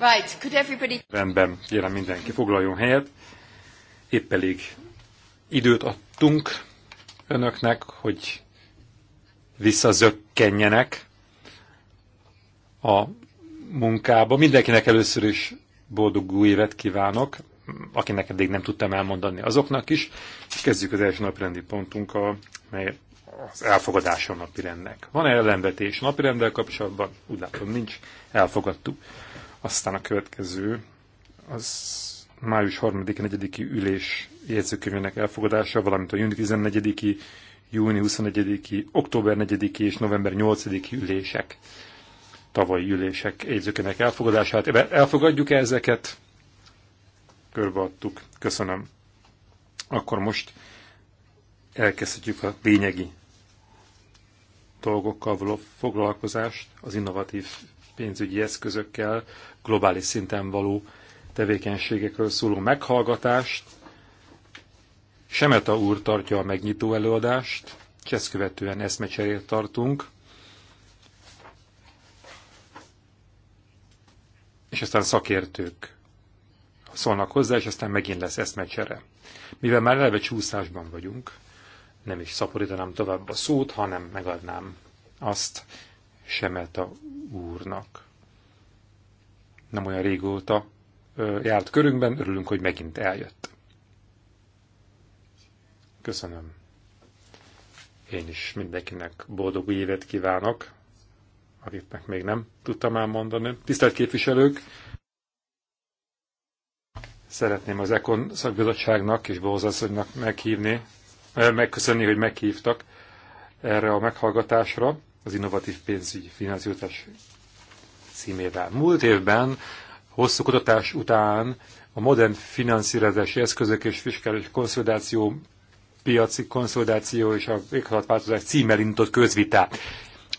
Right, could everybody... Rendben, kérem mindenki foglaljon helyet. Épp elég időt adtunk önöknek, hogy visszazökkenjenek a munkába. Mindenkinek először is boldog új évet kívánok, akinek eddig nem tudtam elmondani azoknak is. És kezdjük az első naprendi pontunkkal, mely az elfogadása a napirendnek. Van-e ellenvetés napirendel kapcsolatban? Úgy látom, nincs. Elfogadtuk. Aztán a következő, az május 3 4 ülés jegyzőkönyvének elfogadása, valamint a júni 14-i, júni 21-i, október 4 és november 8-i ülések, tavalyi ülések jegyzőkönyvének elfogadását. Elfogadjuk-e ezeket? Körbeadtuk. Köszönöm. Akkor most elkezdhetjük a lényegi dolgokkal való foglalkozást, az innovatív pénzügyi eszközökkel globális szinten való tevékenységekről szóló meghallgatást. Semeta úr tartja a megnyitó előadást, és ezt követően eszmecserét tartunk. És aztán szakértők szólnak hozzá, és aztán megint lesz eszmecsere. Mivel már eleve csúszásban vagyunk, nem is szaporítanám tovább a szót, hanem megadnám azt Semeta úrnak. Nem olyan régóta járt körünkben, örülünk, hogy megint eljött. Köszönöm. Én is mindenkinek boldog új évet kívánok, akiknek még nem tudtam elmondani. Tisztelt képviselők! Szeretném az Ekon szakbizottságnak és Bózászonynak meghívni, megköszönni, hogy meghívtak erre a meghallgatásra az innovatív pénzügyi finanszírozás címével. Múlt évben hosszú kutatás után a modern finanszírozási eszközök és fiskális konszolidáció, piaci konszolidáció és a változás címmel indított közvitá.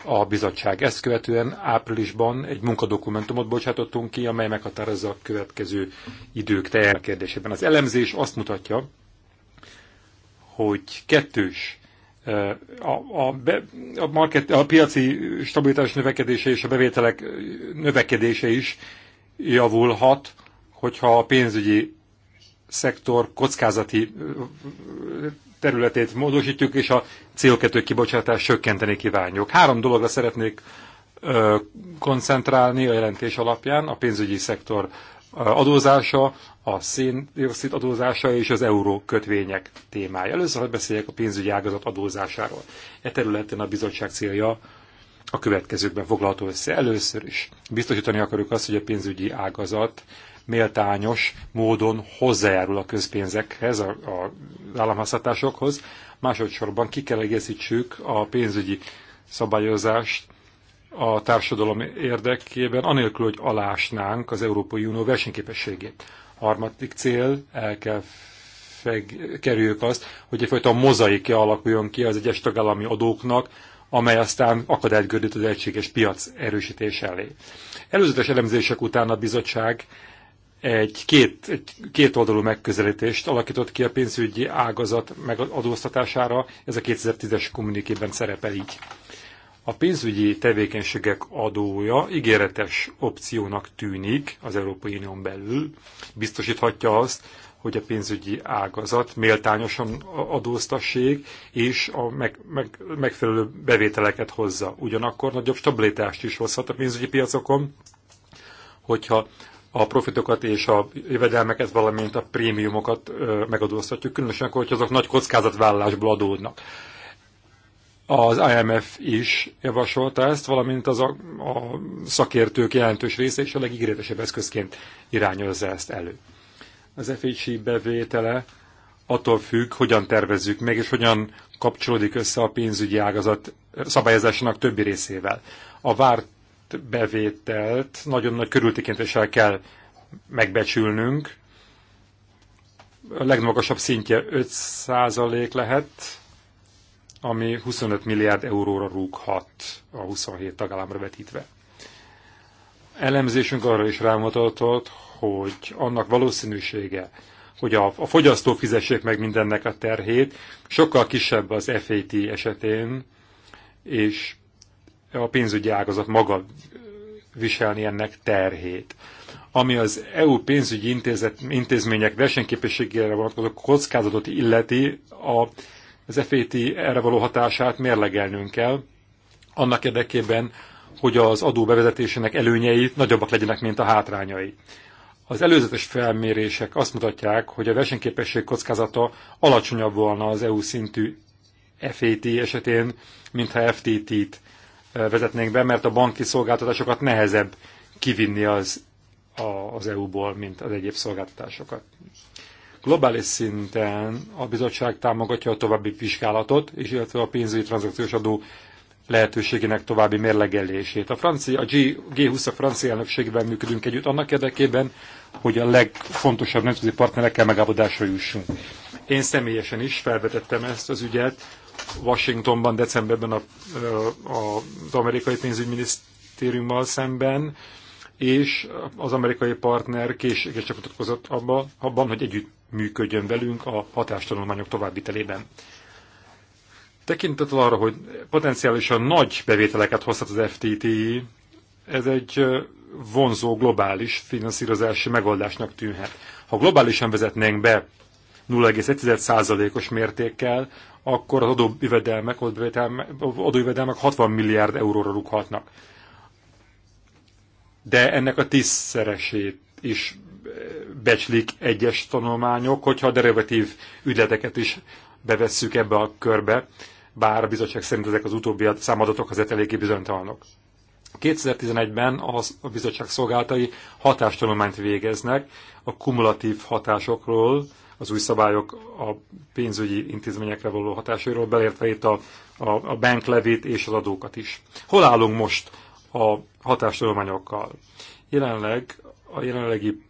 a bizottság. Ezt követően áprilisban egy munkadokumentumot bocsátottunk ki, amely meghatározza a következő idők teljel kérdésében. Az elemzés azt mutatja, hogy kettős a, a, be, a, market, a piaci stabilitás növekedése és a bevételek növekedése is javulhat, hogyha a pénzügyi szektor kockázati területét módosítjuk, és a CO2 kibocsátást csökkenteni kívánjuk. Három dologra szeretnék koncentrálni a jelentés alapján, a pénzügyi szektor adózása, a széndiokszid adózása és az euró kötvények témája. Először beszéljek a pénzügyi ágazat adózásáról. E területen a bizottság célja a következőkben foglalható össze. Először is biztosítani akarjuk azt, hogy a pénzügyi ágazat méltányos módon hozzájárul a közpénzekhez, a, a államháztartásokhoz. Másodszorban ki kell egészítsük a pénzügyi szabályozást a társadalom érdekében, anélkül, hogy alásnánk az Európai Unió versenyképességét. Harmadik cél, el kell feg, kerüljük azt, hogy egyfajta mozaikja alakuljon ki az egyes tagállami adóknak, amely aztán akadályt gördít az egységes piac erősítés elé. Előzetes elemzések után a bizottság egy két, egy két oldalú megközelítést alakított ki a pénzügyi ágazat megadóztatására, ez a 2010-es kommunikében szerepel így. A pénzügyi tevékenységek adója ígéretes opciónak tűnik az Európai Unión belül, biztosíthatja azt, hogy a pénzügyi ágazat méltányosan adóztassék, és a meg, meg, megfelelő bevételeket hozza. Ugyanakkor nagyobb stabilitást is hozhat a pénzügyi piacokon, hogyha a profitokat és a jövedelmeket, valamint a prémiumokat megadóztatjuk, különösen akkor, hogyha azok nagy kockázatvállalásból adódnak. Az IMF is javasolta ezt, valamint az a, a szakértők jelentős része és a legígéretesebb eszközként irányozza ezt elő. Az FHC bevétele attól függ, hogyan tervezzük meg, és hogyan kapcsolódik össze a pénzügyi ágazat szabályozásának többi részével. A várt bevételt nagyon nagy körültekintéssel kell megbecsülnünk. A legmagasabb szintje 5% lehet, ami 25 milliárd euróra rúghat a 27 tagállamra vetítve. Elemzésünk arra is rámutatott, hogy annak valószínűsége, hogy a, a fogyasztó fizessék meg mindennek a terhét, sokkal kisebb az FAT esetén, és a pénzügyi ágazat maga viselni ennek terhét. Ami az EU pénzügyi intézet, intézmények versenyképességére vonatkozó kockázatot illeti, a az FAT erre való hatását mérlegelnünk kell, annak érdekében, hogy az adó bevezetésének előnyei nagyobbak legyenek, mint a hátrányai. Az előzetes felmérések azt mutatják, hogy a versenyképesség kockázata alacsonyabb volna az EU szintű FAT esetén, mintha FTT-t eh, vezetnénk be, mert a banki szolgáltatásokat nehezebb kivinni az, az EU-ból, mint az egyéb szolgáltatásokat. Globális szinten a bizottság támogatja a további vizsgálatot, és illetve a pénzügyi tranzakciós adó lehetőségének további mérlegelését. A, francia, a G20 a francia elnökségben működünk együtt annak érdekében, hogy a legfontosabb nemzeti partnerekkel megállapodásra jussunk. Én személyesen is felvetettem ezt az ügyet Washingtonban, decemberben a, a, az amerikai pénzügyminisztériummal szemben, és az amerikai partner készséges csapatotkozott abban, abban, hogy együtt működjön velünk a hatástanulmányok telében. Tekintettel arra, hogy potenciálisan nagy bevételeket hozhat az FTTI, ez egy vonzó globális finanszírozási megoldásnak tűnhet. Ha globálisan vezetnénk be 0,1%-os mértékkel, akkor az adójövedelmek, adójövedelmek 60 milliárd euróra rúghatnak. De ennek a tízszeresét is becslik egyes tanulmányok, hogyha a derivatív ügyleteket is bevesszük ebbe a körbe, bár a bizottság szerint ezek az utóbbi számadatok azért eléggé bizonytalanok. 2011-ben a bizottság szolgáltai hatástanulmányt végeznek a kumulatív hatásokról, az új szabályok a pénzügyi intézményekre való hatásairól, beleértve itt a, a, a banklevét és az adókat is. Hol állunk most a hatástanulmányokkal? Jelenleg a jelenlegi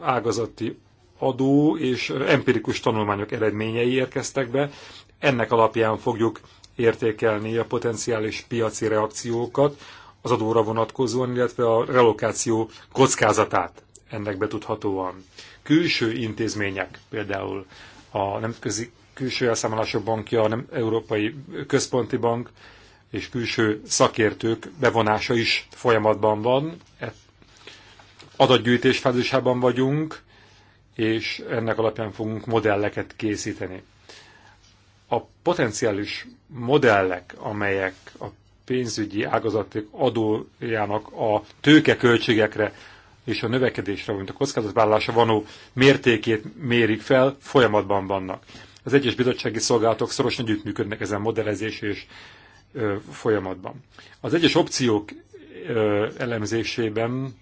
ágazati adó és empirikus tanulmányok eredményei érkeztek be. Ennek alapján fogjuk értékelni a potenciális piaci reakciókat az adóra vonatkozóan, illetve a relokáció kockázatát ennek betudhatóan. Külső intézmények, például a Nemzetközi Külső Elszámolások Bankja, a nem Európai Központi Bank és külső szakértők bevonása is folyamatban van e adatgyűjtés fázisában vagyunk, és ennek alapján fogunk modelleket készíteni. A potenciális modellek, amelyek a pénzügyi ágazatok adójának a tőkeköltségekre és a növekedésre, mint a kockázatvállalása vanó mértékét mérik fel, folyamatban vannak. Az egyes bizottsági szolgálatok szorosan együttműködnek ezen modellezés és ö, folyamatban. Az egyes opciók ö, elemzésében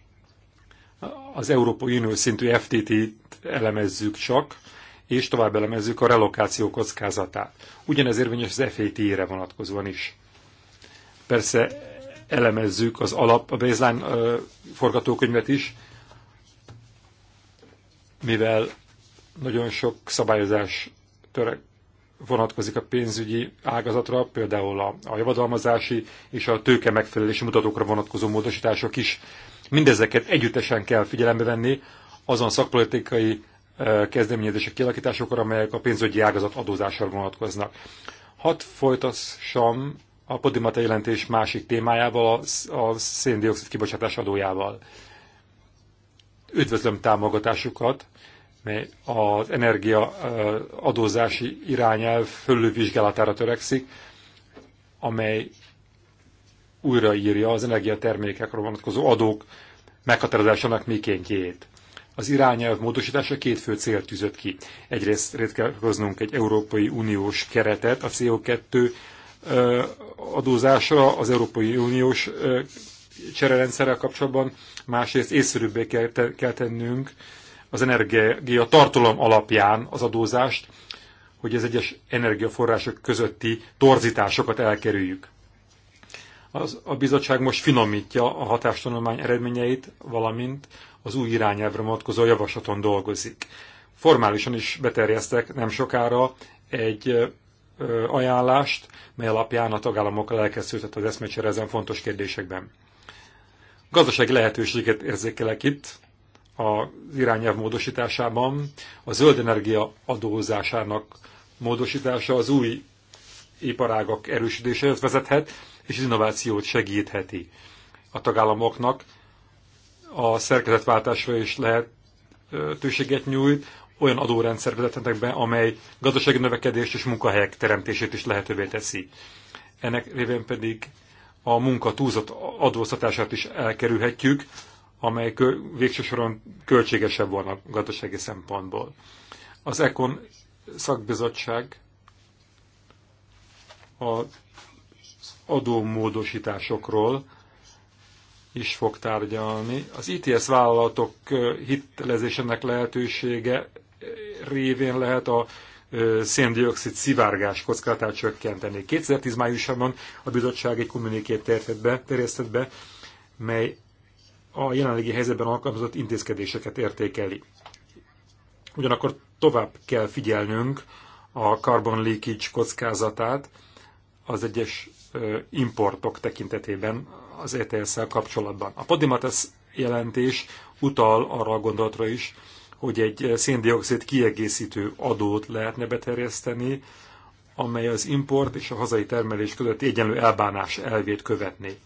az Európai Unió szintű FTT-t elemezzük csak, és tovább elemezzük a relokáció kockázatát. Ugyanez érvényes az FAT-re vonatkozóan is. Persze elemezzük az alap, a baseline forgatókönyvet is, mivel nagyon sok szabályozás törek vonatkozik a pénzügyi ágazatra, például a, a javadalmazási és a tőke megfelelési mutatókra vonatkozó módosítások is Mindezeket együttesen kell figyelembe venni azon szakpolitikai eh, kezdeményezések kialakításokor, amelyek a pénzügyi ágazat adózására vonatkoznak. Hadd folytassam a Podimata jelentés másik témájával, a széndiokszid kibocsátás adójával. Üdvözlöm támogatásukat, mely az energia eh, adózási irányelv fölülvizsgálatára törekszik, amely újraírja az energiatermékekre vonatkozó adók meghatározásának mikéntjét. Az irányelv módosítása két fő cél tűzött ki. Egyrészt rétkehoznunk egy Európai Uniós keretet a CO2 adózásra az Európai Uniós csererendszerrel kapcsolatban, másrészt észszerűbbé kell, kell tennünk az energia tartalom alapján az adózást, hogy az egyes energiaforrások közötti torzításokat elkerüljük. Az, a bizottság most finomítja a hatástanulmány eredményeit, valamint az új irányelvre vonatkozó javaslaton dolgozik. Formálisan is beterjesztek nem sokára egy ö, ajánlást, mely alapján a tagállamokkal elkezdődhet az eszmecsere ezen fontos kérdésekben. Gazdasági lehetőséget érzékelek itt, az irányelv módosításában, a zöld energia adózásának módosítása az új iparágak erősítéséhez vezethet, és az innovációt segítheti a tagállamoknak. A szerkezetváltásra is lehetőséget nyújt, olyan adórendszer vezetnek be, amely gazdasági növekedést és munkahelyek teremtését is lehetővé teszi. Ennek révén pedig a munka túlzott adóztatását is elkerülhetjük, amely végső soron költségesebb volna gazdasági szempontból. Az ECON szakbizottság a adómódosításokról is fog tárgyalni. Az ITS vállalatok hitelezésének lehetősége révén lehet a széndiokszid szivárgás kockázatát csökkenteni. 2010 májusában a bizottság egy kommunikét terjesztett be, mely a jelenlegi helyzetben alkalmazott intézkedéseket értékeli. Ugyanakkor tovább kell figyelnünk a carbon leakage kockázatát az egyes importok tekintetében az ETS-szel kapcsolatban. A Podimates jelentés utal arra a gondolatra is, hogy egy széndiokszid kiegészítő adót lehetne beterjeszteni, amely az import és a hazai termelés közötti egyenlő elbánás elvét követné.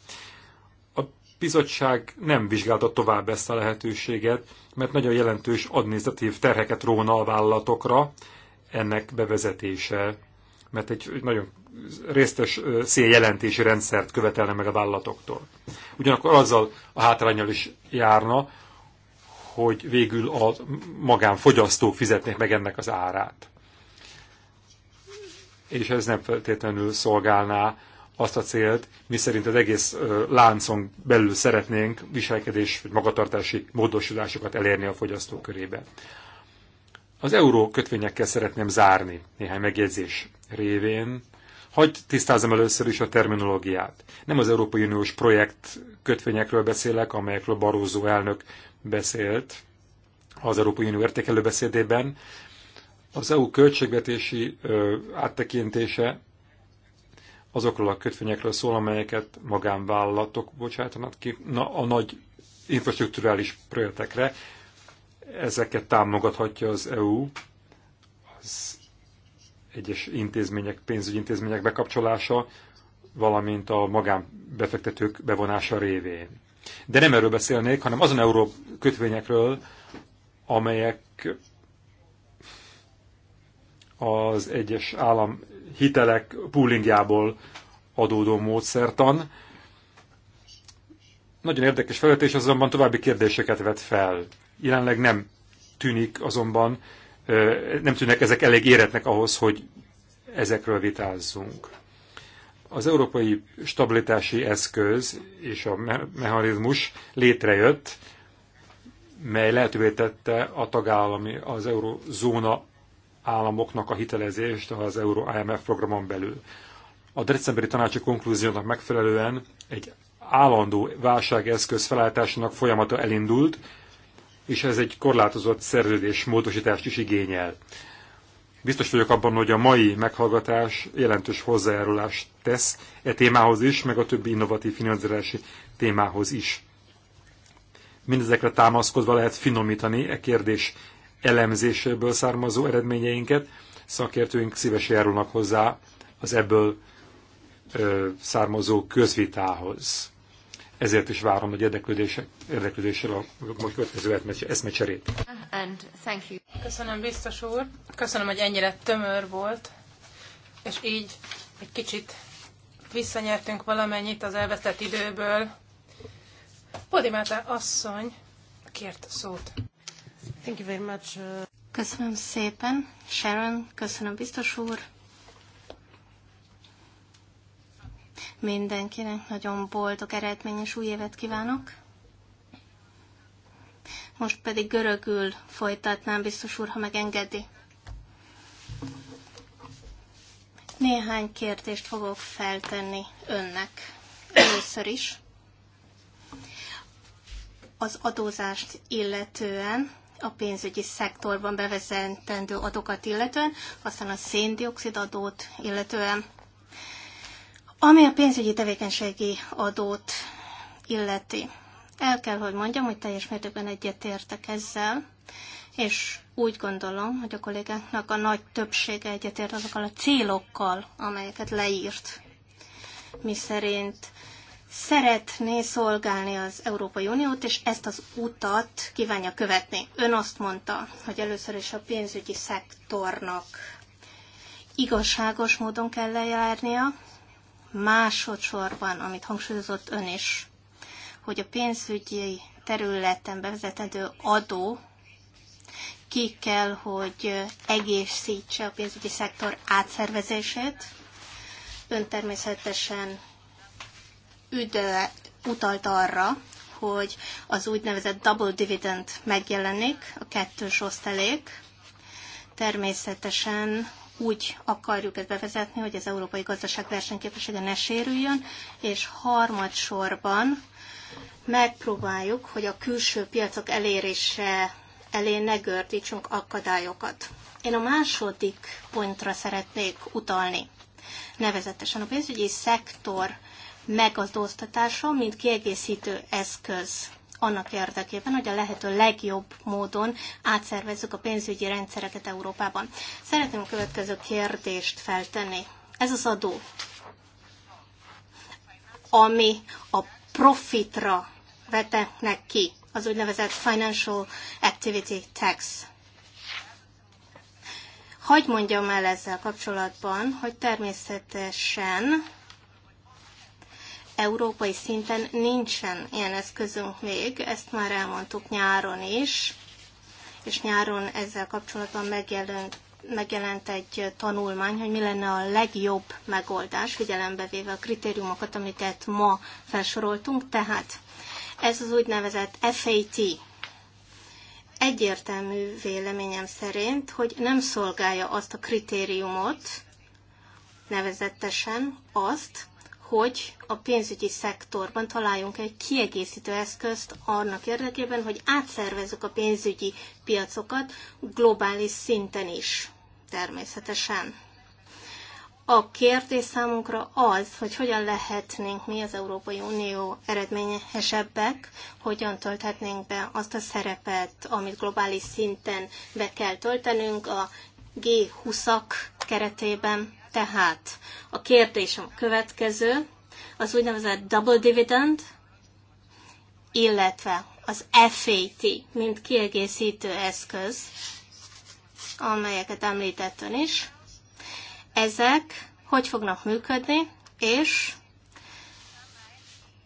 A bizottság nem vizsgálta tovább ezt a lehetőséget, mert nagyon jelentős adminisztratív terheket róna a vállalatokra ennek bevezetése, mert egy nagyon résztes széljelentési rendszert követelne meg a vállalatoktól. Ugyanakkor azzal a hátrányal is járna, hogy végül a magánfogyasztók fizetnék meg ennek az árát. És ez nem feltétlenül szolgálná azt a célt, mi szerint az egész láncon belül szeretnénk viselkedés vagy magatartási módosulásokat elérni a fogyasztók körébe. Az euró kötvényekkel szeretném zárni néhány megjegyzés révén. Hagy tisztázom először is a terminológiát. Nem az Európai Uniós projekt kötvényekről beszélek, amelyekről Barózó elnök beszélt az Európai Unió értékelő beszédében. Az EU költségvetési ö, áttekintése azokról a kötvényekről szól, amelyeket magánvállalatok bocsátanak ki na, a nagy infrastruktúrális projektekre. Ezeket támogathatja az EU az egyes intézmények, pénzügyi intézmények bekapcsolása, valamint a magánbefektetők bevonása révén. De nem erről beszélnék, hanem azon euró kötvényekről, amelyek az egyes állam hitelek poolingjából adódó módszertan. Nagyon érdekes felvetés, azonban további kérdéseket vet fel. Jelenleg nem tűnik azonban nem tűnnek ezek elég éretnek ahhoz, hogy ezekről vitázzunk. Az európai stabilitási eszköz és a mechanizmus létrejött, mely lehetővé tette a tagállami, az eurozóna államoknak a hitelezést az Euro IMF programon belül. A decemberi tanácsi konklúziónak megfelelően egy állandó válságeszköz felállításának folyamata elindult, és ez egy korlátozott szerződés módosítást is igényel. Biztos vagyok abban, hogy a mai meghallgatás jelentős hozzájárulást tesz e témához is, meg a többi innovatív finanszírozási témához is. Mindezekre támaszkodva lehet finomítani e kérdés elemzéséből származó eredményeinket, szakértőink szívesen járulnak hozzá az ebből ö, származó közvitához ezért is várom hogy érdeklődéssel a most következő eszmecserét. Köszönöm, biztos úr. Köszönöm, hogy ennyire tömör volt, és így egy kicsit visszanyertünk valamennyit az elvesztett időből. Podimáta asszony kért szót. Thank you very much. Uh, köszönöm szépen, Sharon, köszönöm biztos úr, Mindenkinek nagyon boldog, eredményes új évet kívánok. Most pedig görögül folytatnám, biztos úr, ha megengedi. Néhány kérdést fogok feltenni önnek. Először is az adózást illetően, a pénzügyi szektorban bevezetendő adókat illetően, aztán a széndiokszid adót illetően. Ami a pénzügyi tevékenységi adót illeti, el kell, hogy mondjam, hogy teljes mértékben egyetértek ezzel, és úgy gondolom, hogy a kollégáknak a nagy többsége egyetért azokkal a célokkal, amelyeket leírt, mi szerint szeretné szolgálni az Európai Uniót, és ezt az utat kívánja követni. Ön azt mondta, hogy először is a pénzügyi szektornak igazságos módon kell lejárnia, Másodszorban, amit hangsúlyozott ön is, hogy a pénzügyi területen bevezetendő adó ki kell, hogy egészítse a pénzügyi szektor átszervezését. Ön természetesen üde, utalt arra, hogy az úgynevezett double dividend megjelenik, a kettős osztalék. Természetesen úgy akarjuk ezt bevezetni, hogy az európai gazdaság versenyképessége ne sérüljön, és harmadsorban megpróbáljuk, hogy a külső piacok elérése elé ne gördítsünk akadályokat. Én a második pontra szeretnék utalni, nevezetesen a pénzügyi szektor megazdóztatása, mint kiegészítő eszköz annak érdekében, hogy a lehető legjobb módon átszervezzük a pénzügyi rendszereket Európában. Szeretném a következő kérdést feltenni. Ez az adó, ami a profitra vetnek ki, az úgynevezett Financial Activity Tax. Hagy mondjam el ezzel kapcsolatban, hogy természetesen európai szinten nincsen ilyen eszközünk még, ezt már elmondtuk nyáron is, és nyáron ezzel kapcsolatban megjelent, megjelent egy tanulmány, hogy mi lenne a legjobb megoldás, figyelembe véve a kritériumokat, amiket ma felsoroltunk. Tehát ez az úgynevezett FAT, egyértelmű véleményem szerint, hogy nem szolgálja azt a kritériumot, nevezetesen azt, hogy a pénzügyi szektorban találjunk egy kiegészítő eszközt annak érdekében, hogy átszervezzük a pénzügyi piacokat globális szinten is, természetesen. A kérdés számunkra az, hogy hogyan lehetnénk mi az Európai Unió eredményesebbek, hogyan tölthetnénk be azt a szerepet, amit globális szinten be kell töltenünk a G20-ak keretében tehát a kérdésem a következő, az úgynevezett double dividend, illetve az FAT, mint kiegészítő eszköz, amelyeket említettem is. Ezek hogy fognak működni, és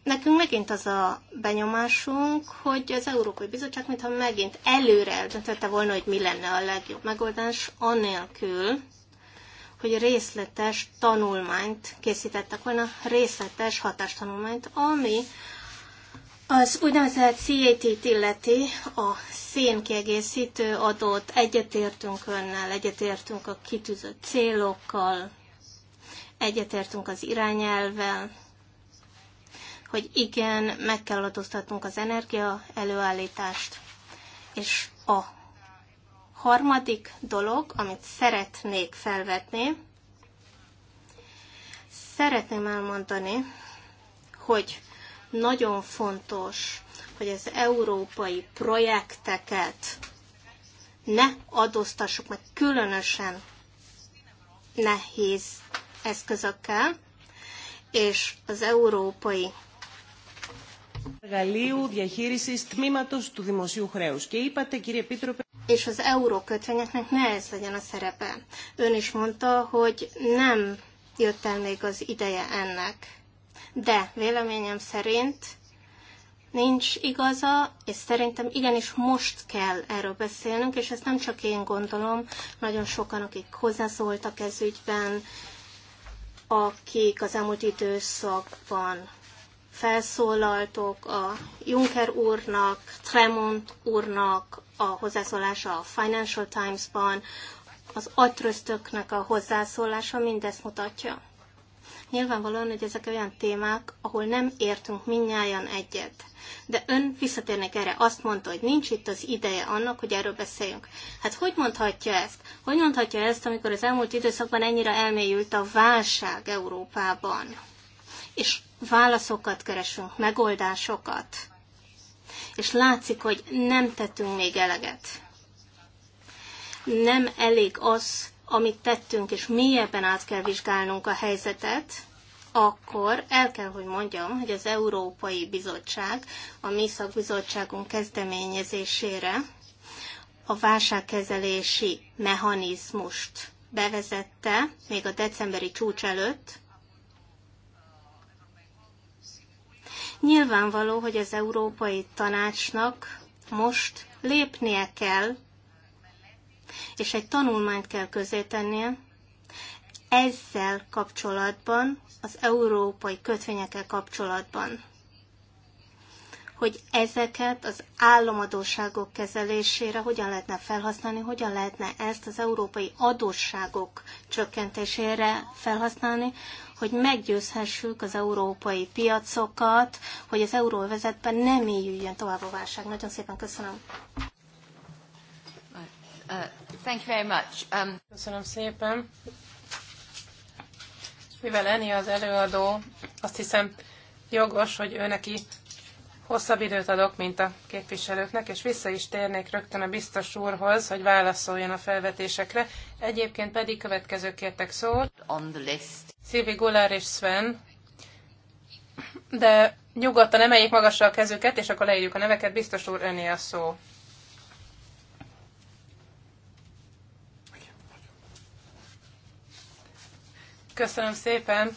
nekünk megint az a benyomásunk, hogy az Európai Bizottság mintha megint előre eldöntötte volna, hogy mi lenne a legjobb megoldás, anélkül, hogy részletes tanulmányt készítettek volna, részletes hatástanulmányt, ami az úgynevezett CAT-t illeti, a szénkiegészítő adót, egyetértünk önnel, egyetértünk a kitűzött célokkal, egyetértünk az irányelvel, hogy igen, meg kell adóztatnunk az energia előállítást, és a Harmadik dolog, amit szeretnék felvetni, szeretném elmondani, hogy nagyon fontos, hogy az európai projekteket ne adóztassuk meg különösen nehéz eszközökkel, és az európai εργαλείου διαχείρισης τμήματος του δημοσίου χρέους. Και είπατε, κύριε Επίτροπε... És az eurókötvényeknek ne ez legyen a szerepe. Ön is mondta, hogy nem jött el még az ideje ennek. De véleményem szerint nincs igaza, és szerintem igenis most kell erről beszélnünk, és ezt nem csak én gondolom, nagyon sokan, akik hozzászóltak ez ügyben, akik az elmúlt időszakban felszólaltok, a Juncker úrnak, Tremont úrnak a hozzászólása a Financial Times-ban, az agytröztöknek a hozzászólása mindezt mutatja. Nyilvánvalóan, hogy ezek olyan témák, ahol nem értünk minnyáján egyet. De ön visszatérnek erre, azt mondta, hogy nincs itt az ideje annak, hogy erről beszéljünk. Hát hogy mondhatja ezt? Hogy mondhatja ezt, amikor az elmúlt időszakban ennyire elmélyült a válság Európában? és válaszokat keresünk, megoldásokat. És látszik, hogy nem tettünk még eleget. Nem elég az, amit tettünk, és mélyebben át kell vizsgálnunk a helyzetet, akkor el kell, hogy mondjam, hogy az Európai Bizottság a mi szakbizottságunk kezdeményezésére a válságkezelési mechanizmust bevezette még a decemberi csúcs előtt, Nyilvánvaló, hogy az Európai Tanácsnak most lépnie kell, és egy tanulmányt kell közzétennie, ezzel kapcsolatban, az európai kötvényekkel kapcsolatban, hogy ezeket az államadóságok kezelésére hogyan lehetne felhasználni, hogyan lehetne ezt az európai adósságok csökkentésére felhasználni, hogy meggyőzhessük az európai piacokat, hogy az euróvezetben nem éljüljön tovább a válság. Nagyon szépen köszönöm. Uh, thank you very much. Um... Köszönöm szépen. Mivel Eni az előadó, azt hiszem jogos, hogy ő neki hosszabb időt adok, mint a képviselőknek, és vissza is térnék rögtön a biztos úrhoz, hogy válaszoljon a felvetésekre. Egyébként pedig következők kértek szót. On the Szilvi Gulár és Sven. De nyugodtan emeljék magasra a kezüket, és akkor leírjuk a neveket. Biztos úr, öné a szó. Köszönöm szépen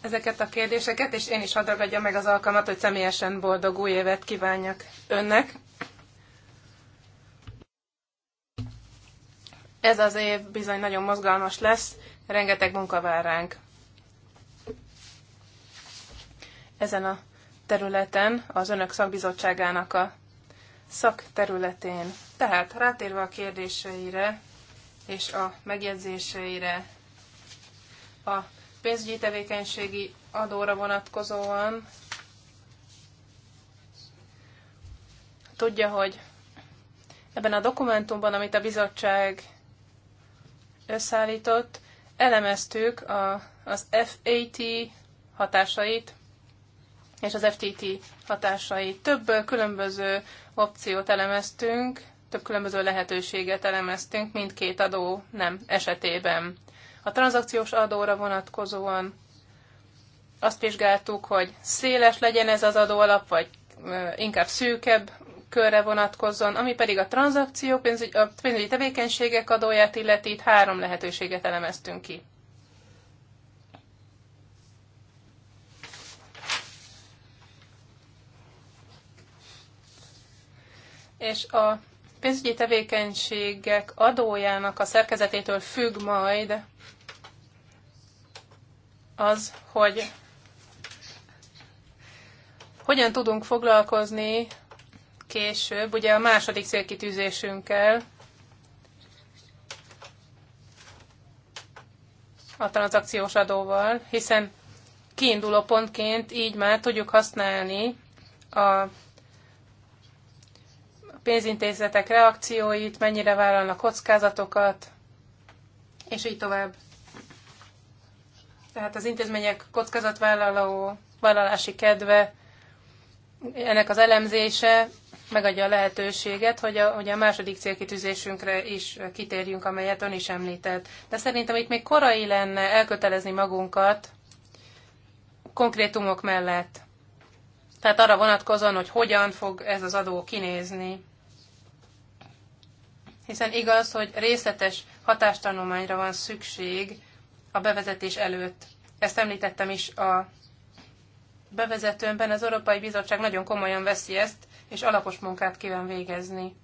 ezeket a kérdéseket, és én is hadd ragadjam meg az alkalmat, hogy személyesen boldog új évet kívánjak önnek. Ez az év bizony nagyon mozgalmas lesz, rengeteg munka vár ránk. Ezen a területen, az önök szakbizottságának a szakterületén. Tehát rátérve a kérdéseire és a megjegyzéseire, a pénzügyi tevékenységi adóra vonatkozóan tudja, hogy ebben a dokumentumban, amit a bizottság összeállított, elemeztük a, az FAT hatásait és az FTT hatásait. Több különböző opciót elemeztünk, több különböző lehetőséget elemeztünk mindkét adó nem esetében. A tranzakciós adóra vonatkozóan azt vizsgáltuk, hogy széles legyen ez az adóalap, vagy inkább szűkebb körre vonatkozzon, ami pedig a tranzakció, pénzügy, a pénzügyi tevékenységek adóját illeti, itt három lehetőséget elemeztünk ki. És a pénzügyi tevékenységek adójának a szerkezetétől függ majd az, hogy hogyan tudunk foglalkozni később, ugye a második célkitűzésünkkel, a tranzakciós adóval, hiszen kiinduló pontként így már tudjuk használni a pénzintézetek reakcióit, mennyire vállalnak kockázatokat, és így tovább. Tehát az intézmények kockázatvállaló vállalási kedve, ennek az elemzése megadja a lehetőséget, hogy a, hogy a második célkitűzésünkre is kitérjünk, amelyet ön is említett. De szerintem itt még korai lenne elkötelezni magunkat konkrétumok mellett. Tehát arra vonatkozóan, hogy hogyan fog ez az adó kinézni hiszen igaz, hogy részletes hatástanulmányra van szükség a bevezetés előtt. Ezt említettem is a bevezetőmben, az Európai Bizottság nagyon komolyan veszi ezt, és alapos munkát kíván végezni.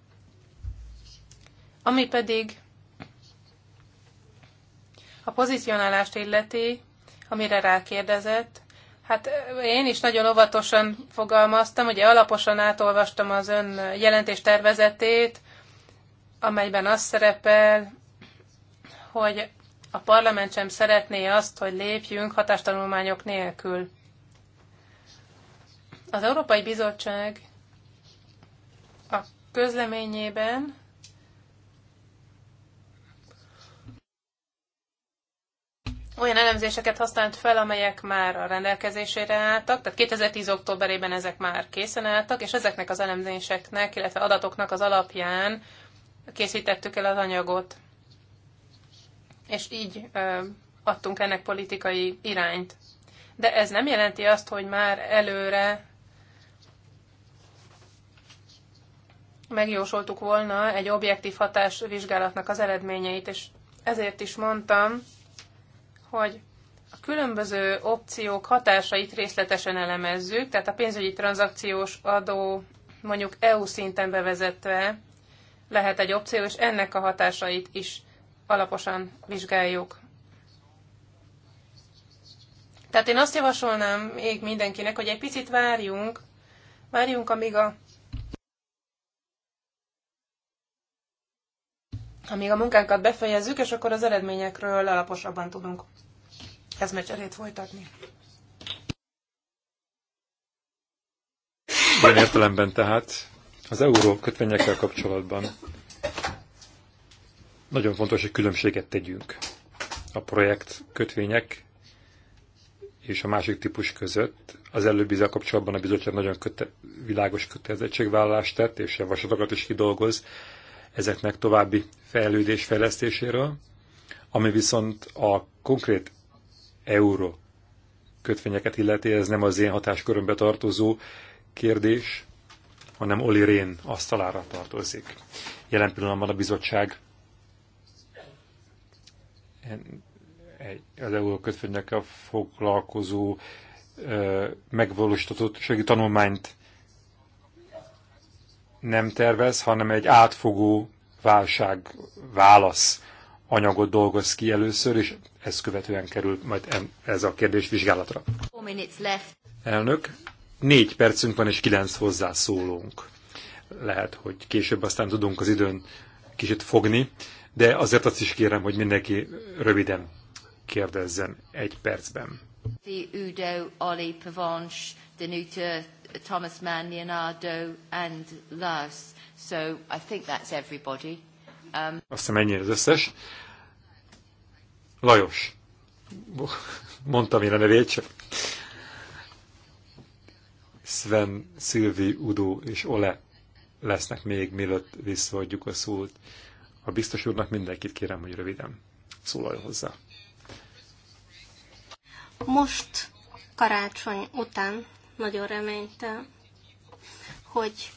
Ami pedig a pozícionálást illeti, amire rákérdezett, hát én is nagyon óvatosan fogalmaztam, ugye alaposan átolvastam az ön jelentés tervezetét, amelyben az szerepel, hogy a parlament sem szeretné azt, hogy lépjünk hatástanulmányok nélkül. Az Európai Bizottság a közleményében olyan elemzéseket használt fel, amelyek már a rendelkezésére álltak, tehát 2010. októberében ezek már készen álltak, és ezeknek az elemzéseknek, illetve adatoknak az alapján készítettük el az anyagot, és így adtunk ennek politikai irányt. De ez nem jelenti azt, hogy már előre megjósoltuk volna egy objektív hatás vizsgálatnak az eredményeit, és ezért is mondtam, hogy a különböző opciók hatásait részletesen elemezzük, tehát a pénzügyi tranzakciós adó mondjuk EU szinten bevezetve lehet egy opció, és ennek a hatásait is alaposan vizsgáljuk. Tehát én azt javasolnám még mindenkinek, hogy egy picit várjunk, várjunk, amíg a amíg a munkánkat befejezzük, és akkor az eredményekről alaposabban tudunk eszmecserét folytatni. Ilyen értelemben tehát az euró kötvényekkel kapcsolatban nagyon fontos, hogy különbséget tegyünk a projekt kötvények és a másik típus között. Az előbbi kapcsolatban a bizottság nagyon köte- világos kötelezettségvállalást tett, és javaslatokat is kidolgoz ezeknek további fejlődés fejlesztéséről, ami viszont a konkrét euró kötvényeket illeti, ez nem az én hatáskörömbe tartozó kérdés, hanem Oli Rén asztalára tartozik. Jelen pillanatban a bizottság az EU kötvényekkel foglalkozó megvalósított tanulmányt nem tervez, hanem egy átfogó válság válasz anyagot dolgoz ki először, és ez követően kerül majd ez a kérdés vizsgálatra. Elnök, Négy percünk van és kilenc hozzászólónk. Lehet, hogy később aztán tudunk az időn kicsit fogni, de azért azt is kérem, hogy mindenki röviden kérdezzen egy percben. Udo, Oli, Pavanche, Danuta, Thomas Mann, Leonardo and Lars. So I think that's everybody. Um... Azt hiszem ennyi az összes. Lajos. Mondtam én a nevét, csak Sven, Szilvi, Udo és Ole lesznek még, mielőtt visszaadjuk a szót. A biztos úrnak mindenkit kérem, hogy röviden szólaljon hozzá. Most karácsony után nagyon reménytel, hogy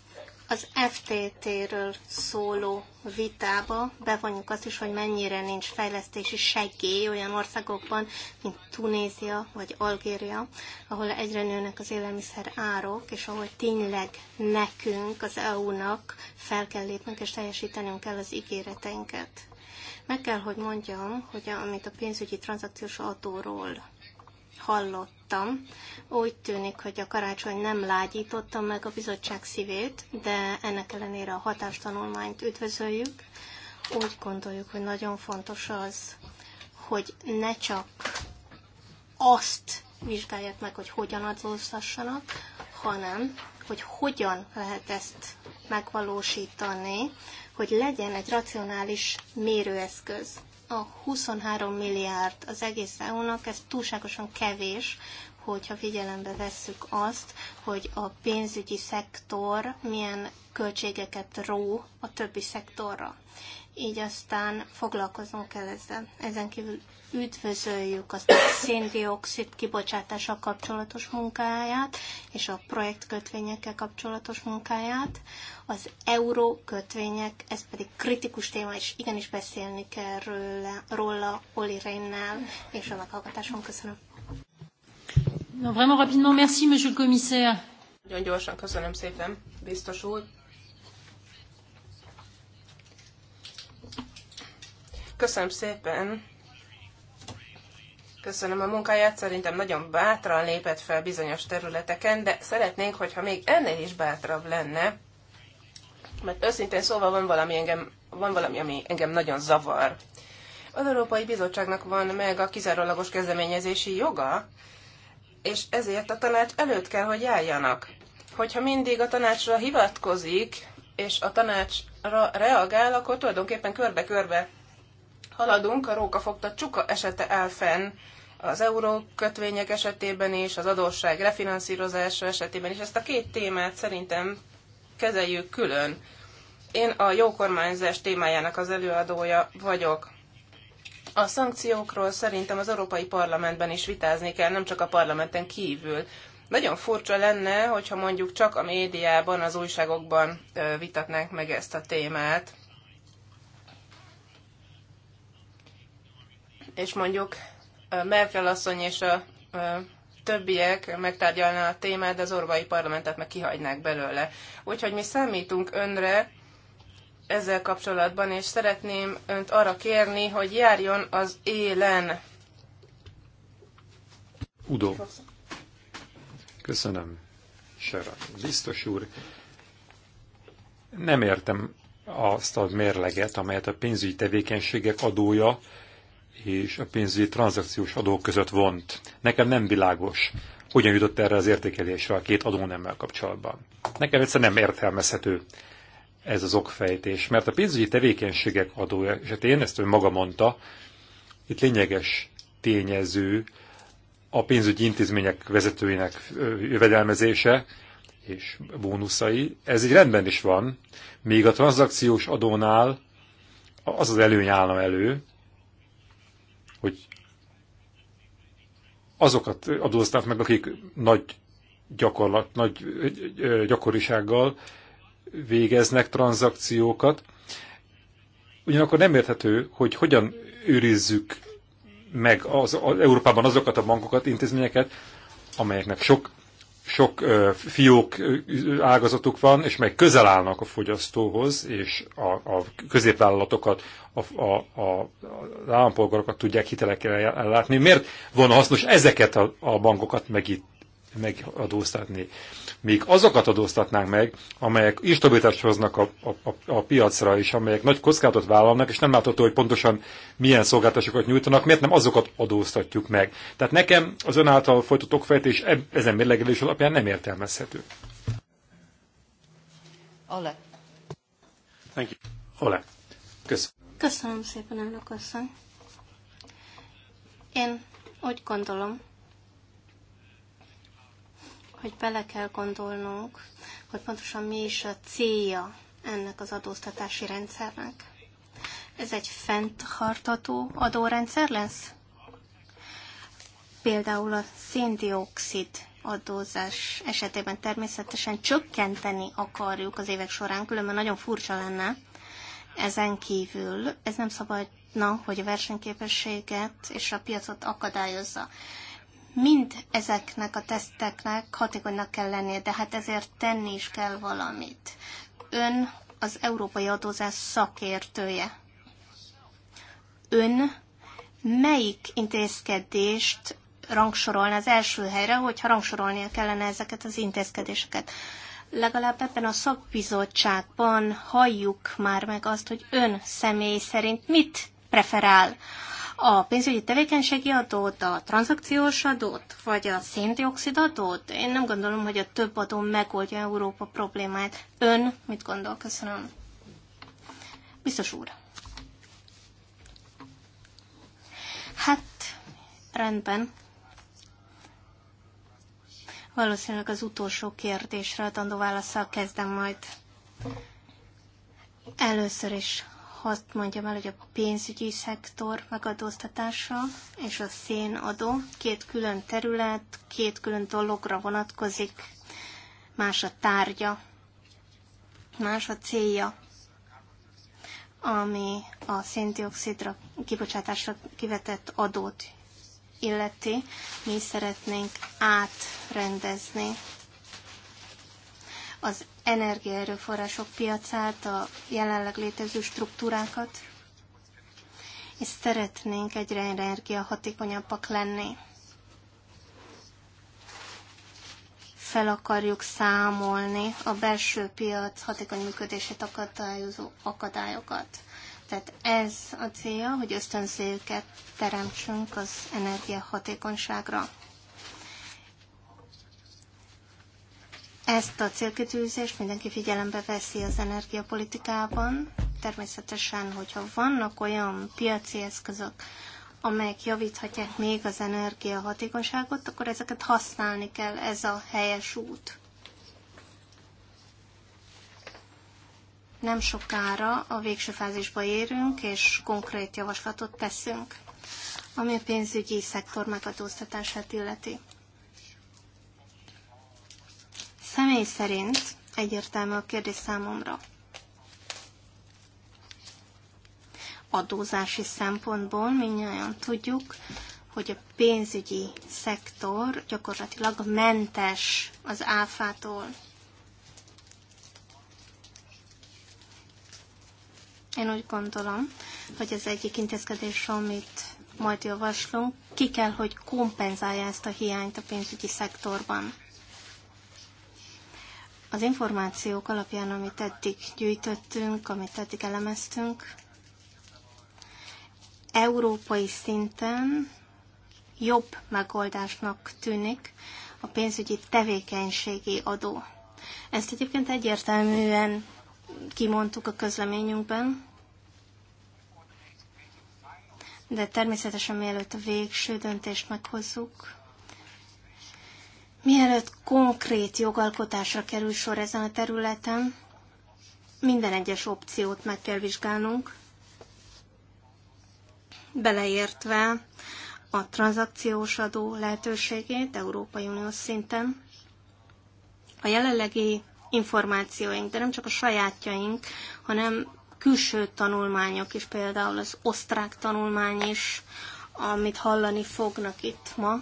az FTT-ről szóló vitába bevonjuk azt is, hogy mennyire nincs fejlesztési segély olyan országokban, mint Tunézia vagy Algéria, ahol egyre nőnek az élelmiszer árok, és ahol tényleg nekünk, az EU-nak fel kell lépnünk és teljesítenünk kell az ígéreteinket. Meg kell, hogy mondjam, hogy amit a pénzügyi tranzakciós adóról hallottam. Úgy tűnik, hogy a karácsony nem lágyította meg a bizottság szívét, de ennek ellenére a hatástanulmányt üdvözöljük. Úgy gondoljuk, hogy nagyon fontos az, hogy ne csak azt vizsgálják meg, hogy hogyan adóztassanak, hanem hogy hogyan lehet ezt megvalósítani, hogy legyen egy racionális mérőeszköz a 23 milliárd az egész EU-nak, ez túlságosan kevés, hogyha figyelembe vesszük azt, hogy a pénzügyi szektor milyen költségeket ró a többi szektorra. Így aztán foglalkozunk kell ezzel. Ezen kívül üdvözöljük a széndiokszid kibocsátása kapcsolatos munkáját és a projektkötvényekkel kapcsolatos munkáját. Az euró kötvények, ez pedig kritikus téma, és igenis beszélni kell róla, róla Oli Reinnel és a meghallgatáson. Köszönöm. No, vraiment rapidement, merci, monsieur le commissaire. Nagyon gyorsan köszönöm szépen, biztos úr. Köszönöm szépen Köszönöm a munkáját, szerintem nagyon bátran lépett fel bizonyos területeken, de szeretnénk, hogyha még ennél is bátrabb lenne, mert őszintén szóval van valami, engem, van valami, ami engem nagyon zavar. Az Európai Bizottságnak van meg a kizárólagos kezdeményezési joga, és ezért a tanács előtt kell, hogy járjanak. Hogyha mindig a tanácsra hivatkozik, és a tanácsra reagál, akkor tulajdonképpen körbe-körbe haladunk, a rókafogta csuka esete áll fenn az eurókötvények esetében is, az adósság refinanszírozása esetében is. Ezt a két témát szerintem kezeljük külön. Én a jókormányzás témájának az előadója vagyok. A szankciókról szerintem az Európai Parlamentben is vitázni kell, nem csak a parlamenten kívül. Nagyon furcsa lenne, hogyha mondjuk csak a médiában, az újságokban vitatnánk meg ezt a témát. és mondjuk Merkel asszony és a többiek megtárgyalná a témát, de az orvai parlamentet meg kihagynák belőle. Úgyhogy mi számítunk önre ezzel kapcsolatban, és szeretném önt arra kérni, hogy járjon az élen. Udo. Köszönöm, Sera. Biztos úr, nem értem azt a mérleget, amelyet a pénzügyi tevékenységek adója és a pénzügyi tranzakciós adók között vont. Nekem nem világos, hogyan jutott erre az értékelésre a két adónemmel kapcsolatban. Nekem egyszerűen nem értelmezhető ez az okfejtés, mert a pénzügyi tevékenységek adója én ezt ő maga mondta, itt lényeges tényező a pénzügyi intézmények vezetőinek jövedelmezése és bónuszai. Ez így rendben is van, míg a tranzakciós adónál az az előny állna elő, hogy azokat adózták meg, akik nagy gyakorlat, nagy gyakorisággal végeznek tranzakciókat. Ugyanakkor nem érthető, hogy hogyan őrizzük meg az, az Európában azokat a bankokat, intézményeket, amelyeknek sok sok fiók ágazatuk van, és meg közel állnak a fogyasztóhoz, és a, a középvállalatokat, a, a, a, az állampolgarokat tudják hitelekkel ellátni. Miért volna hasznos ezeket a, a bankokat megadóztatni? Meg még azokat adóztatnánk meg, amelyek instabilitást hoznak a, a, a piacra, és amelyek nagy kockázatot vállalnak, és nem látható, hogy pontosan milyen szolgáltatásokat nyújtanak, miért nem azokat adóztatjuk meg. Tehát nekem az ön által folytatott okfejtés ezen mérlegelés alapján nem értelmezhető. Ale. Thank you. Ale. Köszönöm. Köszönöm szépen, elnök asszony. Én úgy gondolom, hogy bele kell gondolnunk, hogy pontosan mi is a célja ennek az adóztatási rendszernek. Ez egy fenntartató adórendszer lesz? Például a széndiokszid adózás esetében természetesen csökkenteni akarjuk az évek során, különben nagyon furcsa lenne. Ezen kívül ez nem szabadna, hogy a versenyképességet és a piacot akadályozza mind ezeknek a teszteknek hatékonynak kell lennie, de hát ezért tenni is kell valamit. Ön az európai adózás szakértője. Ön melyik intézkedést rangsorolna az első helyre, hogyha rangsorolnia kellene ezeket az intézkedéseket? legalább ebben a szakbizottságban halljuk már meg azt, hogy ön személy szerint mit preferál a pénzügyi tevékenységi adót, a tranzakciós adót, vagy a széndiokszid adót? Én nem gondolom, hogy a több adó megoldja Európa problémáját. Ön mit gondol? Köszönöm. Biztos úr. Hát, rendben. Valószínűleg az utolsó kérdésre adandó válaszsal kezdem majd. Először is azt mondjam el, hogy a pénzügyi szektor megadóztatása és a szénadó két külön terület, két külön dologra vonatkozik, más a tárgya, más a célja, ami a széndiokszidra kibocsátásra kivetett adót illeti, mi szeretnénk átrendezni az energiaerőforrások piacát, a jelenleg létező struktúrákat, és szeretnénk egyre energiahatékonyabbak lenni. Fel akarjuk számolni a belső piac hatékony működését akadályozó akadályokat. Tehát ez a célja, hogy ösztönzőket teremtsünk az energiahatékonyságra. Ezt a célkitűzést mindenki figyelembe veszi az energiapolitikában. Természetesen, hogyha vannak olyan piaci eszközök, amelyek javíthatják még az energiahatékonyságot, akkor ezeket használni kell, ez a helyes út. Nem sokára a végső fázisba érünk, és konkrét javaslatot teszünk, ami a pénzügyi szektor megadóztatását illeti. Személy szerint egyértelmű a kérdés számomra. Adózási szempontból mindnyáján tudjuk, hogy a pénzügyi szektor gyakorlatilag mentes az áfától. Én úgy gondolom, hogy az egyik intézkedés, amit majd javaslunk, ki kell, hogy kompenzálja ezt a hiányt a pénzügyi szektorban. Az információk alapján, amit eddig gyűjtöttünk, amit eddig elemeztünk, európai szinten jobb megoldásnak tűnik a pénzügyi tevékenységi adó. Ezt egyébként egyértelműen kimondtuk a közleményünkben, de természetesen mielőtt a végső döntést meghozzuk, Mielőtt konkrét jogalkotásra kerül sor ezen a területen, minden egyes opciót meg kell vizsgálnunk, beleértve a tranzakciós adó lehetőségét Európai Unió szinten. A jelenlegi információink, de nem csak a sajátjaink, hanem külső tanulmányok is, például az osztrák tanulmány is, amit hallani fognak itt ma,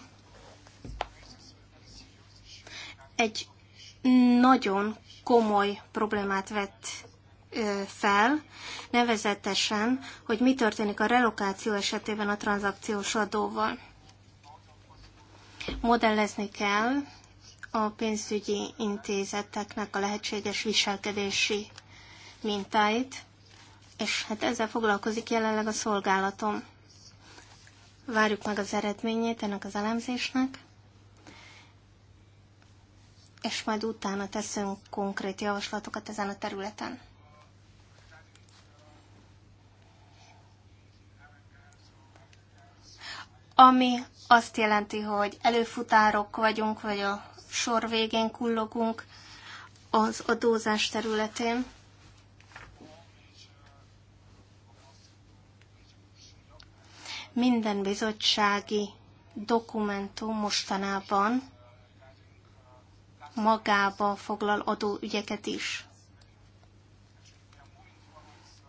egy nagyon komoly problémát vett fel, nevezetesen, hogy mi történik a relokáció esetében a tranzakciós adóval. Modellezni kell a pénzügyi intézeteknek a lehetséges viselkedési mintáit, és hát ezzel foglalkozik jelenleg a szolgálatom. Várjuk meg az eredményét ennek az elemzésnek, és majd utána teszünk konkrét javaslatokat ezen a területen. Ami azt jelenti, hogy előfutárok vagyunk, vagy a sor végén kullogunk az adózás területén. Minden bizottsági dokumentum mostanában magába foglal adó ügyeket is.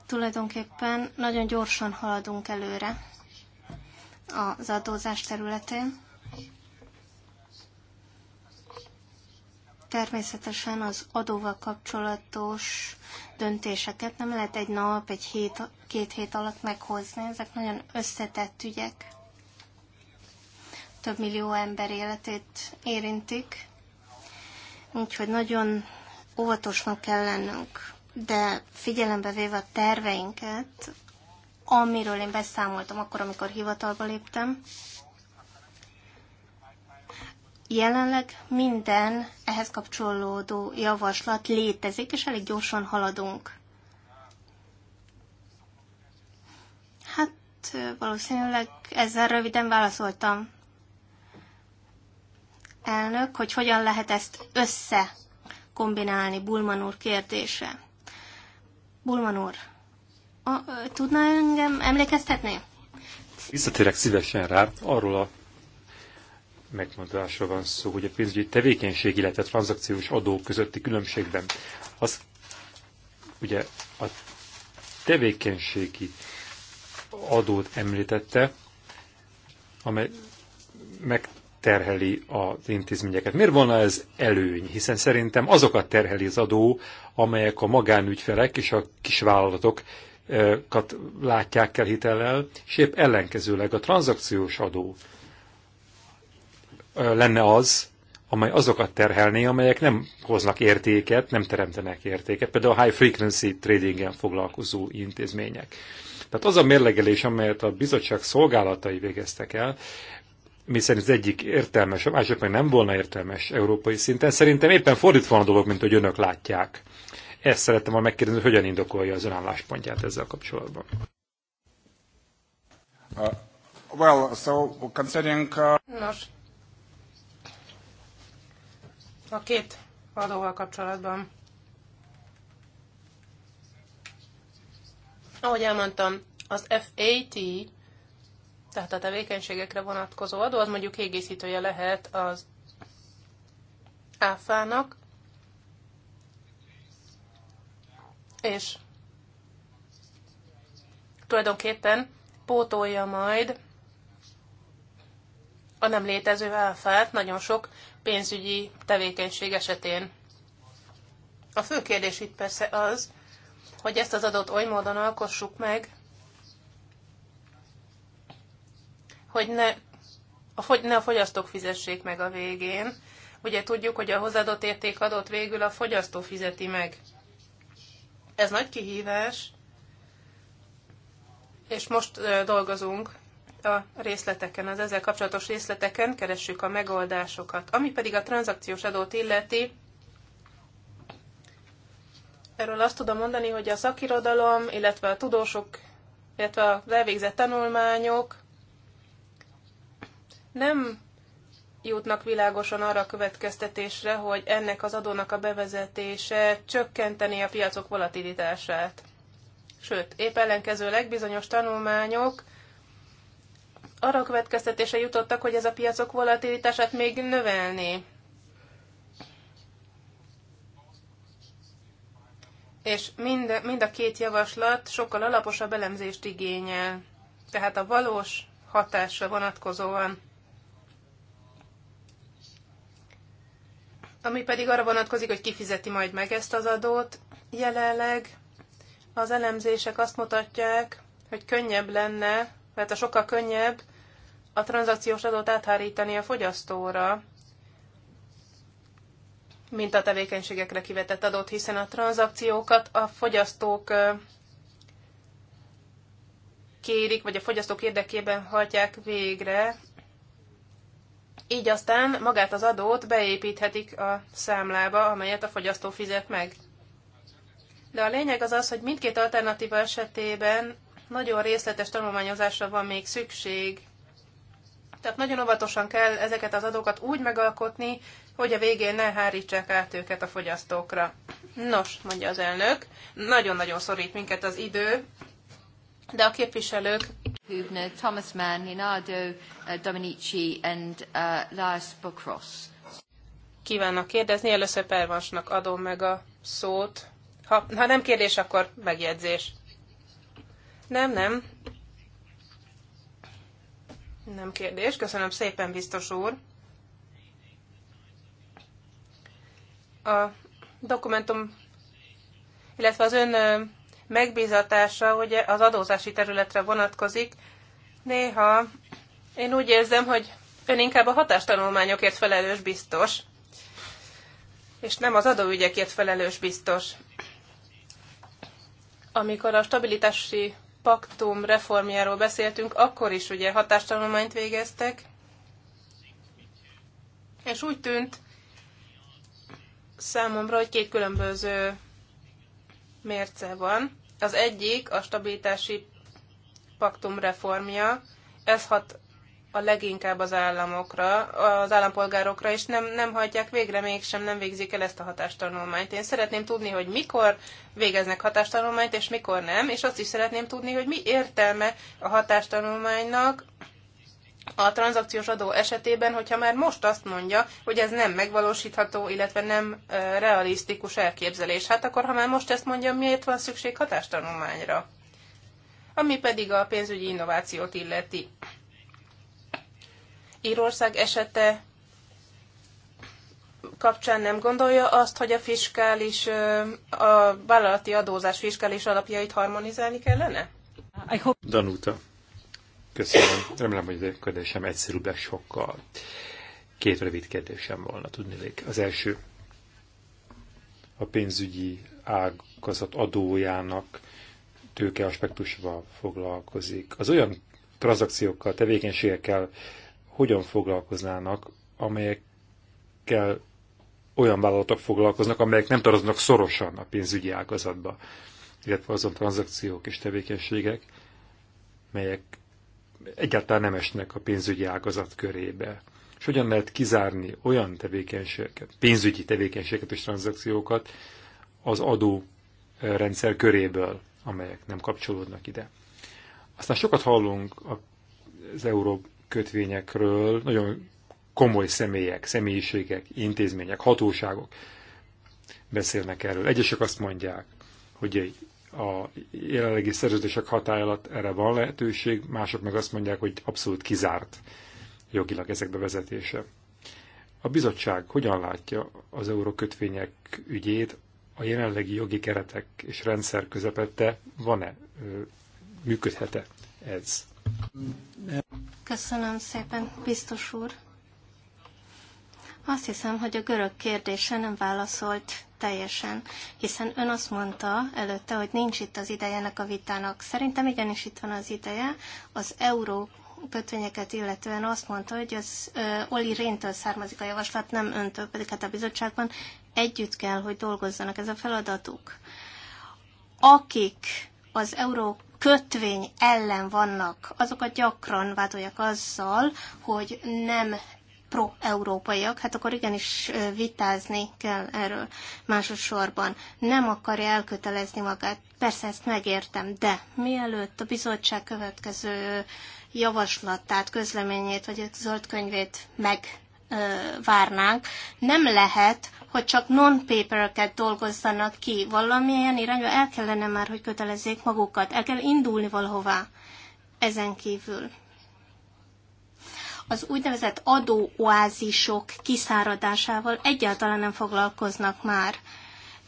Tulajdonképpen nagyon gyorsan haladunk előre az adózás területén. Természetesen az adóval kapcsolatos döntéseket nem lehet egy nap, egy hét, két hét alatt meghozni. Ezek nagyon összetett ügyek. Több millió ember életét érintik. Úgyhogy nagyon óvatosnak kell lennünk, de figyelembe véve a terveinket, amiről én beszámoltam akkor, amikor hivatalba léptem, jelenleg minden ehhez kapcsolódó javaslat létezik, és elég gyorsan haladunk. Hát valószínűleg ezzel röviden válaszoltam elnök, hogy hogyan lehet ezt összekombinálni Bulman úr kérdése. Bulman úr, a, tudna engem emlékeztetni? Visszatérek szívesen rá, arról a megmondásra van szó, hogy a pénzügyi tevékenység, illetve tranzakciós adó közötti különbségben az ugye a tevékenységi adót említette, amely meg terheli az intézményeket. Miért volna ez előny? Hiszen szerintem azokat terheli az adó, amelyek a magánügyfelek és a kisvállalatokat látják el hitellel, és épp ellenkezőleg a tranzakciós adó lenne az, amely azokat terhelné, amelyek nem hoznak értéket, nem teremtenek értéket, például a high frequency trading foglalkozó intézmények. Tehát az a mérlegelés, amelyet a bizottság szolgálatai végeztek el, mi szerint az egyik értelmes, a másik meg nem volna értelmes európai szinten. Szerintem éppen fordítva van a dolog, mint hogy önök látják. Ezt szerettem volna megkérdezni, hogy hogyan indokolja az önálláspontját ezzel kapcsolatban. Uh, well, so considering... Uh... Nos, a két adóval kapcsolatban. Ahogy elmondtam, az FAT tehát a tevékenységekre vonatkozó adó, az mondjuk kiegészítője lehet az áfának, és tulajdonképpen pótolja majd a nem létező áfát nagyon sok pénzügyi tevékenység esetén. A fő kérdés itt persze az, hogy ezt az adót oly módon alkossuk meg, hogy ne, fogy, ne a fogyasztók fizessék meg a végén. Ugye tudjuk, hogy a hozadott érték adott végül a fogyasztó fizeti meg. Ez nagy kihívás, és most dolgozunk a részleteken, az ezzel kapcsolatos részleteken keressük a megoldásokat. Ami pedig a tranzakciós adót illeti, erről azt tudom mondani, hogy a szakirodalom, illetve a tudósok, illetve az elvégzett tanulmányok nem jutnak világosan arra a következtetésre, hogy ennek az adónak a bevezetése csökkenteni a piacok volatilitását. Sőt, épp ellenkezőleg bizonyos tanulmányok arra a következtetése jutottak, hogy ez a piacok volatilitását még növelni. És mind, mind a két javaslat sokkal alaposabb elemzést igényel, tehát a valós hatásra vonatkozóan. ami pedig arra vonatkozik, hogy kifizeti majd meg ezt az adót. Jelenleg az elemzések azt mutatják, hogy könnyebb lenne, mert a sokkal könnyebb a tranzakciós adót áthárítani a fogyasztóra, mint a tevékenységekre kivetett adót, hiszen a tranzakciókat a fogyasztók kérik, vagy a fogyasztók érdekében hajtják végre, így aztán magát az adót beépíthetik a számlába, amelyet a fogyasztó fizet meg. De a lényeg az az, hogy mindkét alternatíva esetében nagyon részletes tanulmányozásra van még szükség. Tehát nagyon óvatosan kell ezeket az adókat úgy megalkotni, hogy a végén ne hárítsák át őket a fogyasztókra. Nos, mondja az elnök, nagyon-nagyon szorít minket az idő, de a képviselők Hubner, Thomas Mann, Leonardo eh, Dominici and uh, Lars Bokros. Kívánok kérdezni, először Pervansnak adom meg a szót. Ha, ha nem kérdés, akkor megjegyzés. Nem, nem. Nem kérdés. Köszönöm szépen, biztos úr. A dokumentum, illetve az ön eh, megbízatása ugye az adózási területre vonatkozik. Néha én úgy érzem, hogy ön inkább a hatástanulmányokért felelős biztos, és nem az adóügyekért felelős biztos. Amikor a stabilitási paktum reformjáról beszéltünk, akkor is ugye hatástanulmányt végeztek, és úgy tűnt számomra, hogy két különböző mérce van. Az egyik a stabilitási paktum reformja, ez hat a leginkább az államokra, az állampolgárokra, és nem, nem hajtják végre mégsem, nem végzik el ezt a hatástanulmányt. Én szeretném tudni, hogy mikor végeznek hatástanulmányt, és mikor nem, és azt is szeretném tudni, hogy mi értelme a hatástanulmánynak, a tranzakciós adó esetében, hogyha már most azt mondja, hogy ez nem megvalósítható, illetve nem realisztikus elképzelés. Hát akkor, ha már most ezt mondja, miért van szükség hatástanulmányra? Ami pedig a pénzügyi innovációt illeti. Írország esete kapcsán nem gondolja azt, hogy a fiskális, a vállalati adózás fiskális alapjait harmonizálni kellene? Danuta. Köszönöm. Remélem, hogy a kérdésem egyszerűbb lesz sokkal. Két rövid kérdésem volna, tudnélék. Az első, a pénzügyi ágazat adójának tőke aspektusval foglalkozik. Az olyan tranzakciókkal, tevékenységekkel hogyan foglalkoznának, amelyekkel olyan vállalatok foglalkoznak, amelyek nem tartoznak szorosan a pénzügyi ágazatba, illetve azon tranzakciók és tevékenységek, melyek egyáltalán nem esnek a pénzügyi ágazat körébe. És hogyan lehet kizárni olyan tevékenységeket, pénzügyi tevékenységeket és tranzakciókat az adó eh, rendszer köréből, amelyek nem kapcsolódnak ide. Aztán sokat hallunk az euró kötvényekről, nagyon komoly személyek, személyiségek, intézmények, hatóságok beszélnek erről. Egyesek azt mondják, hogy egy a jelenlegi szerződések hatály alatt erre van lehetőség, mások meg azt mondják, hogy abszolút kizárt jogilag ezek bevezetése. A bizottság hogyan látja az eurókötvények ügyét a jelenlegi jogi keretek és rendszer közepette? Van-e, működhet-e ez? Köszönöm szépen, biztos úr. Azt hiszem, hogy a görög kérdése nem válaszolt teljesen, hiszen ön azt mondta előtte, hogy nincs itt az ideje ennek a vitának. Szerintem igenis itt van az ideje. Az euró kötvényeket illetően azt mondta, hogy az uh, Oli Réntől származik a javaslat, nem öntől, pedig hát a bizottságban együtt kell, hogy dolgozzanak ez a feladatuk. Akik az euró kötvény ellen vannak, azokat gyakran vádolják azzal, hogy nem pro-európaiak, hát akkor igenis vitázni kell erről másosorban. Nem akarja elkötelezni magát, persze ezt megértem, de mielőtt a bizottság következő javaslatát, közleményét vagy a zöld könyvét meg várnánk. Nem lehet, hogy csak non-papereket dolgozzanak ki. Valamilyen irányba el kellene már, hogy kötelezzék magukat. El kell indulni valahová ezen kívül az úgynevezett adóoázisok kiszáradásával egyáltalán nem foglalkoznak már.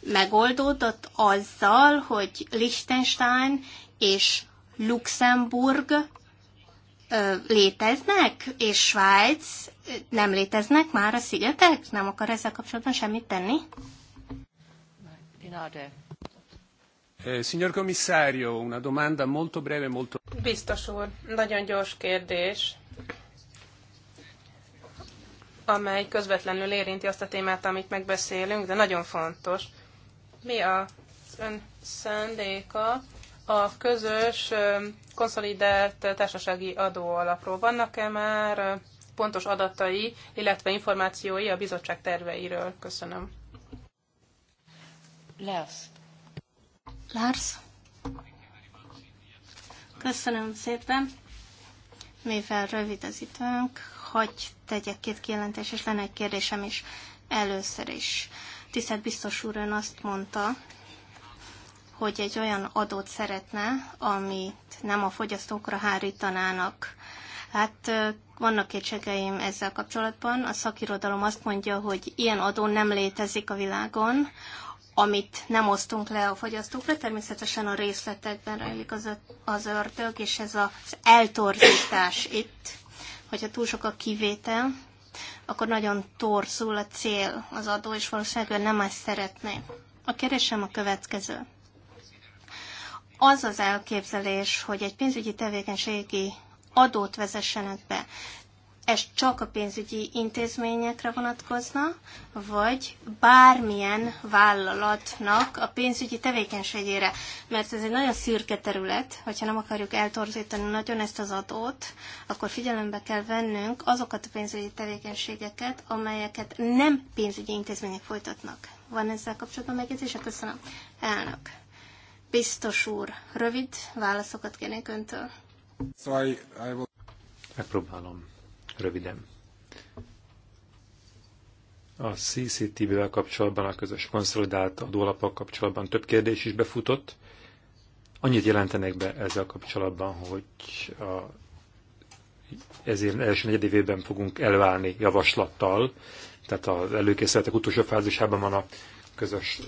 Megoldódott azzal, hogy Liechtenstein és Luxemburg léteznek, és Svájc nem léteznek már a szigetek? Nem akar ezzel kapcsolatban semmit tenni? Eh, signor Commissario, una domanda molto breve, molto... Biztos úr, nagyon gyors kérdés amely közvetlenül érinti azt a témát, amit megbeszélünk, de nagyon fontos. Mi a ön szándéka a közös konszolidált társasági adóalapról? Vannak-e már pontos adatai, illetve információi a bizottság terveiről? Köszönöm. Lars. Lars? Köszönöm szépen. Mivel rövid az időnk, hagy tegyek két kijelentést, és lenne egy kérdésem is először is. Tisztelt biztos úr, ön azt mondta, hogy egy olyan adót szeretne, amit nem a fogyasztókra hárítanának. Hát vannak kétségeim ezzel kapcsolatban. A szakirodalom azt mondja, hogy ilyen adó nem létezik a világon, amit nem osztunk le a fogyasztókra. Természetesen a részletekben rejlik az, az ördög, és ez az eltorzítás itt hogyha túl sok a kivétel, akkor nagyon torzul a cél az adó, és valószínűleg nem ezt szeretné. A keresem a következő. Az az elképzelés, hogy egy pénzügyi tevékenységi adót vezessenek be, ez csak a pénzügyi intézményekre vonatkozna, vagy bármilyen vállalatnak a pénzügyi tevékenységére. Mert ez egy nagyon szürke terület, hogyha nem akarjuk eltorzítani nagyon ezt az adót, akkor figyelembe kell vennünk azokat a pénzügyi tevékenységeket, amelyeket nem pénzügyi intézmények folytatnak. Van ezzel kapcsolatban megjegyzése? Hát köszönöm. Elnök. Biztos úr, rövid válaszokat kérnék öntől. so I, I will... Megpróbálom Röviden. A CCTV-vel kapcsolatban, a közös konszolidált adólapok kapcsolatban több kérdés is befutott. Annyit jelentenek be ezzel kapcsolatban, hogy a, ezért első negyedévében fogunk elválni javaslattal, tehát az előkészületek utolsó fázisában van a közös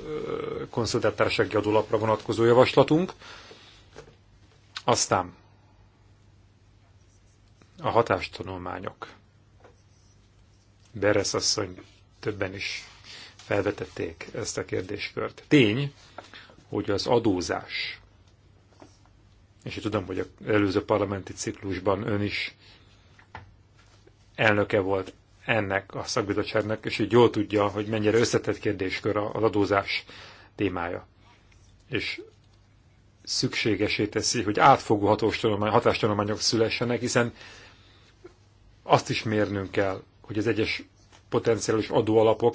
konszolidált társasági adólapra vonatkozó javaslatunk. Aztán a hatástanulmányok. Beres asszony többen is felvetették ezt a kérdéskört. Tény, hogy az adózás, és én tudom, hogy az előző parlamenti ciklusban ön is elnöke volt ennek a szakbizottságnak, és így jól tudja, hogy mennyire összetett kérdéskör az adózás témája. És szükségesé teszi, hogy átfogó hatástanulmányok szülessenek, hiszen azt is mérnünk kell, hogy az egyes potenciális adóalapok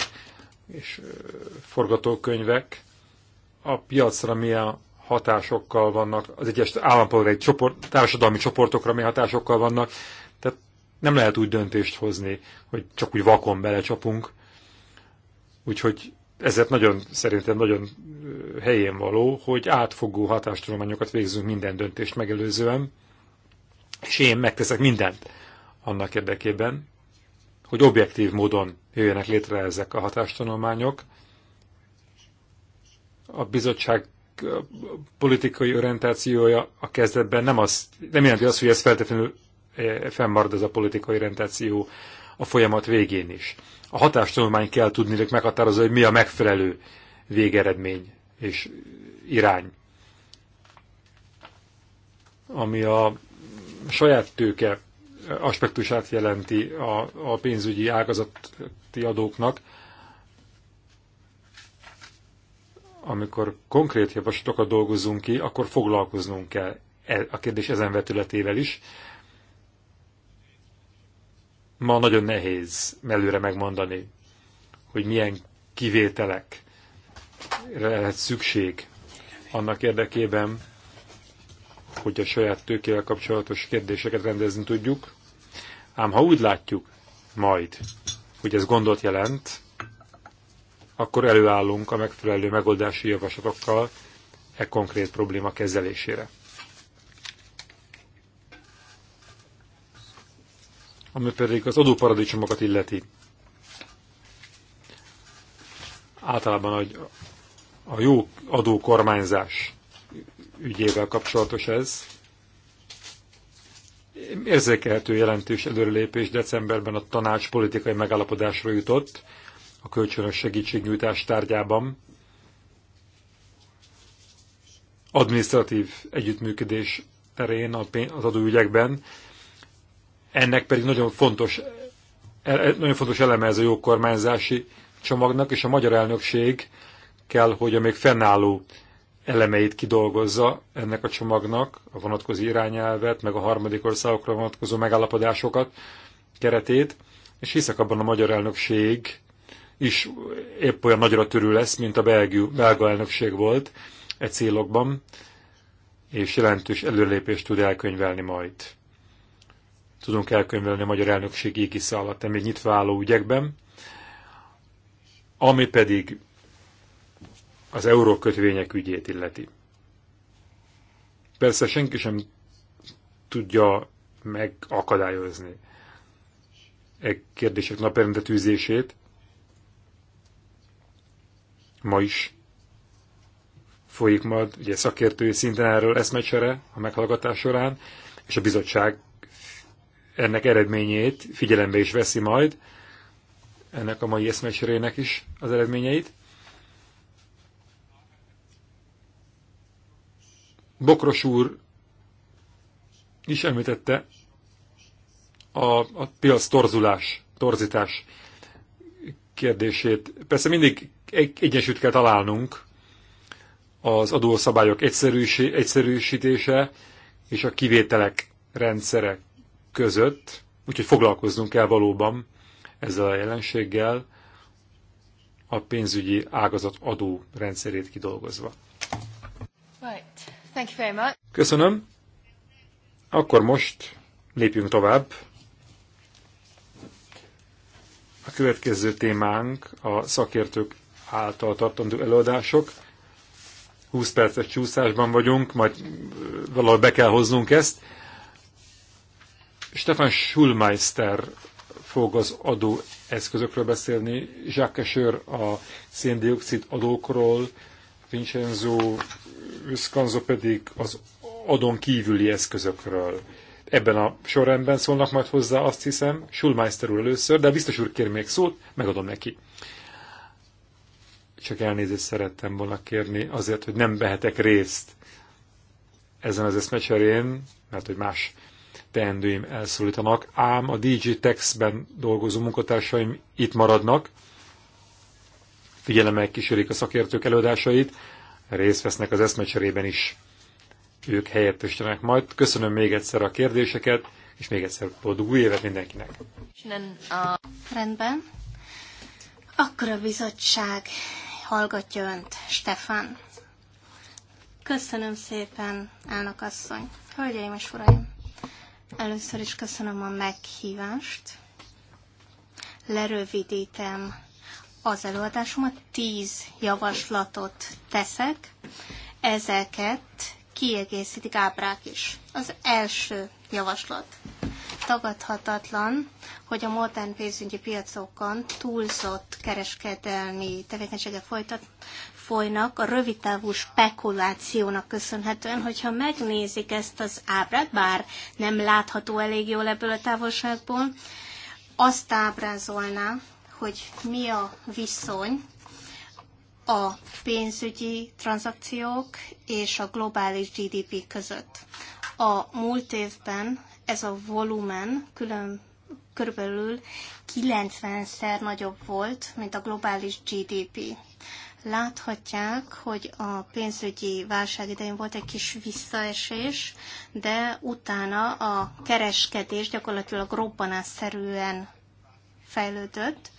és forgatókönyvek a piacra milyen hatásokkal vannak, az egyes állampolgári csoport, társadalmi csoportokra milyen hatásokkal vannak. Tehát nem lehet úgy döntést hozni, hogy csak úgy vakon belecsapunk. Úgyhogy ezért nagyon, szerintem nagyon helyén való, hogy átfogó hatástudományokat végzünk minden döntést megelőzően, és én megteszek mindent annak érdekében, hogy objektív módon jöjjenek létre ezek a hatástanulmányok. A bizottság politikai orientációja a kezdetben nem, az, nem jelenti azt, hogy ez feltétlenül e, fennmarad ez a politikai orientáció a folyamat végén is. A hatástanulmány kell tudni meghatározni, hogy mi a megfelelő végeredmény és irány. Ami a saját tőke aspektusát jelenti a, a pénzügyi ágazati adóknak, amikor konkrét javaslatokat dolgozunk ki, akkor foglalkoznunk kell e, a kérdés ezen vetületével is. Ma nagyon nehéz előre megmondani, hogy milyen kivételekre lehet szükség annak érdekében, hogy a saját tőkével kapcsolatos kérdéseket rendezni tudjuk. Ám ha úgy látjuk majd, hogy ez gondot jelent, akkor előállunk a megfelelő megoldási javaslatokkal e konkrét probléma kezelésére. Ami pedig az adóparadicsomokat illeti. Általában a, a jó adókormányzás ügyével kapcsolatos ez, érzékelhető jelentős előrelépés decemberben a tanács politikai megállapodásra jutott a kölcsönös segítségnyújtás tárgyában. Administratív együttműködés terén az adóügyekben. Ennek pedig nagyon fontos, e- e- nagyon fontos eleme ez a jó kormányzási csomagnak, és a magyar elnökség kell, hogy a még fennálló elemeit kidolgozza ennek a csomagnak, a vonatkozó irányelvet, meg a harmadik országokra vonatkozó megállapodásokat, keretét, és hiszek abban a magyar elnökség is épp olyan nagyra törő lesz, mint a belgű, belga elnökség volt e célokban, és jelentős előlépést tud elkönyvelni majd. Tudunk elkönyvelni a magyar elnökség égisze alatt, még nyitva álló ügyekben, ami pedig az eurókötvények ügyét illeti. Persze senki sem tudja megakadályozni e kérdések naperendetűzését. Ma is folyik majd ugye szakértői szinten erről eszmecsere a meghallgatás során, és a bizottság ennek eredményét figyelembe is veszi majd, ennek a mai eszmecserének is az eredményeit. Bokros úr is említette a, a piac torzulás, torzítás kérdését. Persze mindig egy, egyensúlyt kell találnunk az adószabályok egyszerűsi, egyszerűsítése és a kivételek rendszere között, úgyhogy foglalkoznunk kell valóban ezzel a jelenséggel a pénzügyi ágazat adó rendszerét kidolgozva. Köszönöm. Akkor most lépjünk tovább. A következő témánk a szakértők által tartandó előadások. 20 perces csúszásban vagyunk, majd valahol be kell hoznunk ezt. Stefan Schulmeister fog az adó eszközökről beszélni, Jacques Escher a széndiokszid adókról, Vincenzo Szkanzó pedig az adon kívüli eszközökről. Ebben a sorrendben szólnak majd hozzá, azt hiszem, Schulmeister úr először, de biztos úr kér még szót, megadom neki. Csak elnézést szerettem volna kérni azért, hogy nem vehetek részt ezen az eszmecserén, mert hogy más teendőim elszólítanak, ám a DG Textben dolgozó munkatársaim itt maradnak, figyelemmel kísérik a szakértők előadásait, részt vesznek az eszmecserében is. Ők helyettesítenek majd. Köszönöm még egyszer a kérdéseket, és még egyszer boldog új évet mindenkinek. Rendben. Akkor a bizottság hallgatja Önt, Stefan. Köszönöm szépen, elnök asszony. Hölgyeim és uraim, először is köszönöm a meghívást. Lerövidítem az előadásomat, tíz javaslatot teszek, ezeket kiegészítik ábrák is. Az első javaslat. Tagadhatatlan, hogy a modern pénzügyi piacokon túlzott kereskedelmi tevékenységek folytat, folynak a rövidtávú spekulációnak köszönhetően, hogyha megnézik ezt az ábrát, bár nem látható elég jól ebből a távolságból, azt ábrázolná, hogy mi a viszony a pénzügyi tranzakciók és a globális GDP között. A múlt évben ez a volumen külön körülbelül 90-szer nagyobb volt, mint a globális GDP. Láthatják, hogy a pénzügyi válság idején volt egy kis visszaesés, de utána a kereskedés gyakorlatilag robbanásszerűen fejlődött,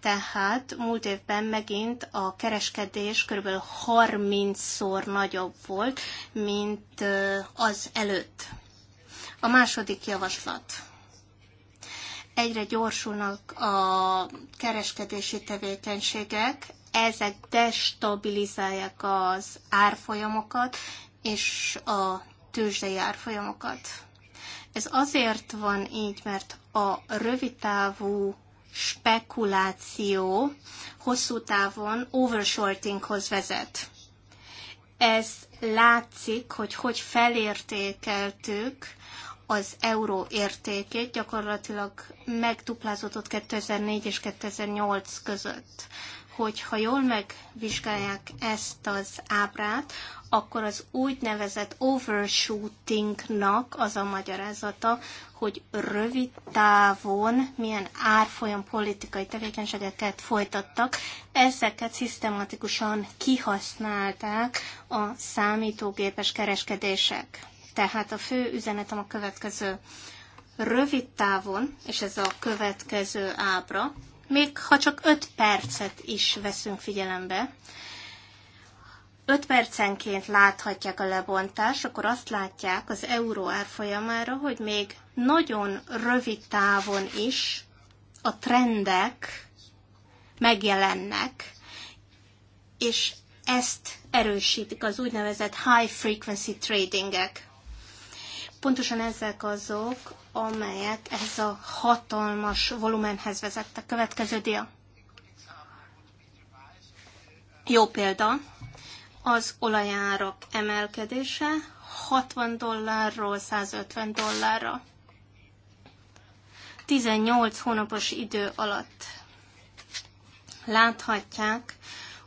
tehát múlt évben megint a kereskedés kb. 30-szor nagyobb volt, mint az előtt. A második javaslat. Egyre gyorsulnak a kereskedési tevékenységek, ezek destabilizálják az árfolyamokat és a tőzsdei árfolyamokat. Ez azért van így, mert a rövidtávú spekuláció hosszú távon overshortinghoz vezet. Ez látszik, hogy hogy felértékeltük az euró értékét, gyakorlatilag megduplázódott 2004 és 2008 között hogyha jól megvizsgálják ezt az ábrát, akkor az úgynevezett overshootingnak az a magyarázata, hogy rövid távon milyen árfolyam politikai tevékenységeket folytattak. Ezeket szisztematikusan kihasználták a számítógépes kereskedések. Tehát a fő üzenetem a következő. Rövid távon, és ez a következő ábra, még ha csak 5 percet is veszünk figyelembe, 5 percenként láthatják a lebontást, akkor azt látják az euró árfolyamára, hogy még nagyon rövid távon is a trendek megjelennek, és ezt erősítik az úgynevezett high frequency tradingek. Pontosan ezek azok, amelyek ez a hatalmas volumenhez vezettek. Következő dia. Jó példa az olajárak emelkedése 60 dollárról 150 dollárra. 18 hónapos idő alatt láthatják,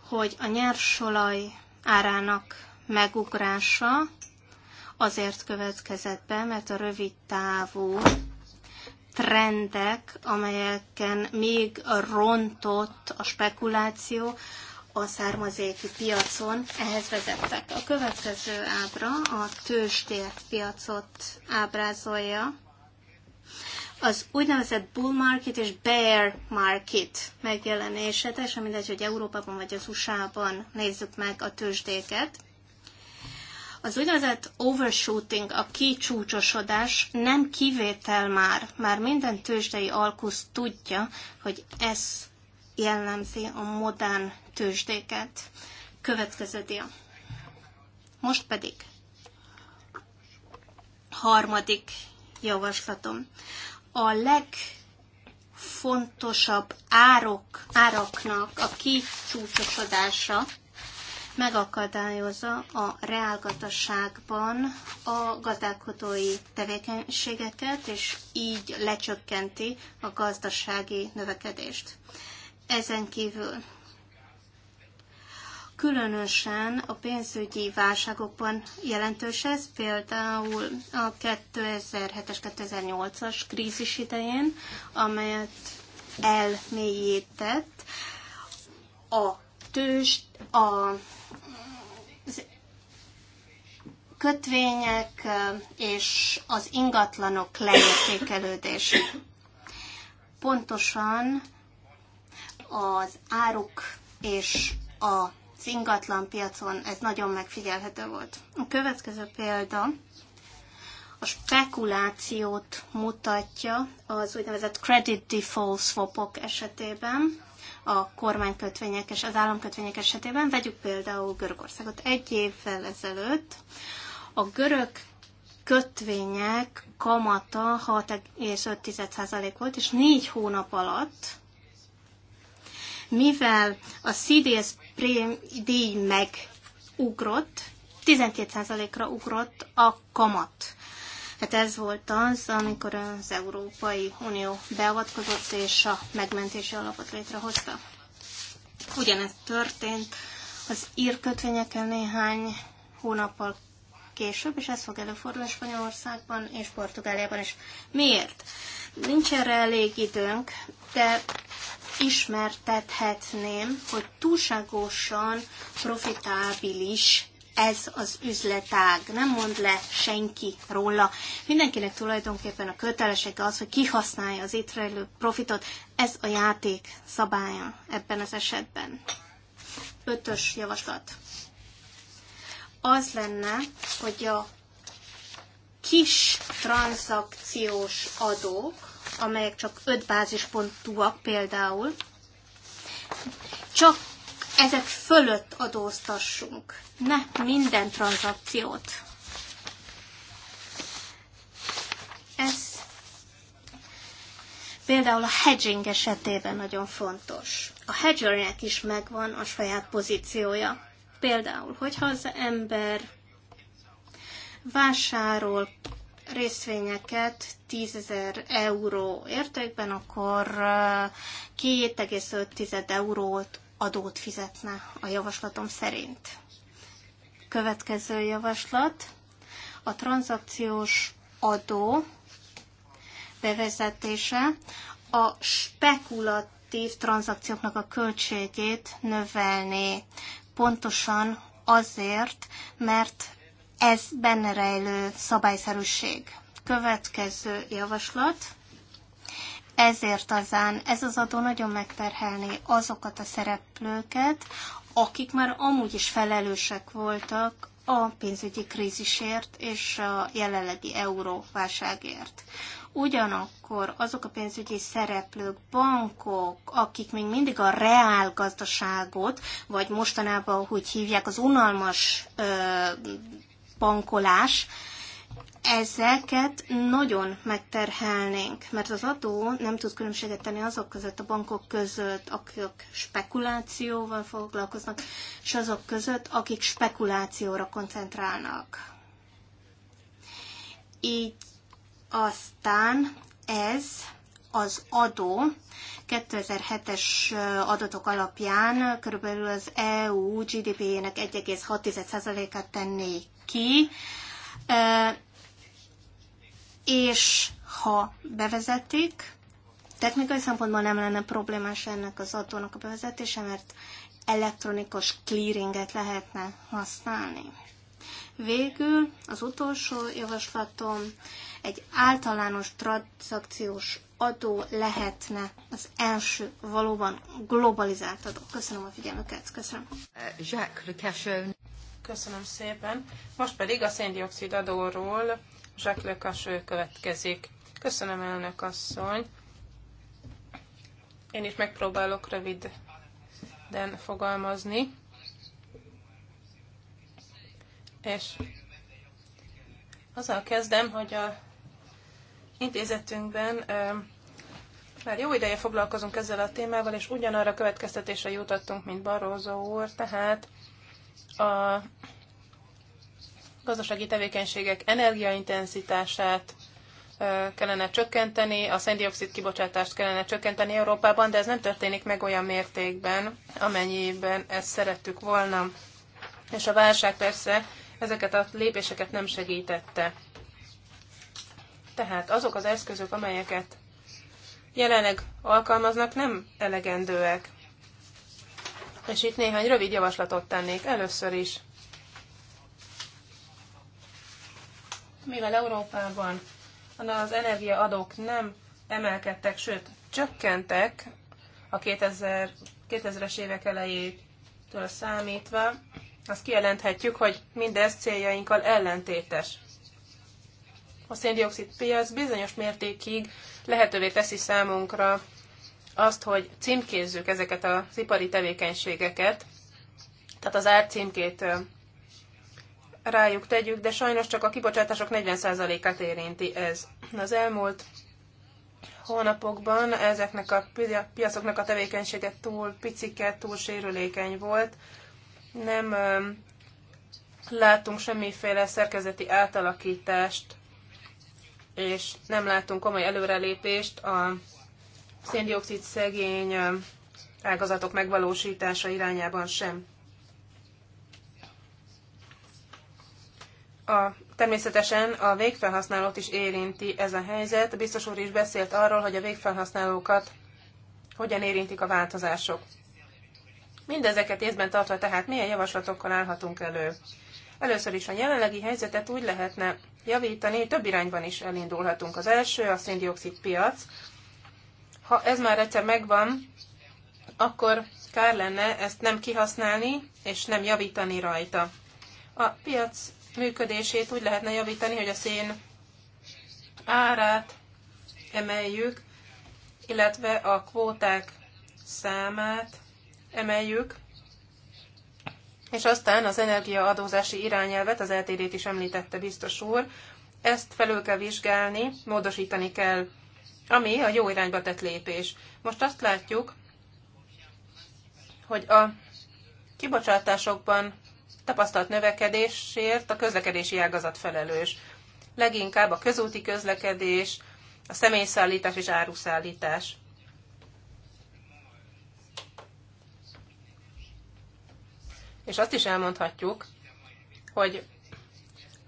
hogy a nyersolaj árának megugrása azért következett be, mert a rövid távú trendek, amelyeken még rontott a spekuláció, a származéki piacon ehhez vezettek. A következő ábra a tőzsdér piacot ábrázolja. Az úgynevezett bull market és bear market megjelenése, teljesen mindegy, hogy Európában vagy az USA-ban nézzük meg a tőzsdéket. Az úgynevezett overshooting, a kicsúcsosodás nem kivétel már. Már minden tőzsdei alkusz tudja, hogy ez jellemzi a modern tőzsdéket. Következő dia. Most pedig harmadik javaslatom. A legfontosabb árok, áraknak a kicsúcsosodása megakadályozza a reálgatasságban a gazdálkodói tevékenységeket, és így lecsökkenti a gazdasági növekedést. Ezen kívül Különösen a pénzügyi válságokban jelentős ez, például a 2007-es, 2008-as krízis idején, amelyet elmélyített a tőst, a kötvények és az ingatlanok leértékelődése. Pontosan az áruk és a az ingatlan piacon ez nagyon megfigyelhető volt. A következő példa a spekulációt mutatja az úgynevezett credit default swapok esetében, a kormánykötvények és az államkötvények esetében. Vegyük például Görögországot. Egy évvel ezelőtt a görög kötvények kamata 6,5% volt, és négy hónap alatt, mivel a CDS prém, díj megugrott, 12%-ra ugrott a kamat. Hát ez volt az, amikor az Európai Unió beavatkozott és a megmentési alapot létrehozta. Ugyanezt történt az ír kötvényekkel néhány hónappal később, és ez fog előfordulni Spanyolországban és Portugáliában is. Miért? Nincs erre elég időnk, de ismertethetném, hogy túlságosan profitábilis ez az üzletág. Nem mond le senki róla. Mindenkinek tulajdonképpen a kötelessége az, hogy kihasználja az itt rejlő profitot. Ez a játék szabálya ebben az esetben. Ötös javaslat. Az lenne, hogy a kis tranzakciós adók amelyek csak 5 bázispontúak például, csak ezek fölött adóztassunk, ne minden tranzakciót. Ez például a hedging esetében nagyon fontos. A hedgernek is megvan a saját pozíciója. Például, hogyha az ember vásárol részvényeket 10.000 euró értékben, akkor 2,5 eurót adót fizetne a javaslatom szerint. Következő javaslat. A tranzakciós adó bevezetése a spekulatív tranzakcióknak a költségét növelné. Pontosan azért, mert ez benne rejlő szabályszerűség. Következő javaslat. Ezért azán ez az adó nagyon megterhelni azokat a szereplőket, akik már amúgy is felelősek voltak a pénzügyi krízisért és a jelenlegi euróválságért. Ugyanakkor azok a pénzügyi szereplők, bankok, akik még mindig a reál gazdaságot, vagy mostanában, hogy hívják, az unalmas ö, bankolás, ezeket nagyon megterhelnénk, mert az adó nem tud különbséget tenni azok között, a bankok között, akik spekulációval foglalkoznak, és azok között, akik spekulációra koncentrálnak. Így aztán ez az adó 2007-es adatok alapján körülbelül az EU GDP-jének 1,6%-át tenné ki, és ha bevezetik, technikai szempontból nem lenne problémás ennek az adónak a bevezetése, mert elektronikus clearinget lehetne használni. Végül az utolsó javaslatom egy általános tranzakciós adó lehetne az első valóban globalizált adó. Köszönöm a figyelmüket, köszönöm. Jacques Le Köszönöm szépen. Most pedig a széndiokszid adóról Jacques Le következik. Köszönöm, elnök asszony. Én is megpróbálok röviden fogalmazni. És azzal kezdem, hogy a intézetünkben már jó ideje foglalkozunk ezzel a témával, és ugyanarra következtetésre jutottunk, mint Barózó úr, tehát a gazdasági tevékenységek energiaintenzitását kellene csökkenteni, a széndiokszid kibocsátást kellene csökkenteni Európában, de ez nem történik meg olyan mértékben, amennyiben ezt szerettük volna. És a válság persze ezeket a lépéseket nem segítette. Tehát azok az eszközök, amelyeket jelenleg alkalmaznak, nem elegendőek. És itt néhány rövid javaslatot tennék először is. Mivel Európában az energiaadók nem emelkedtek, sőt csökkentek a 2000, 2000-es évek elejétől számítva, azt kijelenthetjük, hogy mindez céljainkkal ellentétes. A széndiokszid piac bizonyos mértékig lehetővé teszi számunkra azt, hogy címkézzük ezeket az ipari tevékenységeket, tehát az árcímkét rájuk tegyük, de sajnos csak a kibocsátások 40%-át érinti ez. Az elmúlt hónapokban ezeknek a piacoknak a tevékenysége túl picike, túl sérülékeny volt. Nem látunk semmiféle szerkezeti átalakítást, és nem látunk komoly előrelépést a széndiokszid szegény ágazatok megvalósítása irányában sem. A, természetesen a végfelhasználót is érinti ez a helyzet. Biztos úr is beszélt arról, hogy a végfelhasználókat hogyan érintik a változások. Mindezeket észben tartva tehát milyen javaslatokkal állhatunk elő. Először is a jelenlegi helyzetet úgy lehetne javítani, több irányban is elindulhatunk. Az első a széndiokszid piac, ha ez már egyszer megvan, akkor kár lenne ezt nem kihasználni és nem javítani rajta. A piac működését úgy lehetne javítani, hogy a szén árát emeljük, illetve a kvóták számát emeljük, és aztán az energiaadózási irányelvet, az LTD-t is említette biztos úr, ezt felül kell vizsgálni, módosítani kell ami a jó irányba tett lépés. Most azt látjuk, hogy a kibocsátásokban tapasztalt növekedésért a közlekedési ágazat felelős. Leginkább a közúti közlekedés, a személyszállítás és áruszállítás. És azt is elmondhatjuk, hogy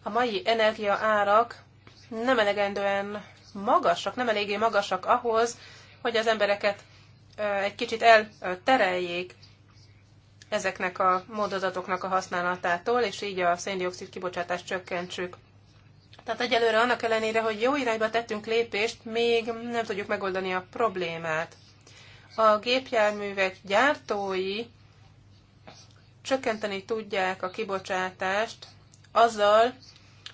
a mai energiaárak nem elegendően magasak, nem eléggé magasak ahhoz, hogy az embereket egy kicsit eltereljék ezeknek a módozatoknak a használatától, és így a széndiokszid kibocsátást csökkentsük. Tehát egyelőre annak ellenére, hogy jó irányba tettünk lépést, még nem tudjuk megoldani a problémát. A gépjárművek gyártói csökkenteni tudják a kibocsátást azzal,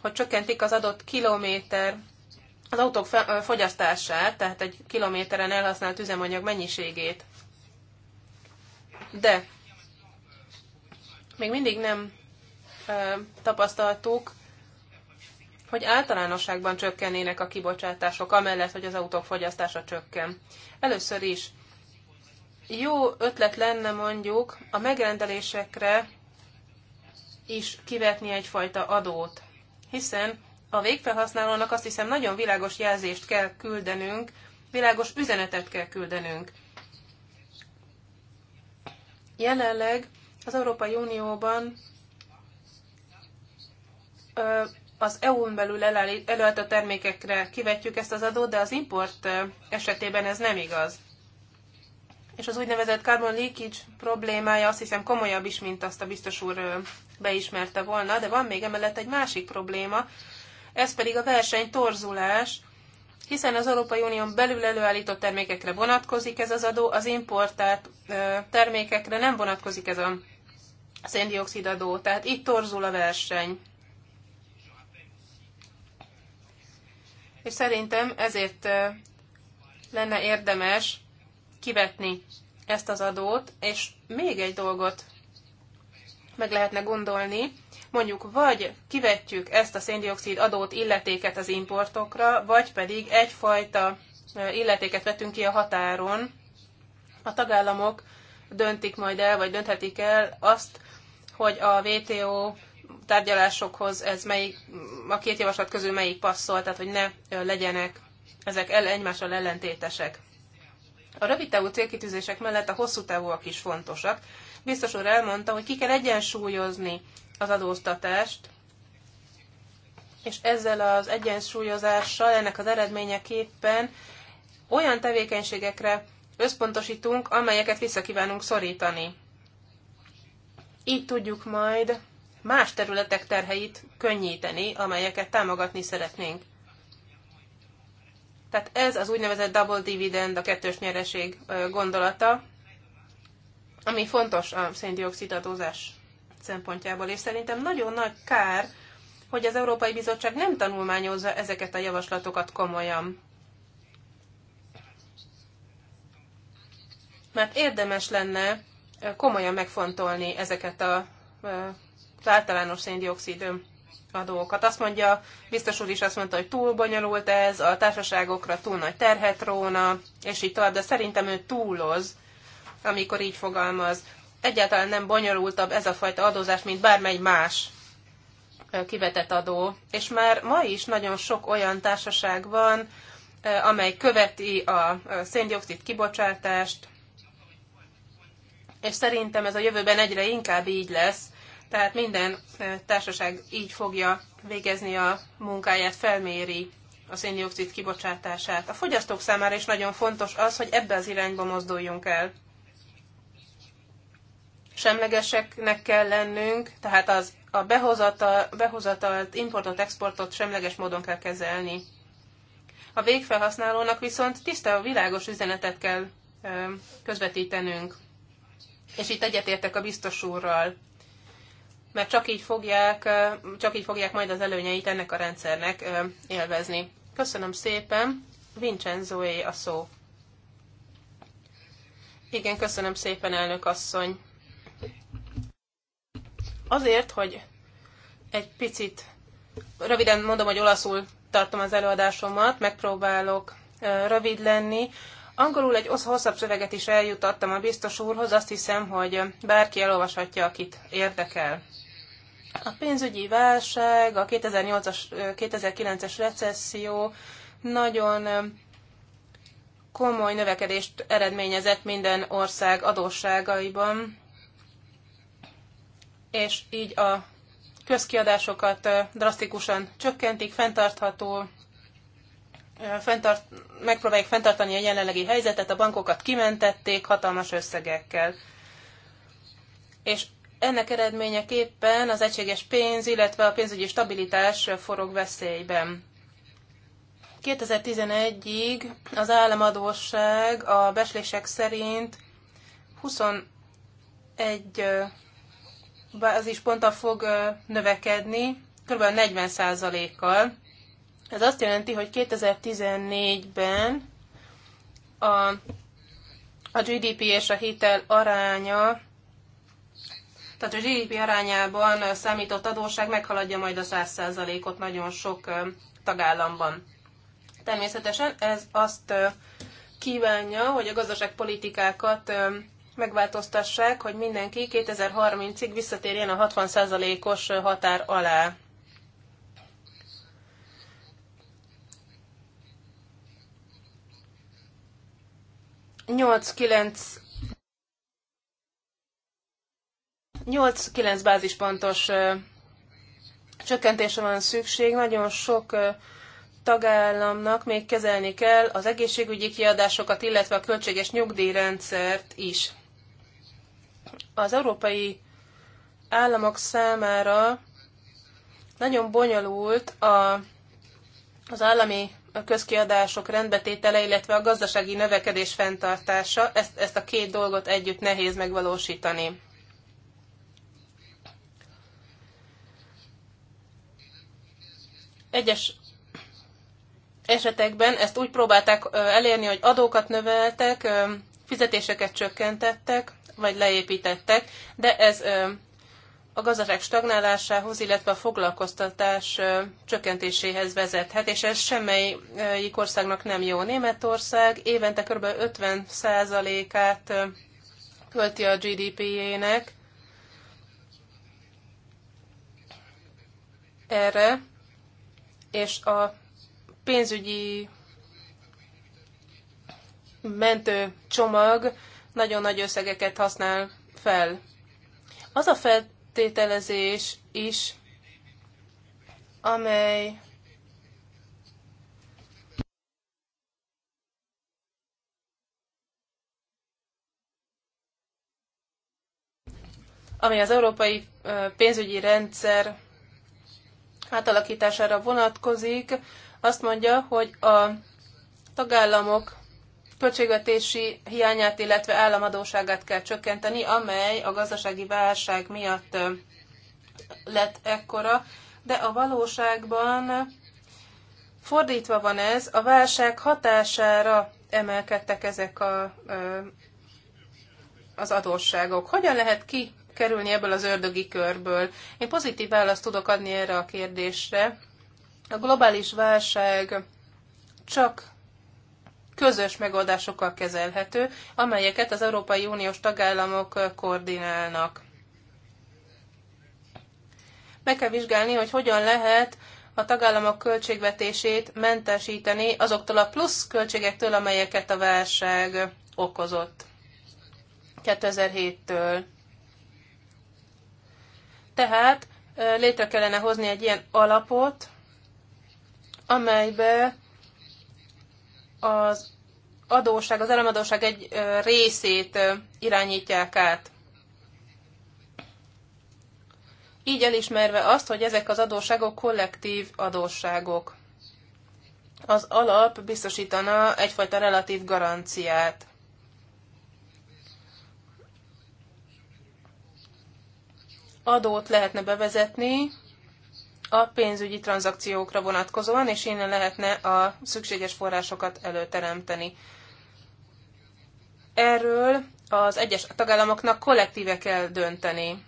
hogy csökkentik az adott kilométer az autók fogyasztását, tehát egy kilométeren elhasznált üzemanyag mennyiségét. De még mindig nem tapasztaltuk, hogy általánosságban csökkennének a kibocsátások, amellett, hogy az autók fogyasztása csökken. Először is jó ötlet lenne mondjuk a megrendelésekre is kivetni egyfajta adót, hiszen a végfelhasználónak azt hiszem nagyon világos jelzést kell küldenünk, világos üzenetet kell küldenünk. Jelenleg az Európai Unióban az EU-n belül a termékekre kivetjük ezt az adót, de az import esetében ez nem igaz. És az úgynevezett carbon leakage problémája azt hiszem komolyabb is, mint azt a biztos úr beismerte volna, de van még emellett egy másik probléma, ez pedig a verseny torzulás, hiszen az Európai Unión belül előállított termékekre vonatkozik ez az adó, az importált termékekre nem vonatkozik ez a széndiokszid adó, tehát itt torzul a verseny. És szerintem ezért lenne érdemes kivetni ezt az adót, és még egy dolgot meg lehetne gondolni, Mondjuk vagy kivetjük ezt a széndiokszid adót illetéket az importokra, vagy pedig egyfajta illetéket vetünk ki a határon. A tagállamok döntik majd el, vagy dönthetik el azt, hogy a WTO tárgyalásokhoz ez melyik, a két javaslat közül melyik passzol, tehát hogy ne legyenek ezek el, egymással ellentétesek. A rövid távú célkitűzések mellett a hosszú távúak is fontosak. Biztos úr elmondta, hogy ki kell egyensúlyozni az adóztatást, és ezzel az egyensúlyozással, ennek az eredményeképpen olyan tevékenységekre összpontosítunk, amelyeket visszakívánunk szorítani. Így tudjuk majd más területek terheit könnyíteni, amelyeket támogatni szeretnénk. Tehát ez az úgynevezett double dividend, a kettős nyereség gondolata, ami fontos a széndiokszid adózás szempontjából, és szerintem nagyon nagy kár, hogy az Európai Bizottság nem tanulmányozza ezeket a javaslatokat komolyan. Mert érdemes lenne komolyan megfontolni ezeket a, az általános széndiokszid adókat, Azt mondja, biztos úr is azt mondta, hogy túl bonyolult ez, a társaságokra túl nagy terhet róna, és így tovább, de szerintem ő túloz, amikor így fogalmaz egyáltalán nem bonyolultabb ez a fajta adózás, mint bármely más kivetett adó. És már ma is nagyon sok olyan társaság van, amely követi a széndiokszid kibocsátást, és szerintem ez a jövőben egyre inkább így lesz, tehát minden társaság így fogja végezni a munkáját, felméri a széndiokszid kibocsátását. A fogyasztók számára is nagyon fontos az, hogy ebbe az irányba mozduljunk el semlegeseknek kell lennünk, tehát az a behozatal, behozatalt, importot, exportot semleges módon kell kezelni. A végfelhasználónak viszont tiszta, világos üzenetet kell közvetítenünk. És itt egyetértek a biztos úrral, mert csak így, fogják, csak így fogják majd az előnyeit ennek a rendszernek élvezni. Köszönöm szépen, Vincenzoé a szó. Igen, köszönöm szépen, elnök asszony. Azért, hogy egy picit, röviden mondom, hogy olaszul tartom az előadásomat, megpróbálok rövid lenni. Angolul egy hosszabb szöveget is eljutattam a biztos úrhoz, azt hiszem, hogy bárki elolvashatja, akit érdekel. A pénzügyi válság, a 2008-as, 2009-es recesszió nagyon komoly növekedést eredményezett minden ország adósságaiban, és így a közkiadásokat drasztikusan csökkentik, fenntartható, fenntart, megpróbálják fenntartani a jelenlegi helyzetet, a bankokat kimentették hatalmas összegekkel. És ennek eredményeképpen az egységes pénz, illetve a pénzügyi stabilitás forog veszélyben. 2011-ig az államadóság a beslések szerint 21 az is a fog növekedni, kb. 40%-kal. Ez azt jelenti, hogy 2014-ben a, a GDP és a hitel aránya, tehát a GDP arányában számított adóság meghaladja majd a 100%-ot nagyon sok tagállamban. Természetesen ez azt kívánja, hogy a gazdaságpolitikákat megváltoztassák, hogy mindenki 2030-ig visszatérjen a 60%-os határ alá. Nyolc kilenc 8-9 bázispontos csökkentésre van szükség. Nagyon sok tagállamnak még kezelni kell az egészségügyi kiadásokat, illetve a költséges nyugdíjrendszert is az európai államok számára nagyon bonyolult a, az állami közkiadások rendbetétele, illetve a gazdasági növekedés fenntartása. Ezt, ezt a két dolgot együtt nehéz megvalósítani. Egyes esetekben ezt úgy próbálták elérni, hogy adókat növeltek, fizetéseket csökkentettek, vagy leépítettek, de ez a gazdaság stagnálásához, illetve a foglalkoztatás csökkentéséhez vezethet, és ez semmelyik országnak nem jó. Németország évente kb. 50%-át költi a GDP-jének erre, és a pénzügyi mentő csomag nagyon nagy összegeket használ fel. Az a feltételezés is, amely ami az európai pénzügyi rendszer átalakítására vonatkozik, azt mondja, hogy a tagállamok költségvetési hiányát, illetve államadóságát kell csökkenteni, amely a gazdasági válság miatt lett ekkora, de a valóságban fordítva van ez, a válság hatására emelkedtek ezek a, az adósságok. Hogyan lehet ki kerülni ebből az ördögi körből? Én pozitív választ tudok adni erre a kérdésre. A globális válság csak közös megoldásokkal kezelhető, amelyeket az Európai Uniós tagállamok koordinálnak. Meg kell vizsgálni, hogy hogyan lehet a tagállamok költségvetését mentesíteni azoktól a plusz költségektől, amelyeket a válság okozott 2007-től. Tehát létre kellene hozni egy ilyen alapot, amelybe az adóság, az elemadóság egy részét irányítják át. Így elismerve azt, hogy ezek az adósságok kollektív adósságok. Az alap biztosítana egyfajta relatív garanciát. Adót lehetne bevezetni, a pénzügyi tranzakciókra vonatkozóan, és innen lehetne a szükséges forrásokat előteremteni. Erről az egyes tagállamoknak kollektíve kell dönteni.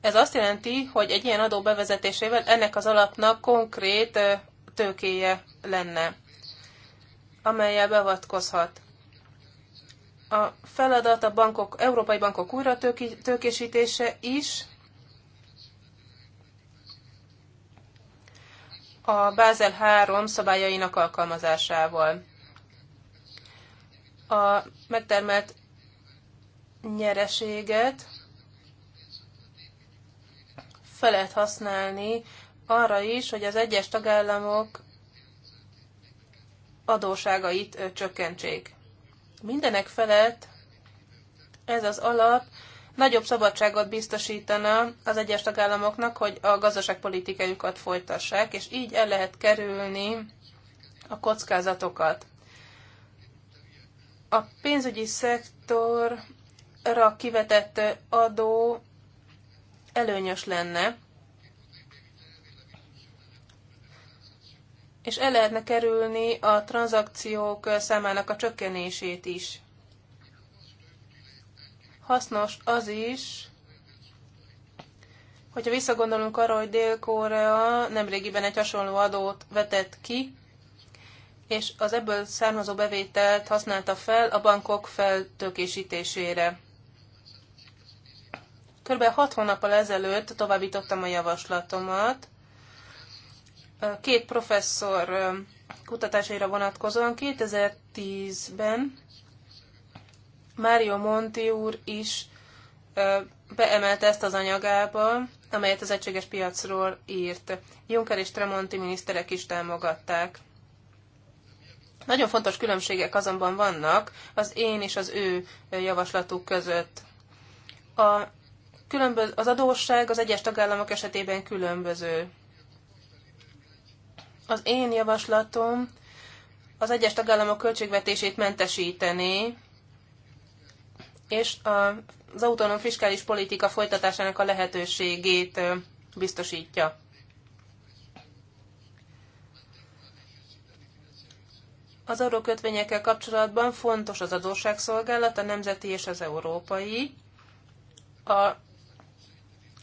Ez azt jelenti, hogy egy ilyen adó bevezetésével ennek az alapnak konkrét tőkéje lenne, amelyel beavatkozhat a feladat a bankok, európai bankok újra tőkésítése is, a Bázel 3 szabályainak alkalmazásával. A megtermelt nyereséget fel lehet használni arra is, hogy az egyes tagállamok adóságait csökkentsék. Mindenek felett ez az alap nagyobb szabadságot biztosítana az egyes tagállamoknak, hogy a gazdaságpolitikájukat folytassák, és így el lehet kerülni a kockázatokat. A pénzügyi szektorra kivetett adó előnyös lenne, és el lehetne kerülni a tranzakciók számának a csökkenését is. Hasznos az is, hogyha visszagondolunk arra, hogy Dél-Korea nemrégiben egy hasonló adót vetett ki, és az ebből származó bevételt használta fel a bankok feltökésítésére. Körülbelül 6 hónappal ezelőtt továbbítottam a javaslatomat, két professzor kutatásaira vonatkozóan 2010-ben Mário Monti úr is beemelte ezt az anyagába, amelyet az egységes piacról írt. Juncker és Tremonti miniszterek is támogatták. Nagyon fontos különbségek azonban vannak az én és az ő javaslatuk között. A különböz, az adósság az egyes tagállamok esetében különböző. Az én javaslatom az egyes tagállamok költségvetését mentesítené, és az autonóm fiskális politika folytatásának a lehetőségét biztosítja. Az adókötvényekkel kapcsolatban fontos az adósságszolgálat, a nemzeti és az európai. A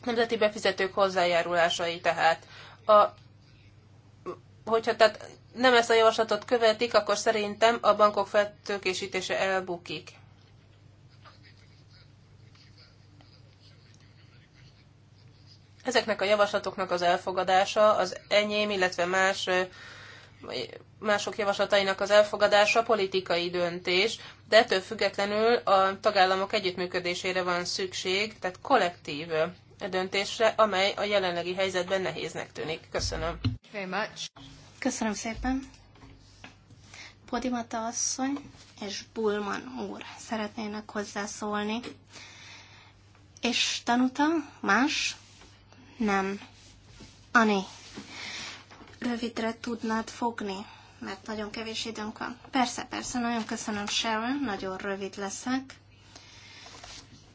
nemzeti befizetők hozzájárulásai tehát. A hogyha tehát nem ezt a javaslatot követik, akkor szerintem a bankok feltőkésítése elbukik. Ezeknek a javaslatoknak az elfogadása, az enyém, illetve más mások javaslatainak az elfogadása politikai döntés, de ettől függetlenül a tagállamok együttműködésére van szükség, tehát kollektív döntésre, amely a jelenlegi helyzetben nehéznek tűnik. Köszönöm. Very much. Köszönöm szépen. Podimata asszony és Bulman úr szeretnének hozzászólni. És tanuta? Más? Nem. Ani, rövidre tudnád fogni, mert nagyon kevés időnk van. Persze, persze, nagyon köszönöm Sharon, nagyon rövid leszek.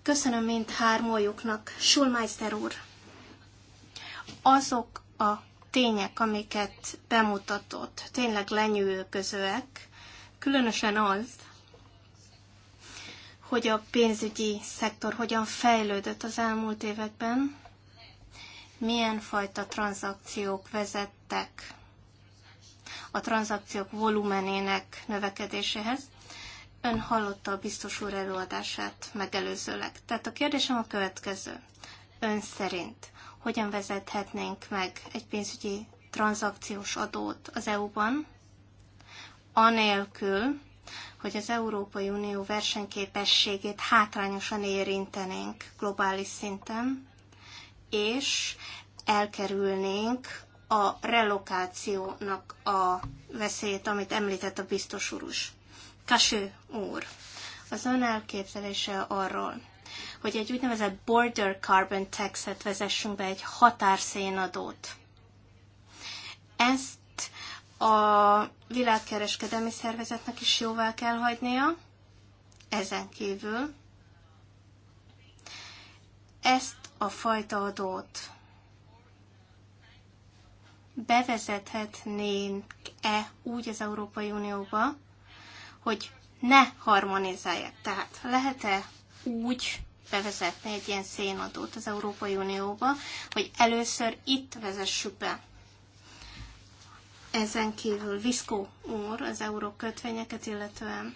Köszönöm mind hármójuknak, Schulmeister úr. Azok a tények, amiket bemutatott, tényleg lenyűgözőek, különösen az, hogy a pénzügyi szektor hogyan fejlődött az elmúlt években, milyen fajta tranzakciók vezettek a tranzakciók volumenének növekedéséhez. Ön hallotta a biztos úr előadását megelőzőleg. Tehát a kérdésem a következő. Ön szerint hogyan vezethetnénk meg egy pénzügyi tranzakciós adót az EU-ban, anélkül, hogy az Európai Unió versenyképességét hátrányosan érintenénk globális szinten, és elkerülnénk a relokációnak a veszélyét, amit említett a biztos úr is. Kaső úr, az ön elképzelése arról, hogy egy úgynevezett border carbon taxet vezessünk be, egy határszénadót. Ezt a világkereskedelmi szervezetnek is jóvá kell hagynia, ezen kívül ezt a fajta adót bevezethetnénk-e úgy az Európai Unióba, hogy ne harmonizálják. Tehát lehet-e úgy bevezette egy ilyen szénadót az Európai Unióba, hogy először itt vezessük be. Ezen kívül Viszkó úr az kötvényeket illetően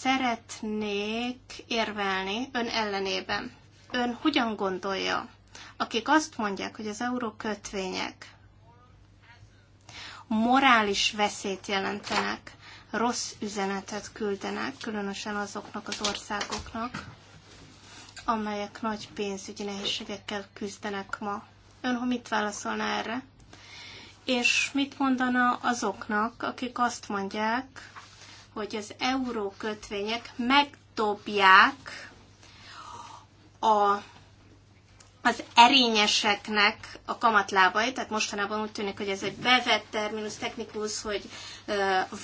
szeretnék érvelni ön ellenében. Ön hogyan gondolja, akik azt mondják, hogy az kötvények morális veszélyt jelentenek, rossz üzenetet küldenek, különösen azoknak az országoknak, amelyek nagy pénzügyi nehézségekkel küzdenek ma. Ön mit válaszolna erre? És mit mondana azoknak, akik azt mondják, hogy az euró kötvények megdobják a az erényeseknek a kamatlábai, tehát mostanában úgy tűnik, hogy ez egy bevett terminus technikus, hogy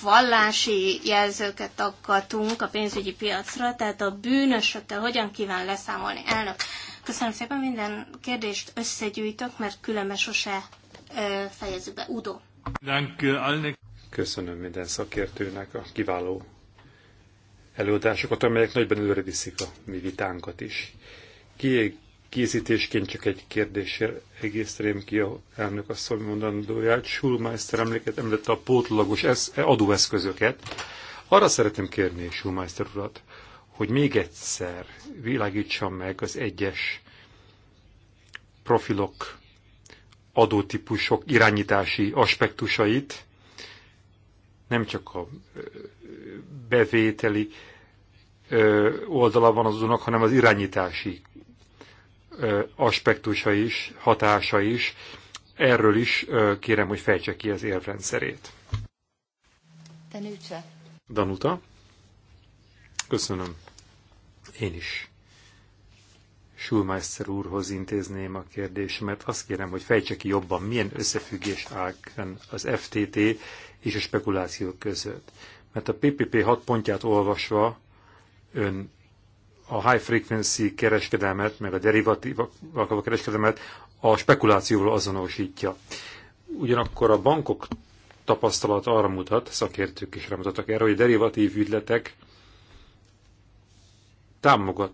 vallási jelzőket akartunk a pénzügyi piacra, tehát a bűnösökkel hogyan kíván leszámolni elnök. Köszönöm szépen, minden kérdést összegyűjtök, mert különben sose fejezzük be. Udo. Köszönöm minden szakértőnek a kiváló előadásokat, amelyek nagyban előre viszik a mi vitánkat is. Ki? kiegészítésként csak egy kérdéssel egészítem ki a elnök asszony mondandóját. Schulmeister emléket említette a pótlagos adóeszközöket. Arra szeretném kérni Schulmeister urat, hogy még egyszer világítsa meg az egyes profilok, adótípusok irányítási aspektusait, nem csak a bevételi oldala van az hanem az irányítási aspektusa is, hatása is. Erről is kérem, hogy fejtse ki az érvrendszerét. Danuta. Danuta. Köszönöm. Én is. Schulmeister úrhoz intézném a kérdésemet. Azt kérem, hogy fejtse ki jobban, milyen összefüggés áll az FTT és a spekulációk között. Mert a PPP hat pontját olvasva ön a high frequency kereskedelmet, meg a derivatívakkal kereskedelmet a spekulációval azonosítja. Ugyanakkor a bankok tapasztalat arra mutat, szakértők is rámutattak erre, hogy derivatív ügyletek támogat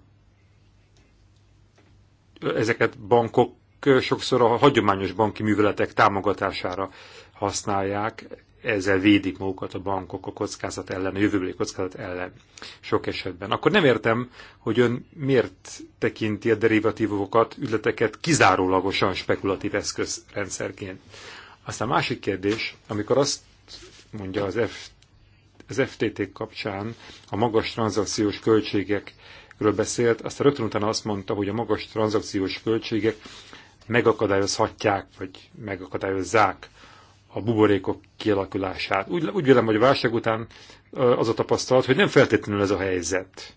ezeket bankok sokszor a hagyományos banki műveletek támogatására használják, ezzel védik magukat a bankok a kockázat ellen, a jövőbeli kockázat ellen sok esetben. Akkor nem értem, hogy ön miért tekinti a derivatívokat, ületeket kizárólagosan spekulatív eszközrendszerként. Aztán másik kérdés, amikor azt mondja az, F, az FTT kapcsán a magas tranzakciós költségekről beszélt, aztán rögtön utána azt mondta, hogy a magas tranzakciós költségek megakadályozhatják, vagy megakadályozzák a buborékok kialakulását. Úgy, úgy vélem, hogy a válság után az a tapasztalat, hogy nem feltétlenül ez a helyzet.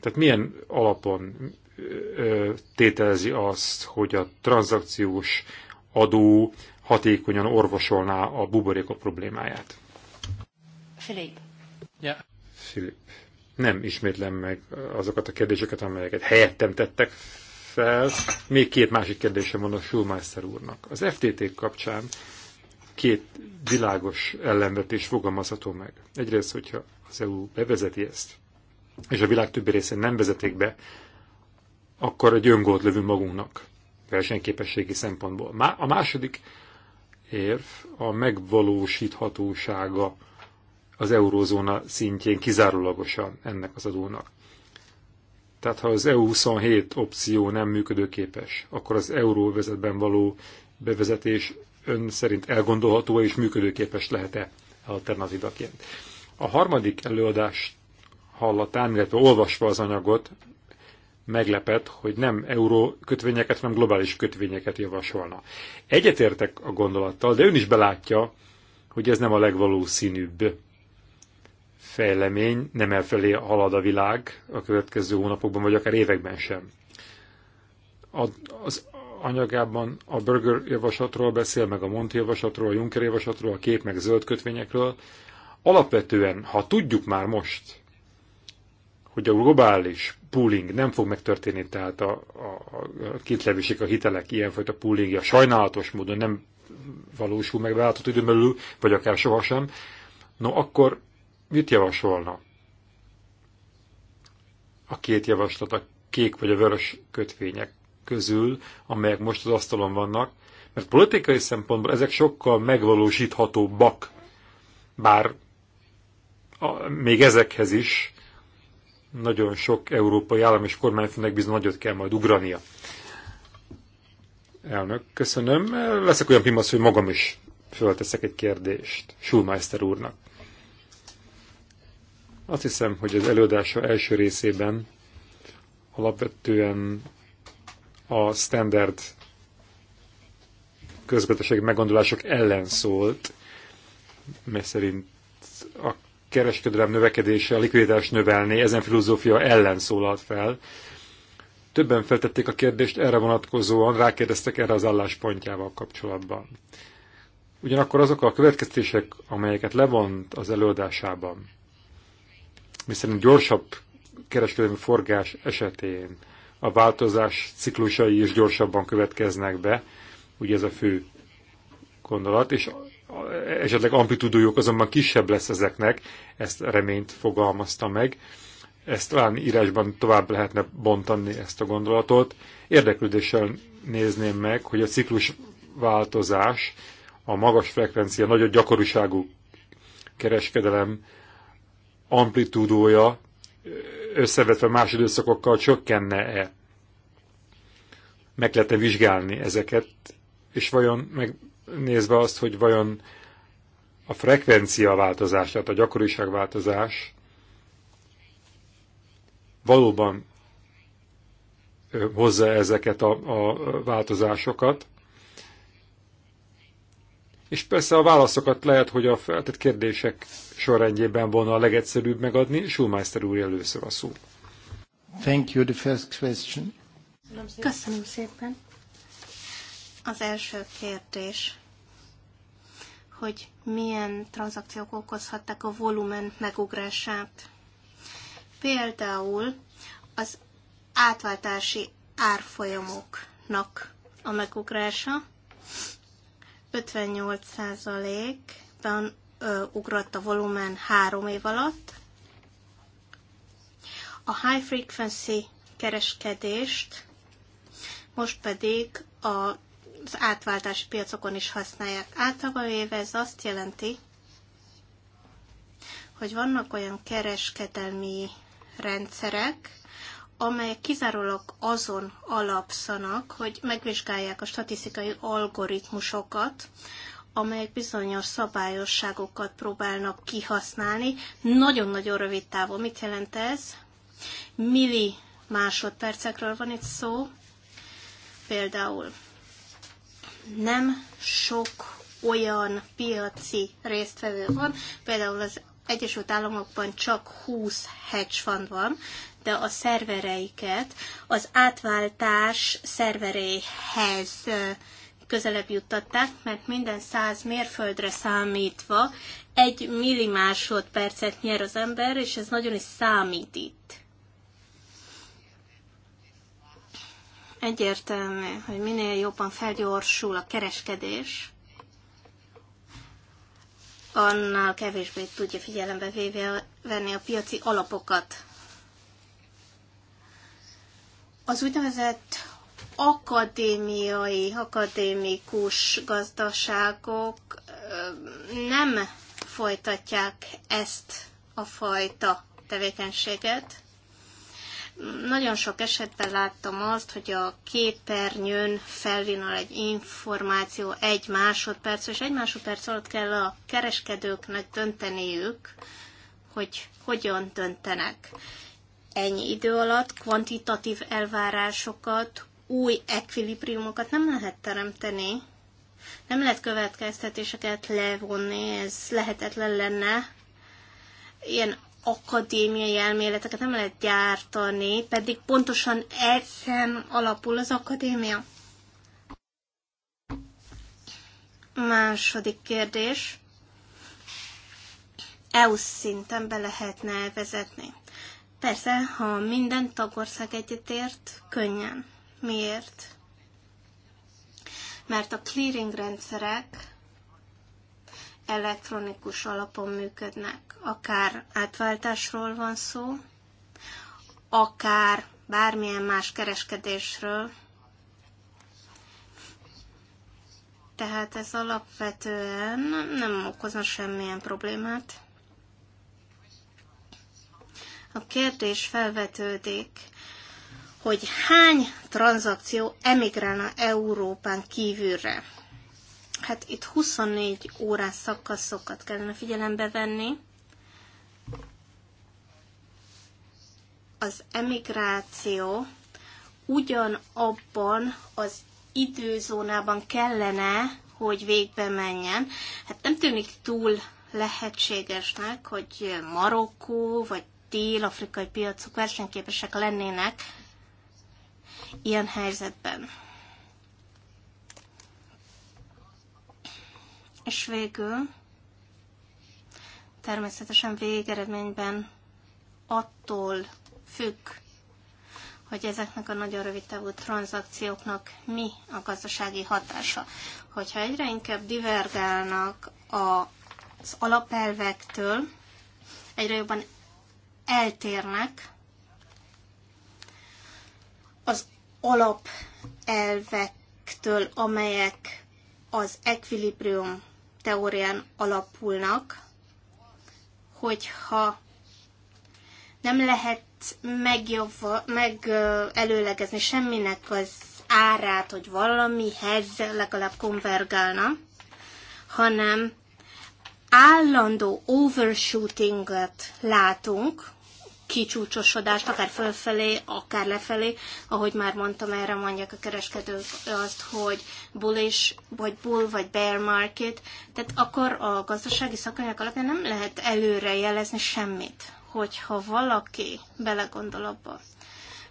Tehát milyen alapon tételezi azt, hogy a tranzakciós adó hatékonyan orvosolná a buborékok problémáját? Filip. Yeah. Filip. Nem ismétlem meg azokat a kérdéseket, amelyeket helyettem tettek fel. Még két másik kérdésem van a Schulmeister úrnak. Az FTT kapcsán két világos ellenvetés fogalmazható meg. Egyrészt, hogyha az EU bevezeti ezt, és a világ többi részén nem vezetik be, akkor egy öngót lövünk magunknak versenyképességi szempontból. A második érv a megvalósíthatósága az eurózóna szintjén kizárólagosan ennek az adónak. Tehát ha az EU27 opció nem működőképes, akkor az euróvezetben való bevezetés ön szerint elgondolható és működőképes lehet-e alternatívaként. A harmadik előadás hallatán, illetve olvasva az anyagot, meglepett, hogy nem euró kötvényeket, hanem globális kötvényeket javasolna. Egyetértek a gondolattal, de ön is belátja, hogy ez nem a legvalószínűbb fejlemény, nem elfelé halad a világ a következő hónapokban, vagy akár években sem. A, az anyagában a Burger javaslatról beszél, meg a Monti javaslatról, a Juncker javaslatról, a kép meg zöld kötvényekről. Alapvetően, ha tudjuk már most, hogy a globális pooling nem fog megtörténni, tehát a, a, a kétlevések, a hitelek ilyenfajta poolingja sajnálatos módon nem valósul meg beállított időn belül, vagy akár sohasem, no akkor mit javasolna? A két javaslat, a kék vagy a vörös kötvények közül, amelyek most az asztalon vannak, mert politikai szempontból ezek sokkal megvalósíthatóbbak, bár a, még ezekhez is nagyon sok európai állam és kormányfőnek bizony nagyot kell majd ugrania. Elnök, köszönöm. Leszek olyan pimasz, hogy magam is fölteszek egy kérdést Schulmeister úrnak. Azt hiszem, hogy az előadása első részében alapvetően a standard közgazdasági meggondolások ellen szólt, mert szerint a kereskedelem növekedése, a likviditás növelni, ezen filozófia ellen szólalt fel. Többen feltették a kérdést erre vonatkozóan, rákérdeztek erre az álláspontjával kapcsolatban. Ugyanakkor azok a következtések, amelyeket levont az előadásában, miszerint gyorsabb kereskedelmi forgás esetén a változás ciklusai is gyorsabban következnek be, ugye ez a fő gondolat, és esetleg amplitudójuk azonban kisebb lesz ezeknek, ezt reményt fogalmazta meg. Ezt talán írásban tovább lehetne bontani ezt a gondolatot. Érdeklődéssel nézném meg, hogy a ciklus változás, a magas frekvencia, nagyobb gyakoriságú kereskedelem amplitúdója összevetve más időszakokkal csökkenne-e. Meg lehet -e vizsgálni ezeket, és vajon megnézve azt, hogy vajon a frekvencia változás, tehát a gyakoriság változás valóban hozza ezeket a, a változásokat, és persze a válaszokat lehet, hogy a feltett kérdések sorrendjében volna a legegyszerűbb megadni. Schumacher úr először a szó. Thank you, the first question. Köszönöm szépen. Az első kérdés, hogy milyen tranzakciók okozhattak a volumen megugrását. Például az átváltási árfolyamoknak a megugrása, 58%-ban ugrott a volumen három év alatt. A high frequency kereskedést most pedig a, az átváltási piacokon is használják. Általában véve ez azt jelenti, hogy vannak olyan kereskedelmi rendszerek, amelyek kizárólag azon alapszanak, hogy megvizsgálják a statisztikai algoritmusokat, amelyek bizonyos szabályosságokat próbálnak kihasználni. Nagyon-nagyon rövid távon. Mit jelent ez? Milli másodpercekről van itt szó. Például nem sok olyan piaci résztvevő van, például az Egyesült Államokban csak 20 hedge fund van, átvette a szervereiket az átváltás szerveréhez közelebb juttatták, mert minden száz mérföldre számítva egy millimásodpercet nyer az ember, és ez nagyon is számít itt. Egyértelmű, hogy minél jobban felgyorsul a kereskedés, annál kevésbé tudja figyelembe véve venni a piaci alapokat. Az úgynevezett akadémiai, akadémikus gazdaságok nem folytatják ezt a fajta tevékenységet. Nagyon sok esetben láttam azt, hogy a képernyőn felvinul egy információ egy másodperc, és egy másodperc alatt kell a kereskedőknek dönteniük, hogy hogyan döntenek ennyi idő alatt kvantitatív elvárásokat, új ekvilibriumokat nem lehet teremteni, nem lehet következtetéseket levonni, ez lehetetlen lenne. Ilyen akadémiai elméleteket nem lehet gyártani, pedig pontosan ezen alapul az akadémia. Második kérdés. EU szinten be lehetne vezetni. Persze, ha minden tagország egyetért, könnyen. Miért? Mert a clearing rendszerek elektronikus alapon működnek. Akár átváltásról van szó, akár bármilyen más kereskedésről. Tehát ez alapvetően nem okozna semmilyen problémát a kérdés felvetődik, hogy hány tranzakció emigrálna Európán kívülre. Hát itt 24 órás szakaszokat kellene figyelembe venni. Az emigráció ugyanabban az időzónában kellene, hogy végbe menjen. Hát nem tűnik túl lehetségesnek, hogy Marokkó vagy dél-afrikai piacok versenyképesek lennének ilyen helyzetben. És végül természetesen végeredményben attól függ, hogy ezeknek a nagyon rövid távú tranzakcióknak mi a gazdasági hatása. Hogyha egyre inkább divergálnak az alapelvektől, egyre jobban eltérnek az alapelvektől, amelyek az equilibrium teórián alapulnak, hogyha nem lehet megjavva, meg előlegezni semminek az árát, hogy valamihez legalább konvergálna, hanem állandó overshootinget látunk, kicsúcsosodást, akár fölfelé, akár lefelé, ahogy már mondtam, erre mondják a kereskedők azt, hogy bullish, vagy bull, vagy bear market, tehát akkor a gazdasági szakanyag alapján nem lehet előre jelezni semmit, hogyha valaki belegondol abba,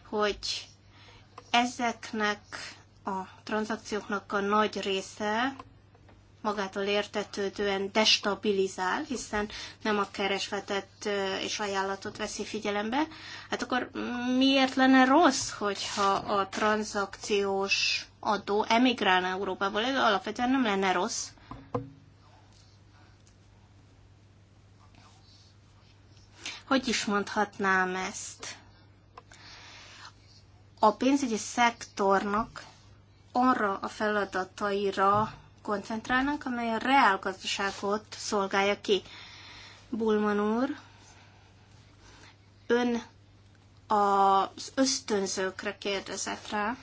hogy ezeknek a tranzakcióknak a nagy része magától értetődően destabilizál, hiszen nem a keresletet és ajánlatot veszi figyelembe, hát akkor miért lenne rossz, hogyha a tranzakciós adó emigrálna Európából? Ez alapvetően nem lenne rossz. Hogy is mondhatnám ezt? A pénzügyi szektornak arra a feladataira koncentrálnak, amely a reálgazdaságot szolgálja ki. Bulman úr, ön az ösztönzőkre kérdezett rá.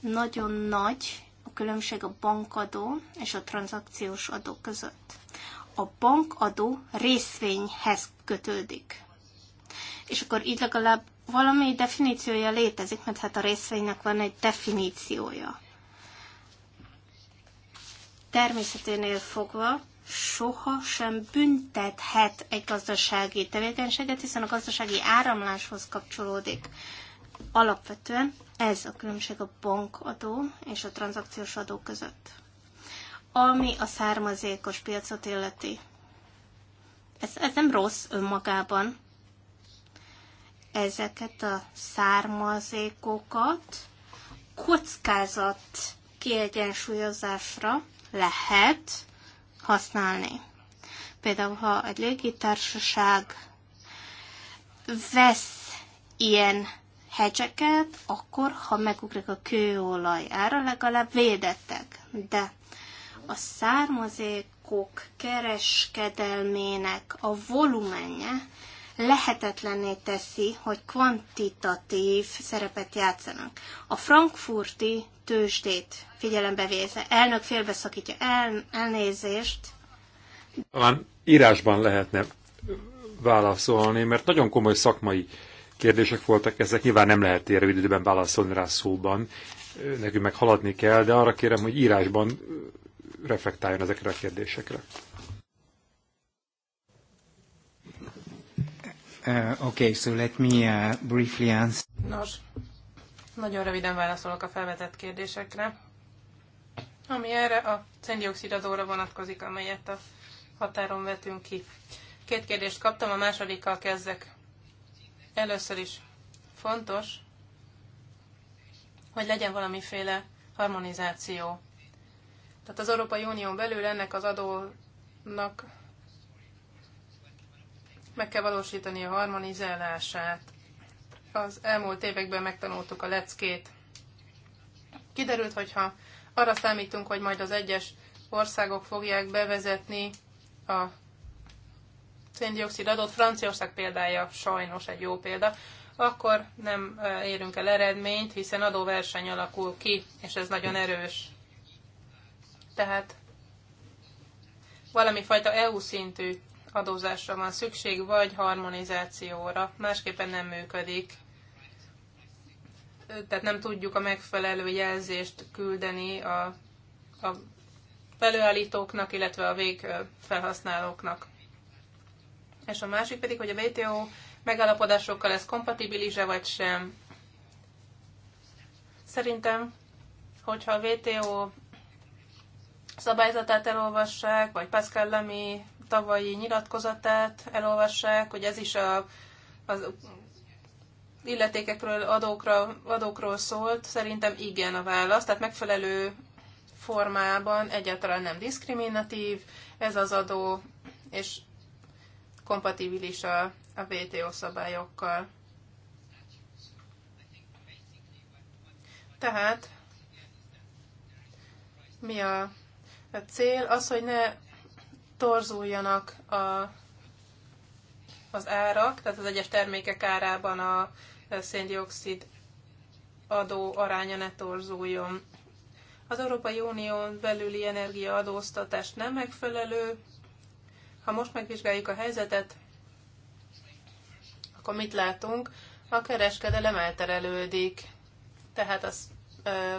Nagyon nagy a különbség a bankadó és a tranzakciós adó között. A bankadó részvényhez kötődik. És akkor így legalább valami definíciója létezik, mert hát a részvénynek van egy definíciója természeténél fogva soha sem büntethet egy gazdasági tevékenységet, hiszen a gazdasági áramláshoz kapcsolódik. Alapvetően ez a különbség a bankadó és a tranzakciós adó között. Ami a származékos piacot illeti. Ez, ez nem rossz önmagában. Ezeket a származékokat kockázat kiegyensúlyozásra lehet használni. Például, ha egy légitársaság vesz ilyen hegyeket, akkor, ha megugrik a kőolaj ára, legalább védettek. De a származékok kereskedelmének a volumenje lehetetlenné teszi, hogy kvantitatív szerepet játszanak. A frankfurti tőzsdét figyelembe véve. Elnök félbeszakítja el, elnézést. Talán írásban lehetne válaszolni, mert nagyon komoly szakmai kérdések voltak ezek, nyilván nem lehet ilyen rövid időben válaszolni rá szóban, nekünk meg haladni kell, de arra kérem, hogy írásban reflektáljon ezekre a kérdésekre. Uh, okay, so let me uh, briefly answer. Nos, nagyon röviden válaszolok a felvetett kérdésekre. Ami erre a széndiokszid adóra vonatkozik, amelyet a határon vetünk ki. Két kérdést kaptam, a másodikkal kezdek. Először is fontos, hogy legyen valamiféle harmonizáció. Tehát az Európai Unión belül ennek az adónak meg kell valósítani a harmonizálását az elmúlt években megtanultuk a leckét. Kiderült, hogyha arra számítunk, hogy majd az egyes országok fogják bevezetni a széndiokszid adót, Franciaország példája sajnos egy jó példa, akkor nem érünk el eredményt, hiszen adóverseny alakul ki, és ez nagyon erős. Tehát valami fajta EU szintű adózásra van szükség, vagy harmonizációra, másképpen nem működik tehát nem tudjuk a megfelelő jelzést küldeni a, a felőállítóknak, illetve a végfelhasználóknak. És a másik pedig, hogy a WTO megállapodásokkal ez kompatibilis-e vagy sem. Szerintem, hogyha a WTO szabályzatát elolvassák, vagy Pascal Lamy tavalyi nyilatkozatát elolvassák, hogy ez is a, az illetékekről, adókra, adókról szólt, szerintem igen a válasz, tehát megfelelő formában egyáltalán nem diszkriminatív ez az adó, és kompatibilis a, a WTO szabályokkal. Tehát mi a, a cél? Az, hogy ne torzuljanak a, az árak, tehát az egyes termékek árában a, széndiokszid adó aránya ne torzuljon. Az Európai Unión belüli energiaadóztatás nem megfelelő. Ha most megvizsgáljuk a helyzetet, akkor mit látunk? A kereskedelem elterelődik. Tehát az ö,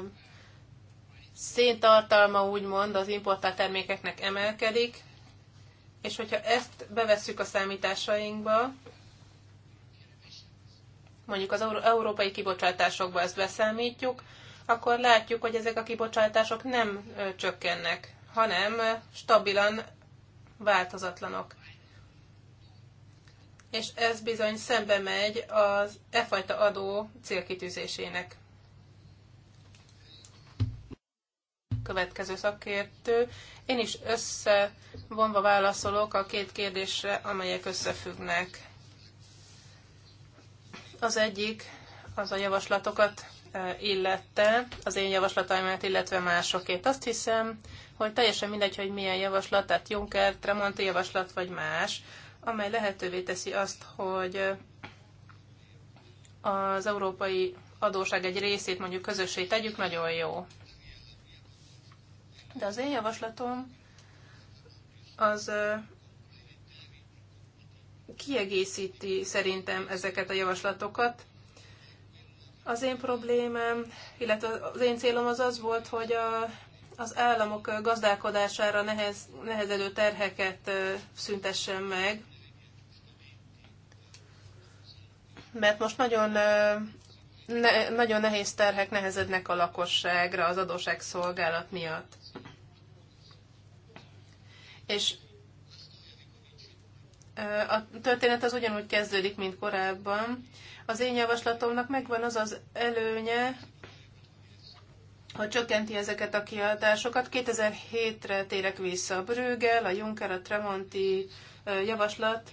széntartalma úgymond az importált termékeknek emelkedik, és hogyha ezt bevesszük a számításainkba, mondjuk az európai kibocsátásokba ezt beszámítjuk, akkor látjuk, hogy ezek a kibocsátások nem csökkennek, hanem stabilan változatlanok. És ez bizony szembe megy az e fajta adó célkitűzésének. Következő szakértő. Én is összevonva válaszolok a két kérdésre, amelyek összefüggnek. Az egyik az a javaslatokat e, illette, az én javaslataimat, illetve másokét. Azt hiszem, hogy teljesen mindegy, hogy milyen javaslat, tehát Juncker, Tremonti javaslat vagy más, amely lehetővé teszi azt, hogy az európai adóság egy részét mondjuk közössé tegyük, nagyon jó. De az én javaslatom az e, kiegészíti szerintem ezeket a javaslatokat. Az én problémám, illetve az én célom az az volt, hogy a, az államok gazdálkodására nehez, nehezedő terheket szüntessen meg, mert most nagyon, ne, nagyon nehéz terhek nehezednek a lakosságra az adósságszolgálat miatt. És a történet az ugyanúgy kezdődik, mint korábban. Az én javaslatomnak megvan az az előnye, hogy csökkenti ezeket a kiadásokat. 2007-re térek vissza a Brügel, a Juncker, a Tremonti javaslat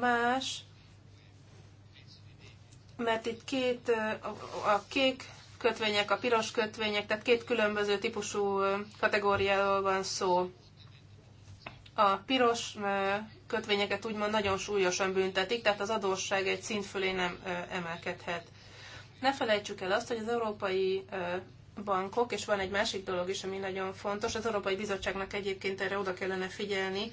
más, mert itt két, a kék kötvények, a piros kötvények, tehát két különböző típusú kategóriáról van szó. A piros kötvényeket úgymond nagyon súlyosan büntetik, tehát az adósság egy szint fölé nem emelkedhet. Ne felejtsük el azt, hogy az európai bankok, és van egy másik dolog is, ami nagyon fontos, az Európai Bizottságnak egyébként erre oda kellene figyelni,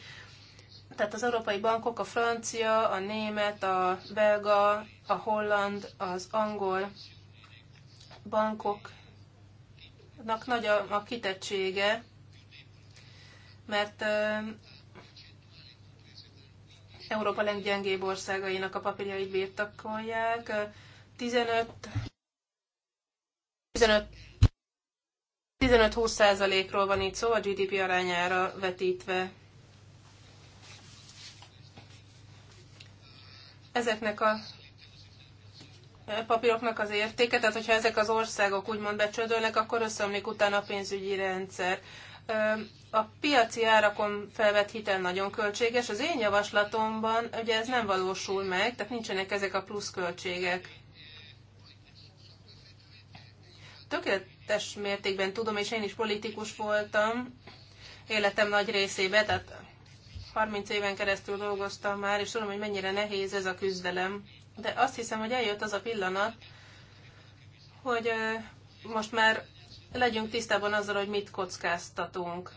tehát az európai bankok, a francia, a német, a belga, a holland, az angol bankoknak nagy a, a kitettsége, mert Európa leggyengébb országainak a papírjait birtokolják. 15 15 15-20 százalékról van itt szó a GDP arányára vetítve. Ezeknek a e, papíroknak az értéke, tehát hogyha ezek az országok úgymond becsődölnek, akkor összeomlik utána a pénzügyi rendszer a piaci árakon felvett hitel nagyon költséges. Az én javaslatomban ugye ez nem valósul meg, tehát nincsenek ezek a pluszköltségek. Tökéletes mértékben tudom, és én is politikus voltam életem nagy részében, tehát 30 éven keresztül dolgoztam már, és tudom, hogy mennyire nehéz ez a küzdelem. De azt hiszem, hogy eljött az a pillanat, hogy most már legyünk tisztában azzal, hogy mit kockáztatunk.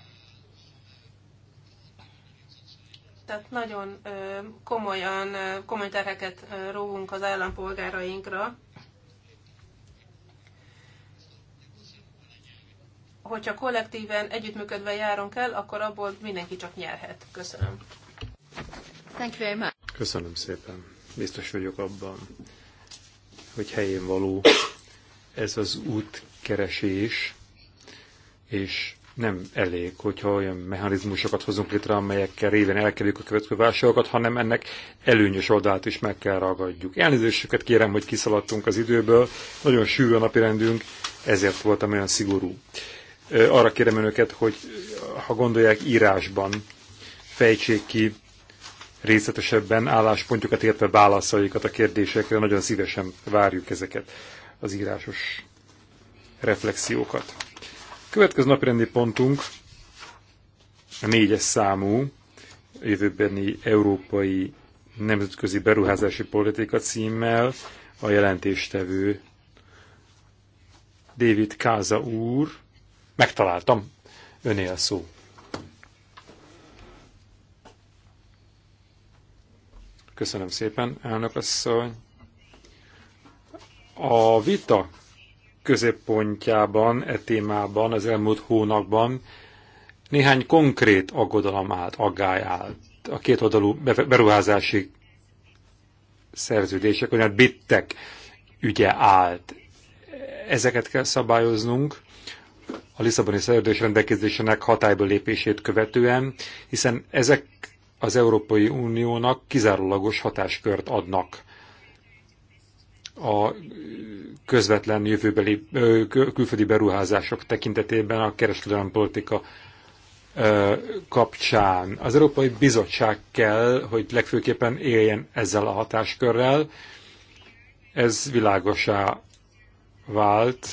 tehát nagyon komolyan, komoly terheket róvunk az állampolgárainkra, hogyha kollektíven együttműködve járunk el, akkor abból mindenki csak nyerhet. Köszönöm. Thank you very much. Köszönöm szépen. Biztos vagyok abban, hogy helyén való ez az útkeresés, és nem elég, hogyha olyan mechanizmusokat hozunk létre, amelyekkel réven elkerüljük a következő válságokat, hanem ennek előnyös oldalát is meg kell ragadjuk. Elnézésüket kérem, hogy kiszaladtunk az időből, nagyon sűrű a napirendünk, ezért voltam olyan szigorú. Arra kérem önöket, hogy ha gondolják írásban, fejtsék ki részletesebben álláspontjukat, illetve válaszaikat a kérdésekre, nagyon szívesen várjuk ezeket az írásos reflexiókat. Következő napirendi pontunk a négyes számú jövőbeni európai nemzetközi beruházási politika címmel a jelentéstevő David Káza úr. Megtaláltam. Öné a szó. Köszönöm szépen, elnök asszony. A vita középpontjában, e témában az elmúlt hónapban néhány konkrét aggodalom állt, aggály állt a kétoldalú beruházási szerződések, olyan hát bittek ügye állt. Ezeket kell szabályoznunk a Lisszaboni szerződés rendelkezésének hatályba lépését követően, hiszen ezek az Európai Uniónak kizárólagos hatáskört adnak a közvetlen jövőbeli külföldi beruházások tekintetében a kereskedelmi politika kapcsán. Az Európai Bizottság kell, hogy legfőképpen éljen ezzel a hatáskörrel. Ez világosá vált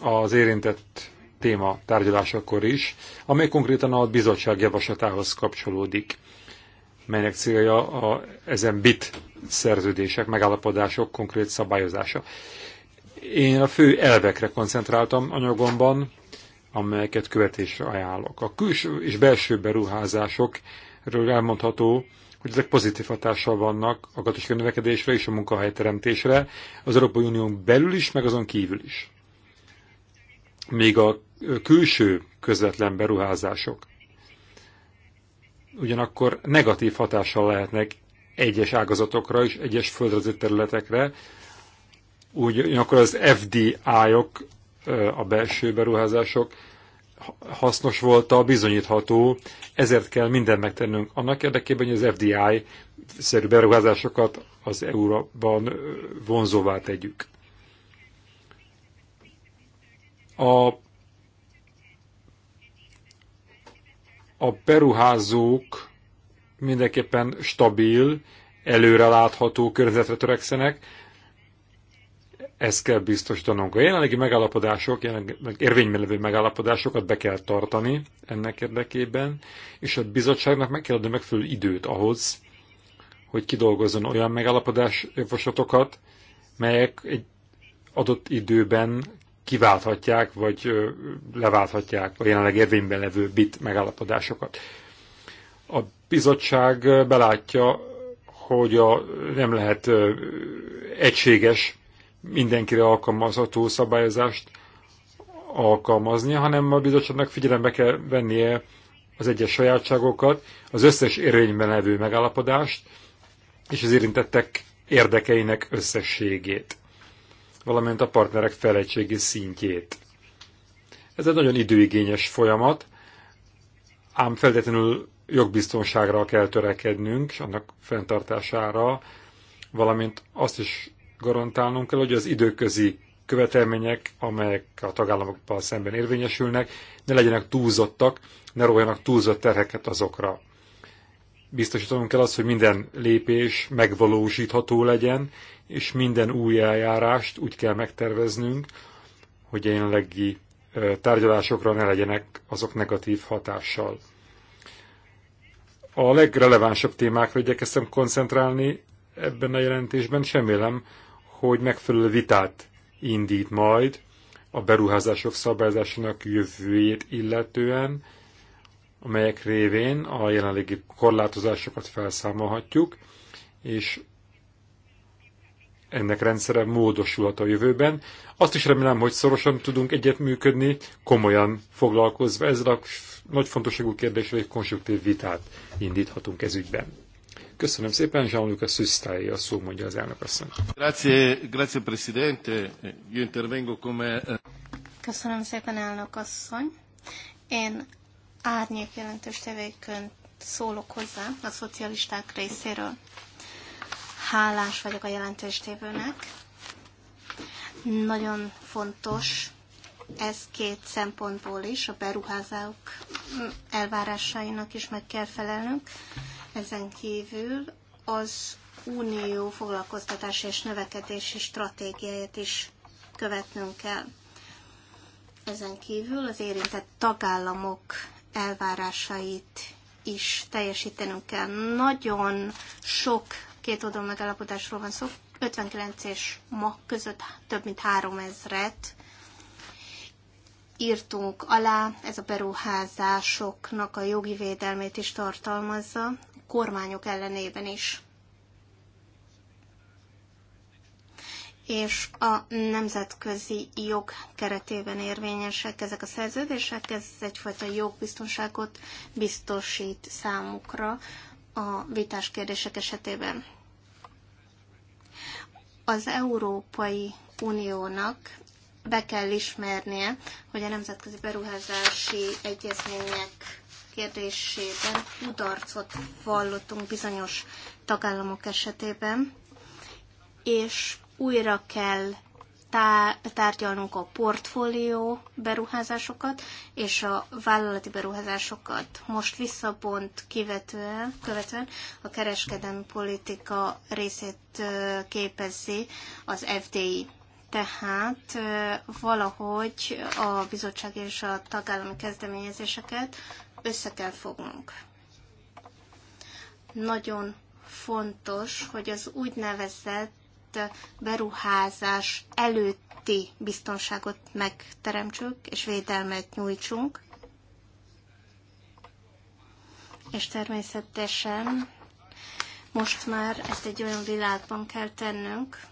az érintett téma tárgyalásakor is, amely konkrétan a bizottság javaslatához kapcsolódik, melynek célja a ezen bit szerződések, megállapodások konkrét szabályozása. Én a fő elvekre koncentráltam anyagomban, amelyeket követésre ajánlok. A külső és belső beruházásokról elmondható, hogy ezek pozitív hatással vannak a gazdasági növekedésre és a munkahelyteremtésre az Európai Unión belül is, meg azon kívül is. Még a külső közvetlen beruházások ugyanakkor negatív hatással lehetnek egyes ágazatokra és egyes földrajzi területekre, ugyanakkor az FDI-ok, -ok, a belső beruházások hasznos volt a bizonyítható, ezért kell mindent megtennünk annak érdekében, hogy az FDI-szerű beruházásokat az Euróban vonzóvá tegyük. A, a beruházók mindenképpen stabil, előrelátható környezetre törekszenek, ezt kell biztosítanunk. A jelenlegi megállapodások, jelenleg érvényben levő megállapodásokat be kell tartani ennek érdekében, és a bizottságnak meg kell adni megfelelő időt ahhoz, hogy kidolgozzon olyan megállapodás javaslatokat, melyek egy adott időben kiválthatják, vagy leválthatják a jelenleg érvényben levő bit megállapodásokat. A bizottság belátja, hogy a, nem lehet egységes mindenkire alkalmazható szabályozást alkalmazni, hanem a bizottságnak figyelembe kell vennie az egyes sajátságokat, az összes érvényben levő megállapodást és az érintettek érdekeinek összességét, valamint a partnerek feleltségi szintjét. Ez egy nagyon időigényes folyamat, ám feltétlenül jogbiztonságra kell törekednünk, és annak fenntartására, valamint azt is garantálnunk kell, hogy az időközi követelmények, amelyek a tagállamokkal szemben érvényesülnek, ne legyenek túlzottak, ne rójanak túlzott terheket azokra. Biztosítanunk kell azt, hogy minden lépés megvalósítható legyen, és minden új eljárást úgy kell megterveznünk, hogy a jelenlegi tárgyalásokra ne legyenek azok negatív hatással. A legrelevánsabb témákra igyekeztem koncentrálni ebben a jelentésben, és remélem, hogy megfelelő vitát indít majd a beruházások szabályozásának jövőjét illetően, amelyek révén a jelenlegi korlátozásokat felszámolhatjuk, és ennek rendszere módosulhat a jövőben. Azt is remélem, hogy szorosan tudunk egyetműködni, komolyan foglalkozva ezzel a nagy fontosságú kérdésre egy konstruktív vitát indíthatunk ez ügyben. Köszönöm szépen, Jean-Luc a Szüsztály, a szó mondja az elnök asszony. Grazie, grazie presidente. Io intervengo come... Eh, Köszönöm szépen, elnök asszony. Én árnyék jelentős tevékön szólok hozzá a szocialisták részéről. Hálás vagyok a tévőnek. Nagyon fontos ez két szempontból is, a beruházók elvárásainak is meg kell felelnünk, ezen kívül az unió foglalkoztatási és növekedési stratégiáját is követnünk kell. Ezen kívül az érintett tagállamok elvárásait is teljesítenünk kell. Nagyon sok két oldalon megállapodásról van szó, 59 és ma között több mint 3000-et írtunk alá, ez a beruházásoknak a jogi védelmét is tartalmazza, kormányok ellenében is. és a nemzetközi jog keretében érvényesek ezek a szerződések, ez egyfajta jogbiztonságot biztosít számukra a vitás kérdések esetében. Az Európai Uniónak be kell ismernie, hogy a nemzetközi beruházási egyezmények kérdésében kudarcot vallottunk bizonyos tagállamok esetében, és újra kell tárgyalnunk a portfólió beruházásokat és a vállalati beruházásokat. Most visszapont kivetően, követően a kereskedelmi politika részét képezi az FDI. Tehát valahogy a bizottság és a tagállami kezdeményezéseket össze kell fognunk. Nagyon fontos, hogy az úgynevezett beruházás előtti biztonságot megteremtsük és védelmet nyújtsunk. És természetesen most már ezt egy olyan világban kell tennünk,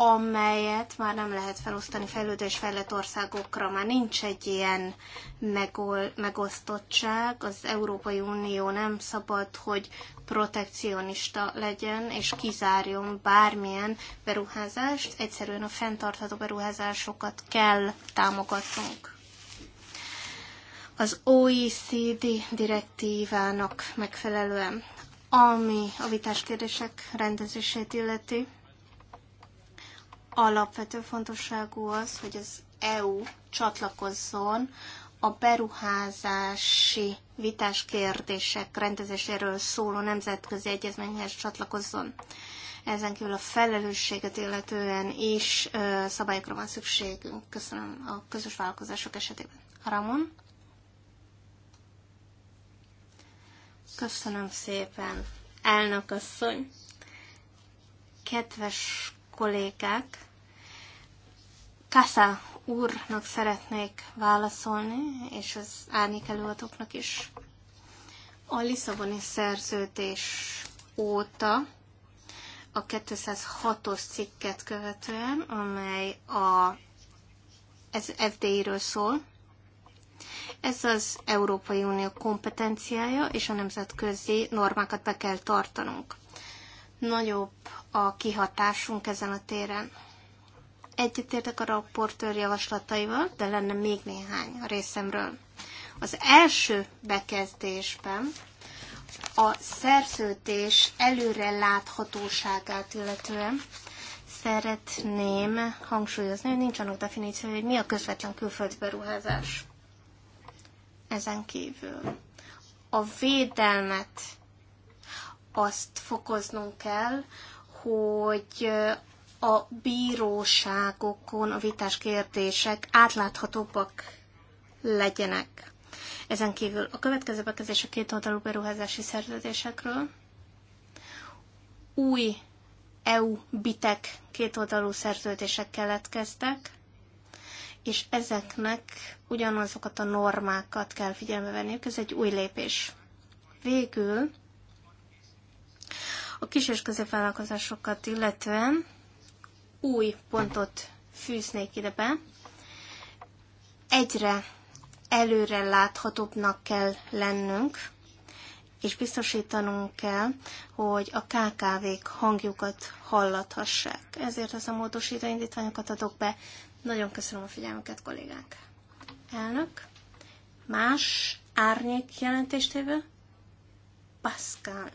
amelyet már nem lehet felosztani fejlődés fejlett országokra. Már nincs egy ilyen megol, megosztottság. Az Európai Unió nem szabad, hogy protekcionista legyen, és kizárjon bármilyen beruházást. Egyszerűen a fenntartható beruházásokat kell támogatnunk. Az OECD direktívának megfelelően, ami a vitás kérdések rendezését illeti, Alapvető fontosságú az, hogy az EU csatlakozzon a beruházási vitás kérdések rendezéséről szóló nemzetközi egyezményhez csatlakozzon. Ezen kívül a felelősséget illetően is ö, szabályokra van szükségünk. Köszönöm a közös vállalkozások esetében. Ramon? Köszönöm szépen, elnök asszony. Kedves kollégák, Kassa úrnak szeretnék válaszolni, és az árnyék előadóknak is. A Lisszaboni szerződés óta a 206-os cikket követően, amely a ez FDI-ről szól. Ez az Európai Unió kompetenciája, és a nemzetközi normákat be kell tartanunk. Nagyobb a kihatásunk ezen a téren. Egyetértek a raportőr javaslataival, de lenne még néhány a részemről. Az első bekezdésben a szerződés előreláthatóságát illetően szeretném hangsúlyozni, hogy nincs annak definíció, hogy mi a közvetlen külföldi beruházás. Ezen kívül a védelmet azt fokoznunk kell, hogy a bíróságokon a vitás kérdések átláthatóbbak legyenek. Ezen kívül a következő bekezdés a két oldalú beruházási szerződésekről. Új EU-bitek kétoldalú szerződések keletkeztek, és ezeknek ugyanazokat a normákat kell figyelme venniük, ez egy új lépés. Végül a kis és középvállalkozásokat illetően új pontot fűznék ide be. Egyre előre láthatóbbnak kell lennünk, és biztosítanunk kell, hogy a KKV-k hangjukat hallathassák. Ezért az a módosító indítványokat adok be. Nagyon köszönöm a figyelmüket, kollégák. Elnök. Más árnyék jelentéstévő? Pascal.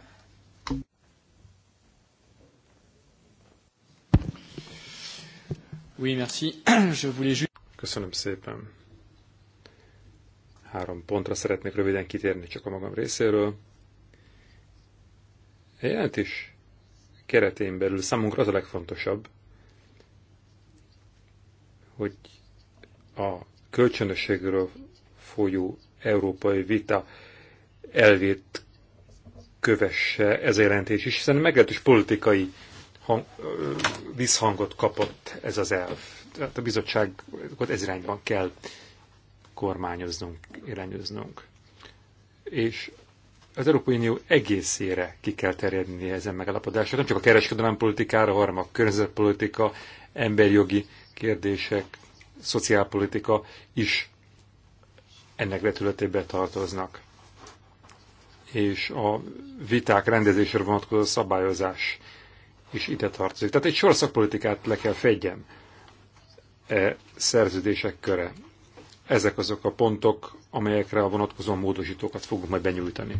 Oui, merci. Je voulais juste... Köszönöm szépen. Három pontra szeretnék röviden kitérni csak a magam részéről. A jelentés keretén belül számunkra az a legfontosabb, hogy a kölcsönösségről folyó európai vita elvét kövesse ez a jelentés is, hiszen meglehetős politikai hang, visszhangot kapott ez az elv. Tehát a bizottságot ez irányban kell kormányoznunk, irányoznunk. És az Európai Unió egészére ki kell terjedni ezen megalapodásra, nem csak a kereskedelem politikára, hanem a környezetpolitika, emberjogi kérdések, szociálpolitika is ennek vetületébe tartoznak. És a viták rendezésre vonatkozó szabályozás is ide tartozik. Tehát egy sor szakpolitikát le kell fedjem e szerződések köre. Ezek azok a pontok, amelyekre a vonatkozó módosítókat fogunk majd benyújtani.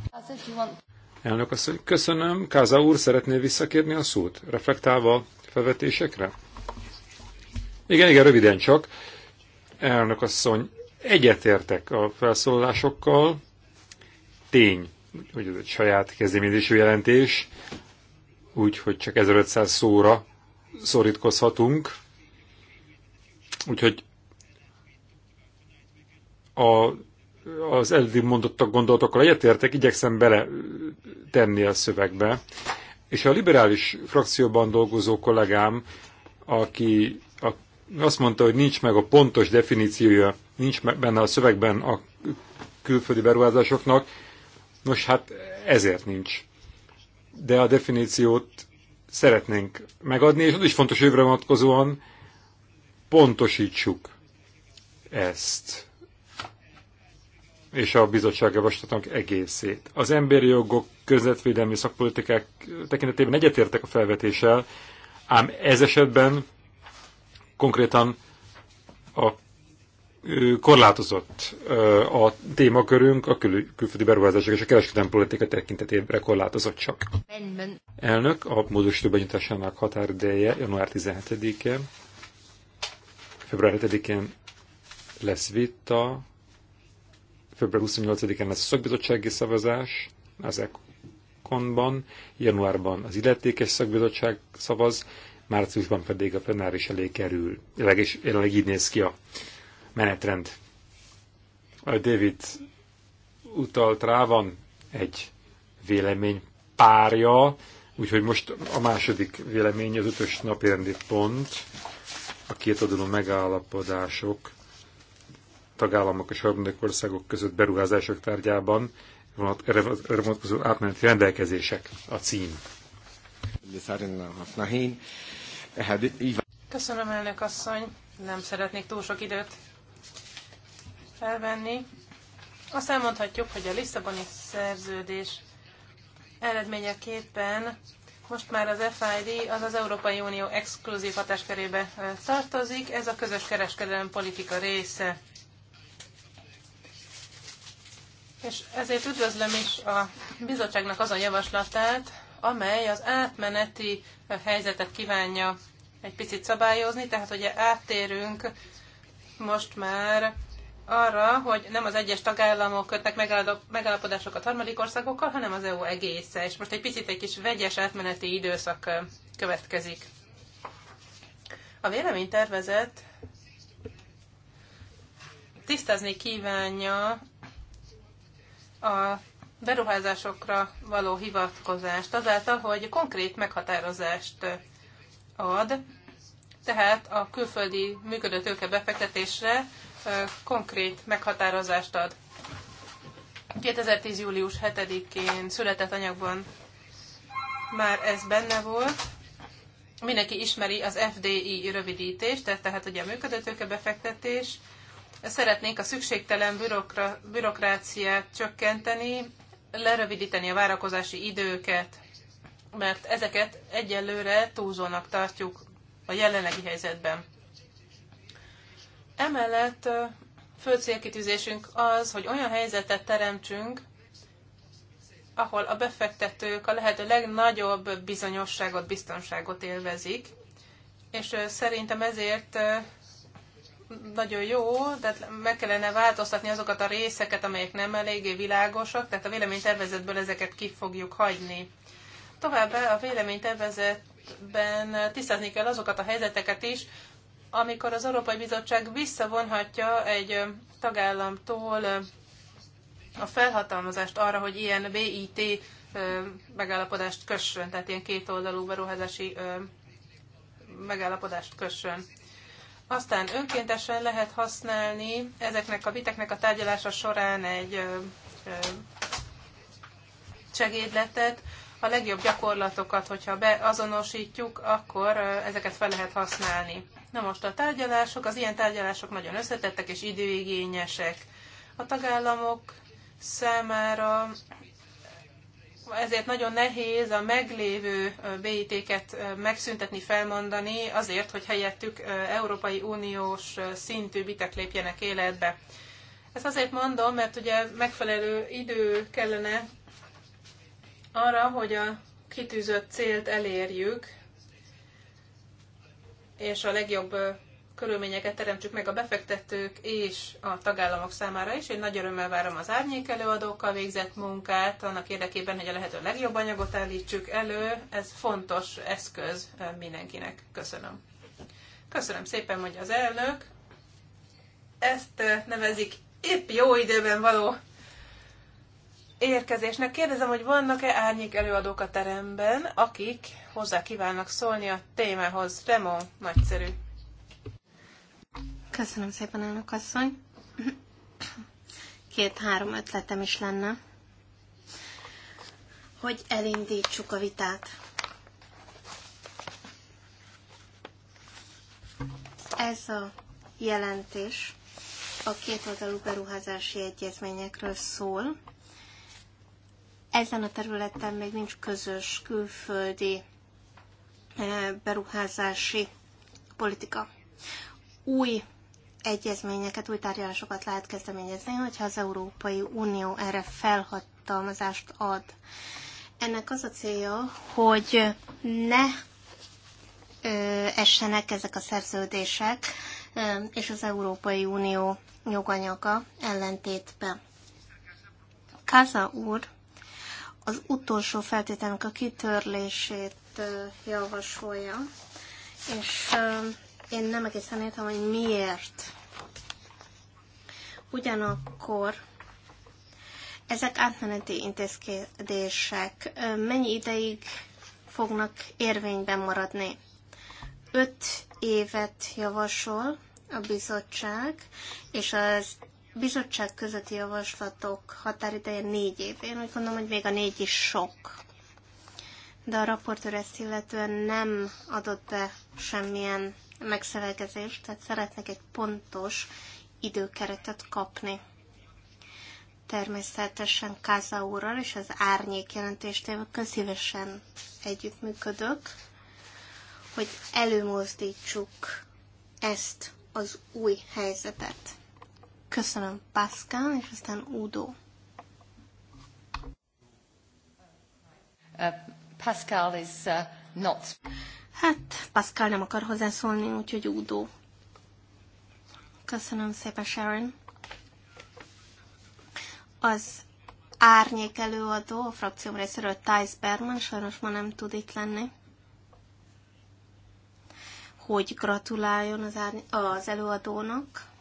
Elnök asszony, köszönöm. Káza úr, szeretné visszakérni a szót, reflektálva a felvetésekre? Igen, igen, röviden csak. Elnök asszony, egyetértek a felszólalásokkal. Tény, hogy ez egy saját kezdeményezésű jelentés, úgyhogy csak 1500 szóra szorítkozhatunk. Úgyhogy a, az eddig mondottak gondolatokkal egyetértek, igyekszem bele tenni a szövegbe. És a liberális frakcióban dolgozó kollégám, aki a, azt mondta, hogy nincs meg a pontos definíciója, nincs meg benne a szövegben a külföldi beruházásoknak, nos hát ezért nincs de a definíciót szeretnénk megadni, és az is fontos jövőre vonatkozóan pontosítsuk ezt és a bizottság javaslatunk egészét. Az emberi jogok közvetvédelmi szakpolitikák tekintetében egyetértek a felvetéssel, ám ez esetben konkrétan a korlátozott a témakörünk, a kül külföldi beruházások és a kereskedelmi politika tekintetében korlátozott csak. Benben. Elnök, a módosító benyújtásának határideje január 17-e, február 7-én lesz vita, február 28-án lesz a szakbizottsági szavazás, az konban, januárban az illetékes szakbizottság szavaz, márciusban pedig a plenáris elé kerül. Jelenleg, is, jelenleg így néz ki a menetrend. A David utalt rá, van egy vélemény párja, úgyhogy most a második vélemény, az ötös napérendi pont, a két adalom megállapodások tagállamok és harmadik országok között beruházások tárgyában erre vonatkozó átmeneti rendelkezések a cím. Köszönöm, elnök asszony. Nem szeretnék túl sok időt felvenni. Azt elmondhatjuk, hogy a Lisszaboni szerződés eredményeképpen most már az FID, az az Európai Unió exkluzív hatáskörébe tartozik, ez a közös kereskedelem politika része. És ezért üdvözlöm is a bizottságnak az a javaslatát, amely az átmeneti helyzetet kívánja egy picit szabályozni, tehát ugye áttérünk most már arra, hogy nem az egyes tagállamok kötnek megállapodásokat harmadik országokkal, hanem az EU egésze. És most egy picit egy kis vegyes átmeneti időszak következik. A véleménytervezet tisztázni kívánja a beruházásokra való hivatkozást azáltal, hogy konkrét meghatározást ad, tehát a külföldi működő befektetésre konkrét meghatározást ad. 2010. július 7-én született anyagban már ez benne volt. Mindenki ismeri az FDI rövidítést, tehát ugye a működőtőke befektetés. Szeretnénk a szükségtelen bürokra, bürokráciát csökkenteni, lerövidíteni a várakozási időket, mert ezeket egyelőre túlzónak tartjuk a jelenlegi helyzetben. Emellett fő célkitűzésünk az, hogy olyan helyzetet teremtsünk, ahol a befektetők a lehető legnagyobb bizonyosságot, biztonságot élvezik, és szerintem ezért nagyon jó, de hát meg kellene változtatni azokat a részeket, amelyek nem eléggé világosak, tehát a véleménytervezetből ezeket ki fogjuk hagyni. Továbbá a véleménytervezetben tisztázni kell azokat a helyzeteket is, amikor az Európai Bizottság visszavonhatja egy tagállamtól a felhatalmazást arra, hogy ilyen BIT megállapodást kössön, tehát ilyen kétoldalú beruházási megállapodást kössön. Aztán önkéntesen lehet használni ezeknek a viteknek a tárgyalása során egy segédletet, a legjobb gyakorlatokat, hogyha beazonosítjuk, akkor ezeket fel lehet használni. Na most a tárgyalások, az ilyen tárgyalások nagyon összetettek és időigényesek. A tagállamok számára ezért nagyon nehéz a meglévő BIT-ket megszüntetni, felmondani, azért, hogy helyettük Európai Uniós szintű bitek lépjenek életbe. Ezt azért mondom, mert ugye megfelelő idő kellene arra, hogy a kitűzött célt elérjük, és a legjobb körülményeket teremtsük meg a befektetők és a tagállamok számára is. Én nagy örömmel várom az árnyék előadókkal végzett munkát, annak érdekében, hogy a lehető legjobb anyagot állítsuk elő. Ez fontos eszköz mindenkinek. Köszönöm. Köszönöm szépen, mondja az elnök. Ezt nevezik épp jó időben való érkezésnek. Kérdezem, hogy vannak-e árnyék előadók a teremben, akik hozzá kívánnak szólni a témához. Remo, nagyszerű. Köszönöm szépen, elnök asszony. Két-három ötletem is lenne, hogy elindítsuk a vitát. Ez a jelentés a két oldalú beruházási egyezményekről szól, ezen a területen még nincs közös külföldi eh, beruházási politika. Új egyezményeket, új tárgyalásokat lehet kezdeményezni, hogyha az Európai Unió erre felhatalmazást ad. Ennek az a célja, hogy ne ö, eh, essenek ezek a szerződések ö, eh, és az Európai Unió joganyaga ellentétbe. Kaza úr az utolsó feltételnek a kitörlését javasolja, és én nem egészen értem, hogy miért. Ugyanakkor ezek átmeneti intézkedések mennyi ideig fognak érvényben maradni? Öt évet javasol a bizottság, és az bizottság közötti javaslatok határideje négy év. Én úgy gondolom, hogy még a négy is sok. De a raportőr ezt illetően nem adott be semmilyen megszövegezést, tehát szeretnék egy pontos időkeretet kapni. Természetesen Káza úrral és az árnyék jelentéstével közhívesen együttműködök, hogy előmozdítsuk ezt az új helyzetet. Köszönöm, Pascal, és aztán Udo. Uh, Pascal is uh, not. Hát, Pascal nem akar hozzászólni, úgyhogy Udo. Köszönöm szépen, Sharon. Az árnyék előadó a frakcióm részéről Thijs Berman sajnos ma nem tud itt lenni hogy gratuláljon az, árny- az előadónak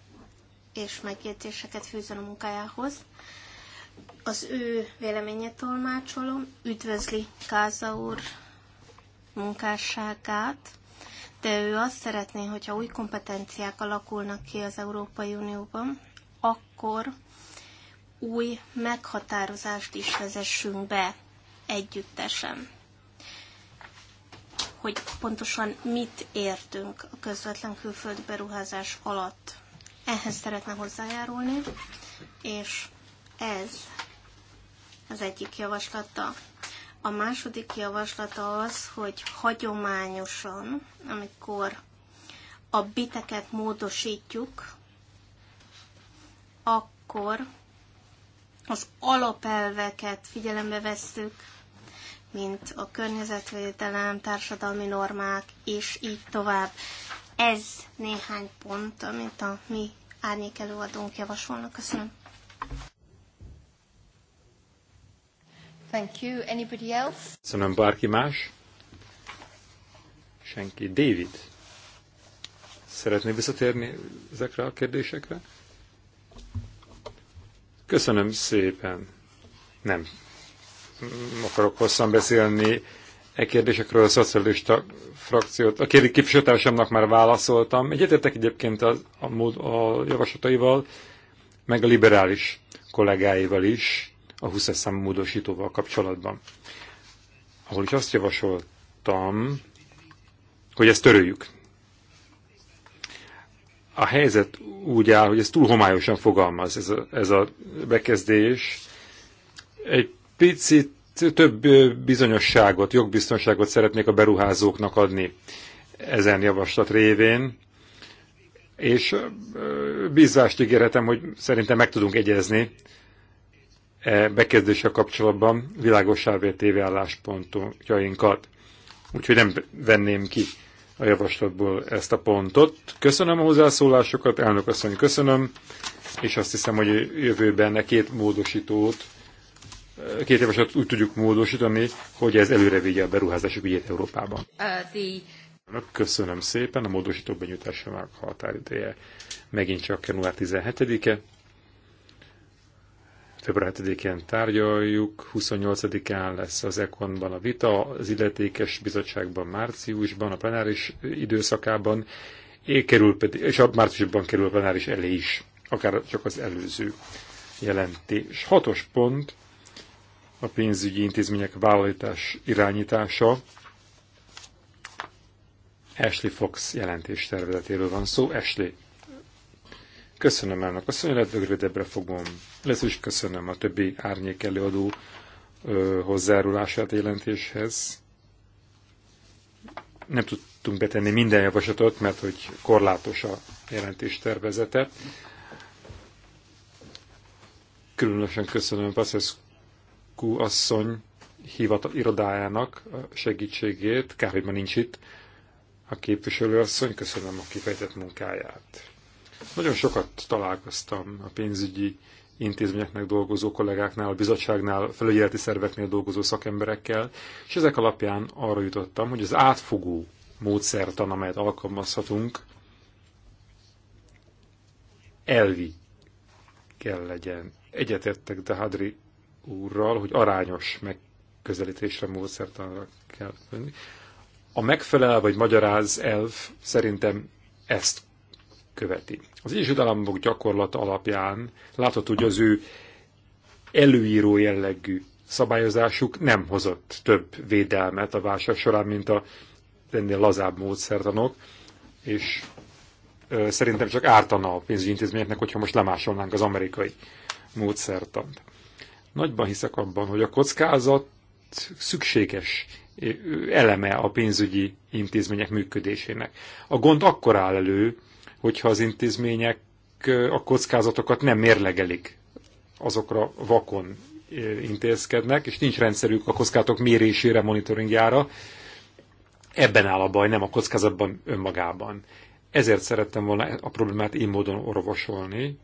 és megjegyzéseket fűzöm a munkájához. Az ő véleményét tolmácsolom, üdvözli Káza úr munkásságát, de ő azt szeretné, hogyha új kompetenciák alakulnak ki az Európai Unióban, akkor új meghatározást is vezessünk be együttesen hogy pontosan mit értünk a közvetlen külföld beruházás alatt ehhez szeretne hozzájárulni, és ez az egyik javaslata. A második javaslata az, hogy hagyományosan, amikor a biteket módosítjuk, akkor az alapelveket figyelembe vesszük, mint a környezetvédelem, társadalmi normák, és így tovább. Ez néhány pont, amit a mi árnyékelőadónk előadónk javasolnak. Köszönöm. Thank you. Anybody else? Köszönöm, bárki más? Senki. David, szeretné visszatérni ezekre a kérdésekre? Köszönöm szépen. Nem akarok hosszan beszélni E kérdésekről a szocialista frakciót, a képviselőtársamnak már válaszoltam. Egyetértek egyébként a, a, mód, a javaslataival, meg a liberális kollégáival is a 20 számú módosítóval kapcsolatban. Ahol is azt javasoltam, hogy ezt töröljük. A helyzet úgy áll, hogy ez túl homályosan fogalmaz ez a, ez a bekezdés. Egy picit több bizonyosságot, jogbiztonságot szeretnék a beruházóknak adni ezen javaslat révén, és bízást ígérhetem, hogy szerintem meg tudunk egyezni e bekezdése kapcsolatban világosávé téve álláspontjainkat. Úgyhogy nem venném ki a javaslatból ezt a pontot. Köszönöm a hozzászólásokat, elnök asszony, köszönöm, és azt hiszem, hogy jövőben a e két módosítót két éves alatt úgy tudjuk módosítani, hogy ez előre vigye a beruházások ügyét Európában. Uh, köszönöm szépen, a módosítók a határideje megint csak január 17-e. Február 7-én tárgyaljuk, 28-án lesz az Ekonban a vita, az illetékes bizottságban márciusban, a plenáris időszakában, kerül pedig, és a márciusban kerül a plenáris elé is, akár csak az előző jelentés. Hatos pont, a pénzügyi intézmények vállalítás irányítása. Ashley Fox jelentés tervezetéről van szó. Ashley, köszönöm elnök a szönyletből rövidebbre fogom. Lesz is köszönöm a többi árnyék előadó ö, hozzárulását a jelentéshez. Nem tudtunk betenni minden javaslatot, mert hogy korlátos a jelentés tervezete. Különösen köszönöm Paszesz Pascu asszony hivat irodájának segítségét, kár, hogy ma nincs itt a asszony, köszönöm a kifejtett munkáját. Nagyon sokat találkoztam a pénzügyi intézményeknek dolgozó kollégáknál, a bizottságnál, a felügyeleti szerveknél dolgozó szakemberekkel, és ezek alapján arra jutottam, hogy az átfogó módszertan, amelyet alkalmazhatunk, elvi kell legyen. Egyetettek de Hadri úrral, hogy arányos megközelítésre módszertanra kell venni. A megfelel vagy magyaráz elv szerintem ezt követi. Az Egyesült Államok gyakorlata alapján látható, hogy az ő előíró jellegű szabályozásuk nem hozott több védelmet a válság során, mint a ennél lazább módszertanok, és ö, szerintem csak ártana a pénzügyi intézményeknek, hogyha most lemásolnánk az amerikai módszertant. Nagyban hiszek abban, hogy a kockázat szükséges eleme a pénzügyi intézmények működésének. A gond akkor áll elő, hogyha az intézmények a kockázatokat nem mérlegelik, azokra vakon intézkednek, és nincs rendszerük a kockázatok mérésére, monitoringjára. Ebben áll a baj, nem a kockázatban önmagában. Ezért szerettem volna a problémát így módon orvosolni,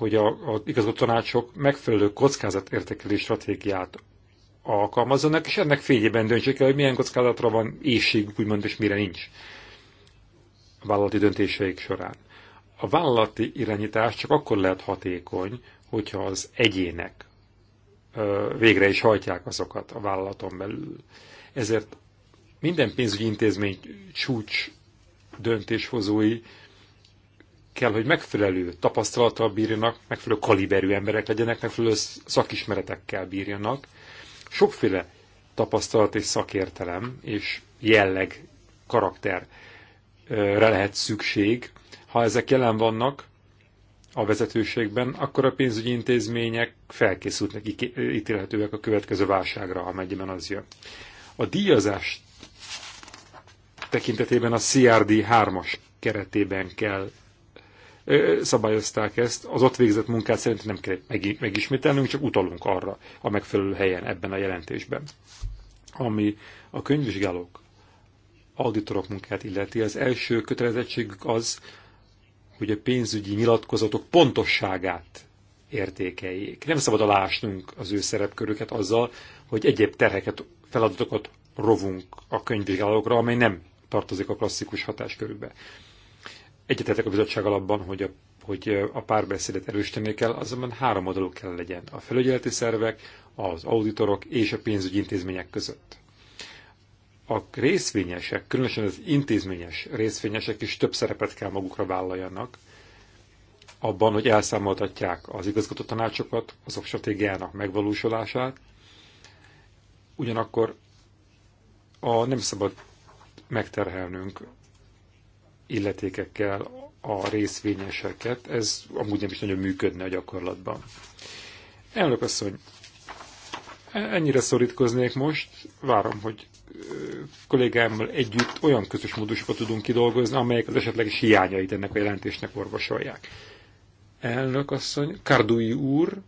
hogy a, a tanácsok megfelelő kockázatértékelés stratégiát alkalmazzanak, és ennek fényében döntsék el, hogy milyen kockázatra van éjség, úgymond, és mire nincs a vállalati döntéseik során. A vállalati irányítás csak akkor lehet hatékony, hogyha az egyének végre is hajtják azokat a vállalaton belül. Ezért minden pénzügyi intézmény csúcs döntéshozói kell, hogy megfelelő tapasztalattal bírjanak, megfelelő kaliberű emberek legyenek, megfelelő szakismeretekkel bírjanak. Sokféle tapasztalat és szakértelem és jelleg, karakterre lehet szükség. Ha ezek jelen vannak a vezetőségben, akkor a pénzügyi intézmények felkészültnek, ítélhetőek a következő válságra, amennyiben az jön. A díjazás tekintetében a CRD 3-as keretében kell szabályozták ezt, az ott végzett munkát szerint nem kell megismételnünk, csak utalunk arra a megfelelő helyen ebben a jelentésben. Ami a könyvvizsgálók, auditorok munkát illeti, az első kötelezettségük az, hogy a pénzügyi nyilatkozatok pontosságát értékeljék. Nem szabad alásnunk az ő szerepkörüket azzal, hogy egyéb terheket, feladatokat rovunk a könyvvizsgálókra, amely nem tartozik a klasszikus hatáskörükbe egyetetek a bizottság alapban, hogy a, hogy a párbeszédet erősíteni kell, azonban három oldalú kell legyen. A felügyeleti szervek, az auditorok és a pénzügyi intézmények között. A részvényesek, különösen az intézményes részvényesek is több szerepet kell magukra vállaljanak, abban, hogy elszámoltatják az igazgató tanácsokat, azok stratégiának megvalósulását, ugyanakkor a nem szabad megterhelnünk illetékekkel a részvényeseket. Ez amúgy nem is nagyon működne a gyakorlatban. Elnök asszony, ennyire szorítkoznék most, várom, hogy kollégámmal együtt olyan közös módusokat tudunk kidolgozni, amelyek az esetleges hiányait ennek a jelentésnek orvosolják. Elnök asszony, Kardui úr.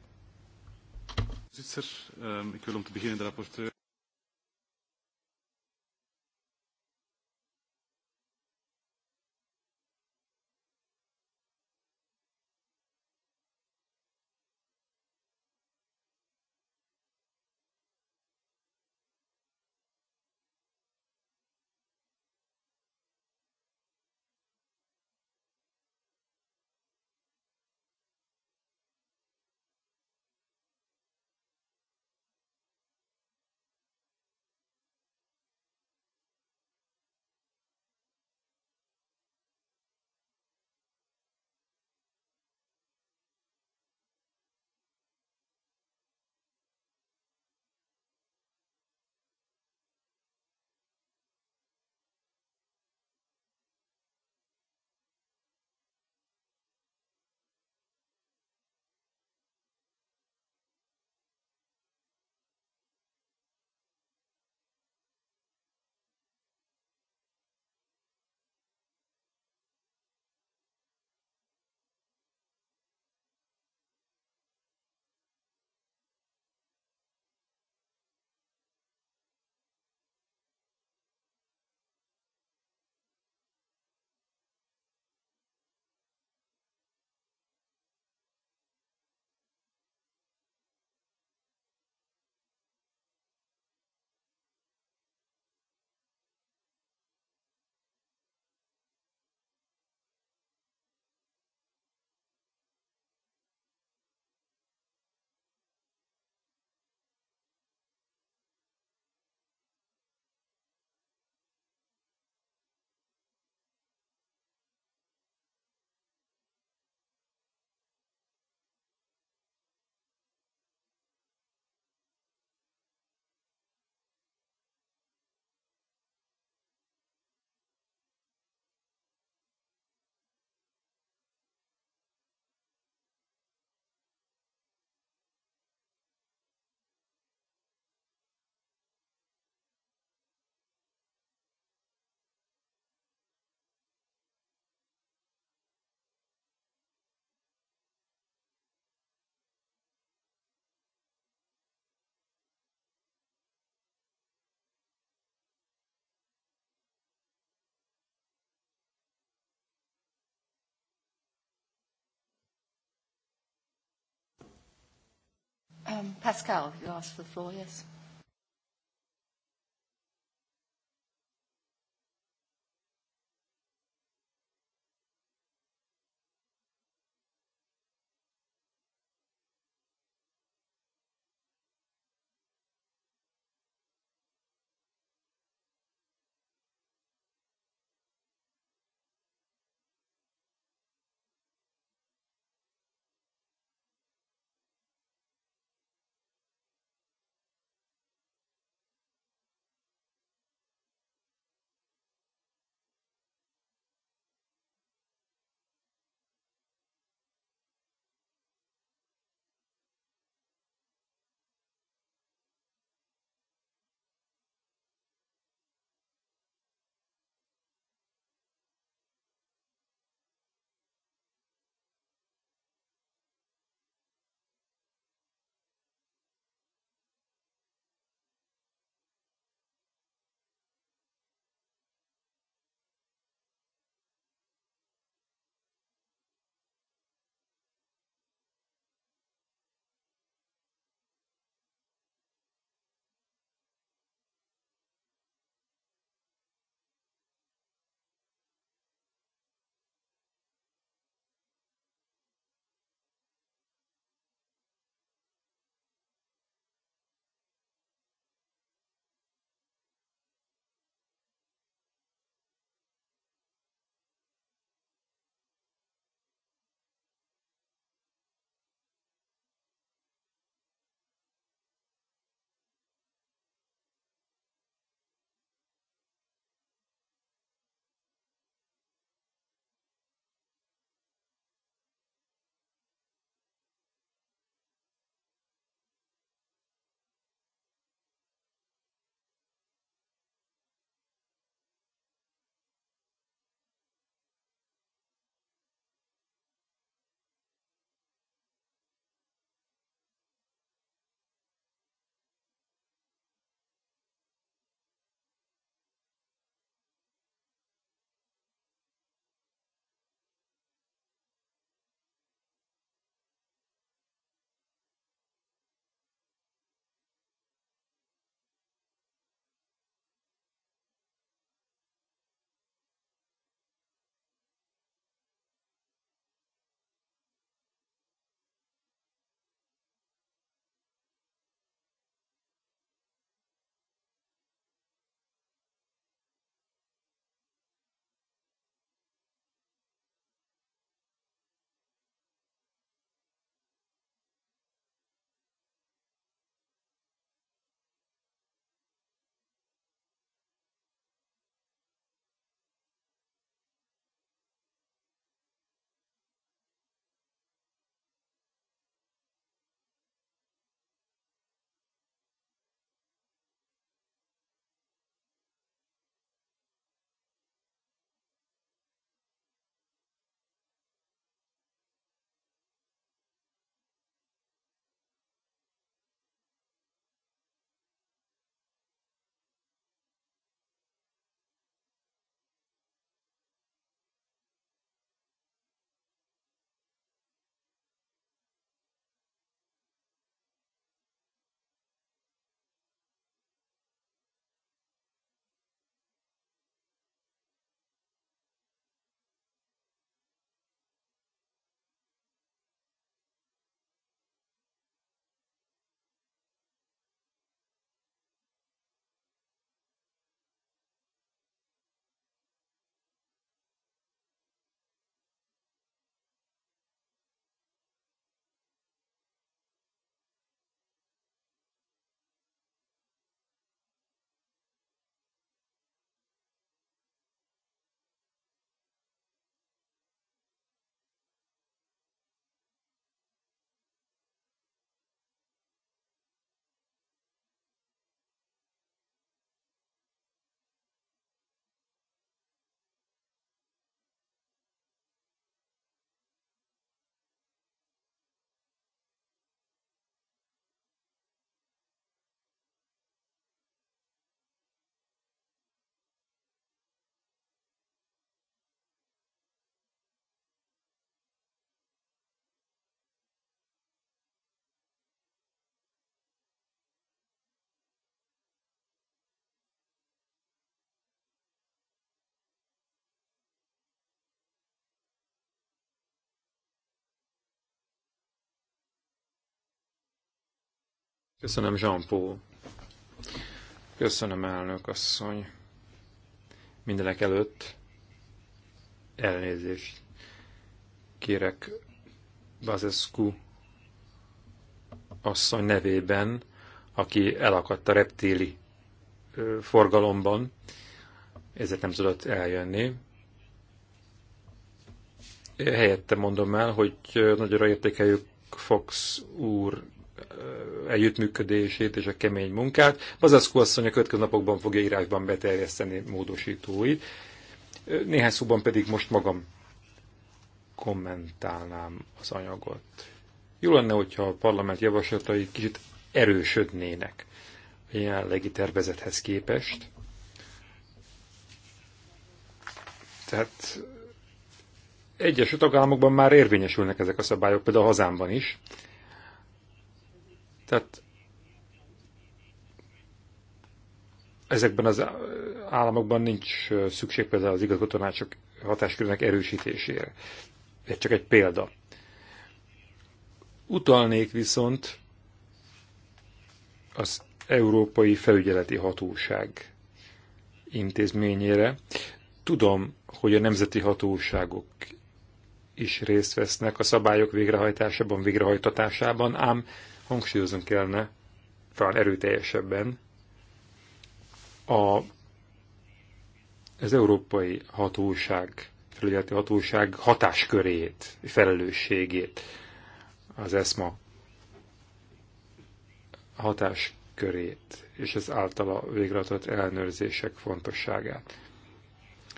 Um, Pascal, you asked for the floor, yes. Köszönöm, Jean-Paul. Köszönöm, elnök asszony. Mindenek előtt elnézést kérek Bazescu asszony nevében, aki elakadt a reptéli forgalomban, ezért nem tudott eljönni. Helyette mondom el, hogy nagyra értékeljük Fox úr együttműködését és a kemény munkát. Bazacku asszony a következő napokban fogja írásban beterjeszteni módosítóit. Néhány szóban pedig most magam kommentálnám az anyagot. Jó lenne, hogyha a parlament javaslatai kicsit erősödnének a jelenlegi tervezethez képest. Tehát egyes tagállamokban már érvényesülnek ezek a szabályok, például a hazámban is. Tehát ezekben az államokban nincs szükség például az igazgatónácsok hatáskörének erősítésére. Ez csak egy példa. Utalnék viszont az Európai Felügyeleti Hatóság intézményére. Tudom, hogy a nemzeti hatóságok is részt vesznek a szabályok végrehajtásában, végrehajtatásában, ám hangsúlyozunk kellene, talán erőteljesebben, a, az európai hatóság, felügyeleti hatóság hatáskörét, felelősségét, az ESMA hatáskörét, és az általa végrehajtott ellenőrzések fontosságát.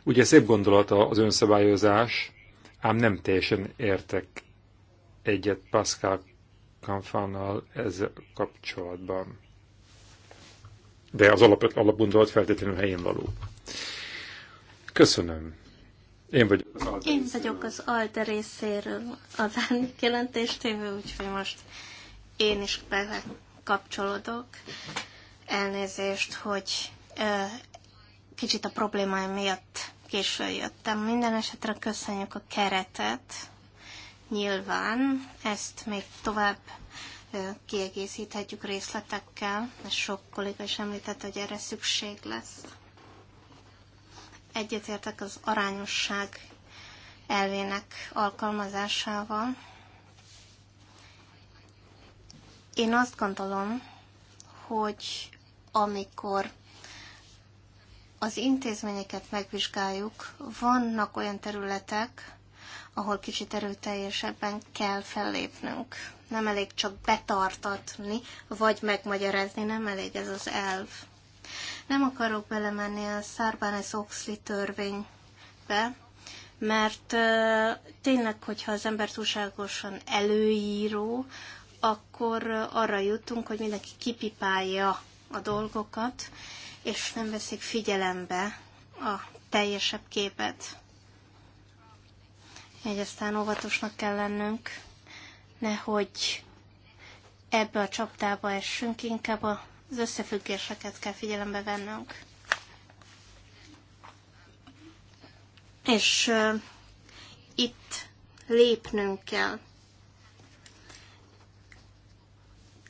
Ugye szép gondolata az önszabályozás, ám nem teljesen értek egyet Pascal Kanfánnal ezzel kapcsolatban. De az alap, alapgondolat feltétlenül helyén való. Köszönöm. Én vagyok az Alde Én vagyok az Alter részéről az jelentéstévő, úgyhogy most én is bekapcsolódok. Elnézést, hogy ö, kicsit a problémáim miatt későn jöttem. Minden esetre köszönjük a keretet, Nyilván ezt még tovább kiegészíthetjük részletekkel, és sok kolléga is említett, hogy erre szükség lesz. Egyetértek az arányosság elvének alkalmazásával. Én azt gondolom, hogy amikor az intézményeket megvizsgáljuk, vannak olyan területek, ahol kicsit erőteljesebben kell fellépnünk. Nem elég csak betartatni, vagy megmagyarázni, nem elég ez az elv. Nem akarok belemenni a Sarbanes-Oxley törvénybe, mert tényleg, hogyha az ember túlságosan előíró, akkor arra jutunk, hogy mindenki kipipálja a dolgokat, és nem veszik figyelembe a teljesebb képet így aztán óvatosnak kell lennünk, nehogy ebbe a csapdába essünk, inkább az összefüggéseket kell figyelembe vennünk. És uh, itt lépnünk kell.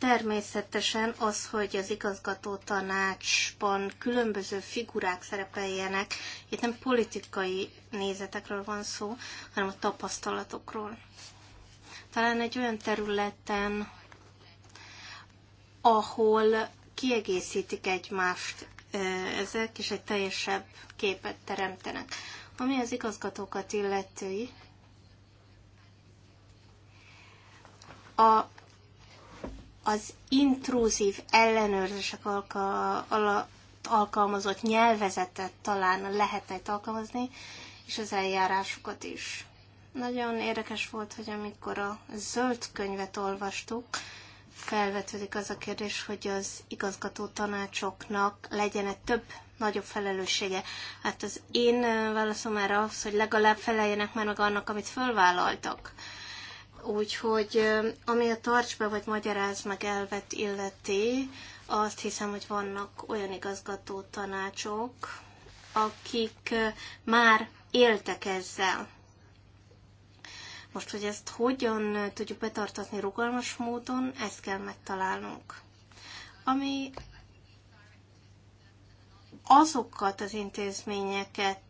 Természetesen az, hogy az igazgató tanácsban különböző figurák szerepeljenek, itt nem politikai nézetekről van szó, hanem a tapasztalatokról. Talán egy olyan területen, ahol kiegészítik egymást ezek, és egy teljesebb képet teremtenek. Ami az igazgatókat illeti, a az intrúzív ellenőrzések alka, alatt alkalmazott nyelvezetet talán lehetne itt alkalmazni, és az eljárásukat is. Nagyon érdekes volt, hogy amikor a zöld könyvet olvastuk, felvetődik az a kérdés, hogy az igazgató tanácsoknak legyen több nagyobb felelőssége. Hát az én válaszom erre az, hogy legalább feleljenek már meg annak, amit fölvállaltak. Úgyhogy ami a tarts be vagy magyaráz meg elvet illeti, azt hiszem, hogy vannak olyan igazgató tanácsok, akik már éltek ezzel. Most, hogy ezt hogyan tudjuk betartatni rugalmas módon, ezt kell megtalálnunk. Ami azokat az intézményeket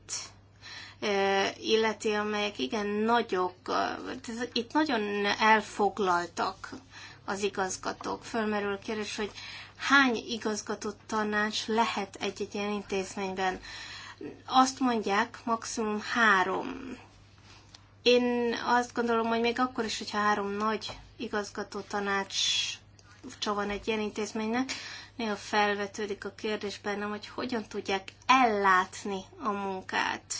illeti, amelyek igen nagyok, itt nagyon elfoglaltak az igazgatók. Fölmerül a kérdés, hogy hány igazgatott tanács lehet egy-egy ilyen intézményben. Azt mondják, maximum három. Én azt gondolom, hogy még akkor is, hogyha három nagy igazgató tanács van egy ilyen intézménynek, néha felvetődik a kérdés bennem, hogy hogyan tudják ellátni a munkát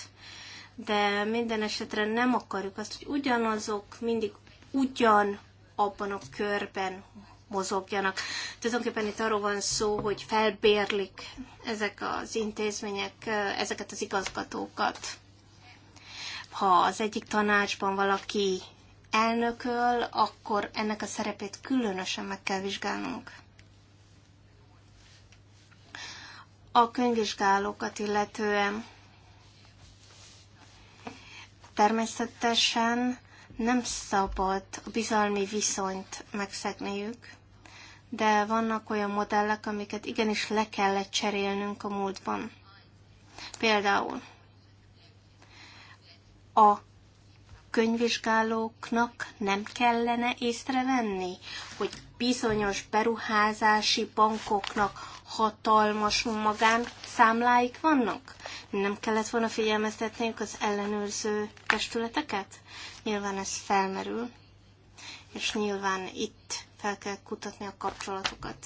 de minden esetre nem akarjuk azt, hogy ugyanazok mindig ugyan abban a körben mozogjanak. Tulajdonképpen itt arról van szó, hogy felbérlik ezek az intézmények, ezeket az igazgatókat. Ha az egyik tanácsban valaki elnököl, akkor ennek a szerepét különösen meg kell vizsgálnunk. A könyvvizsgálókat illetően Természetesen nem szabad a bizalmi viszonyt megszegniük, de vannak olyan modellek, amiket igenis le kellett cserélnünk a múltban. Például a könyvvizsgálóknak nem kellene észrevenni, hogy bizonyos beruházási bankoknak hatalmas számláik vannak? Nem kellett volna figyelmeztetniük az ellenőrző testületeket? Nyilván ez felmerül, és nyilván itt fel kell kutatni a kapcsolatokat.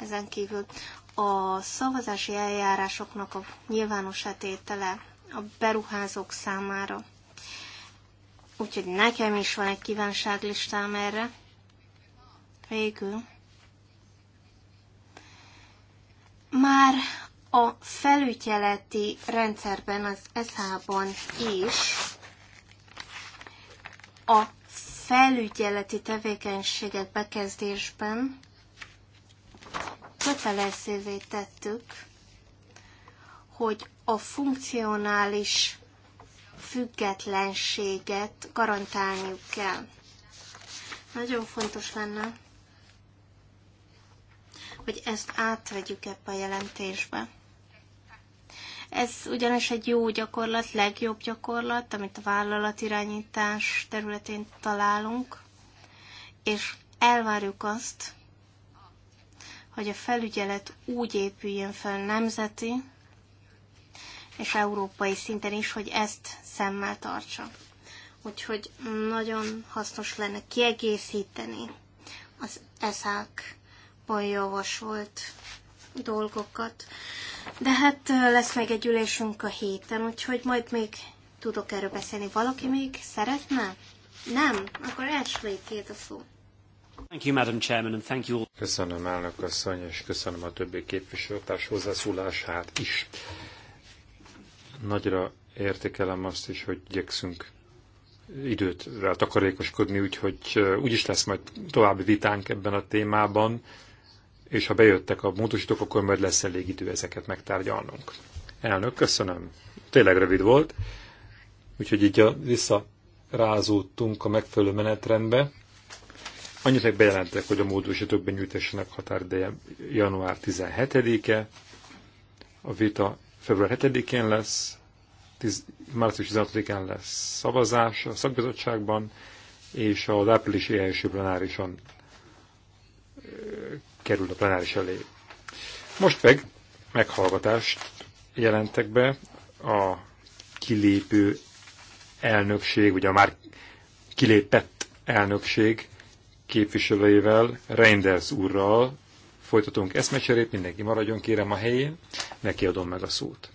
Ezen kívül a szavazási eljárásoknak a nyilvános etétele a beruházók számára. Úgyhogy nekem is van egy kívánságlistám erre. Végül. Már a felügyeleti rendszerben, az SH-ban is a felügyeleti tevékenységek bekezdésben kötelezővé tettük, hogy a funkcionális függetlenséget garantálniuk kell. Nagyon fontos lenne, hogy ezt átvegyük ebbe a jelentésbe. Ez ugyanis egy jó gyakorlat, legjobb gyakorlat, amit a vállalatirányítás területén találunk, és elvárjuk azt, hogy a felügyelet úgy épüljön fel nemzeti és európai szinten is, hogy ezt szemmel tartsa. Úgyhogy nagyon hasznos lenne kiegészíteni az eszák javasolt dolgokat. De hát lesz meg egy ülésünk a héten, úgyhogy majd még tudok erről beszélni. Valaki még szeretne? Nem? Akkor Ashley két a szó. Thank you, Madam Chairman, and thank you all. Köszönöm elnök asszony, és köszönöm a többi képviselőtárs hozzászólását is. Nagyra értékelem azt is, hogy igyekszünk időt rá takarékoskodni, úgyhogy úgyis lesz majd további vitánk ebben a témában és ha bejöttek a módosítók, akkor majd lesz elég idő ezeket megtárgyalnunk. Elnök, köszönöm. Tényleg rövid volt, úgyhogy így visszarázódtunk a megfelelő menetrendbe. Annyit meg bejelentek, hogy a módosítók benyújtásának határideje január 17-e, a vita február 7-én lesz, 10, március 16-án lesz szavazás a szakbizottságban, és az áprilisi első plenárison kerül a plenáris elé. Most meg meghallgatást jelentek be a kilépő elnökség, ugye a már kilépett elnökség képviselőivel, Reinders úrral folytatunk eszmecserét, mindenki maradjon kérem a helyén, neki adom meg a szót.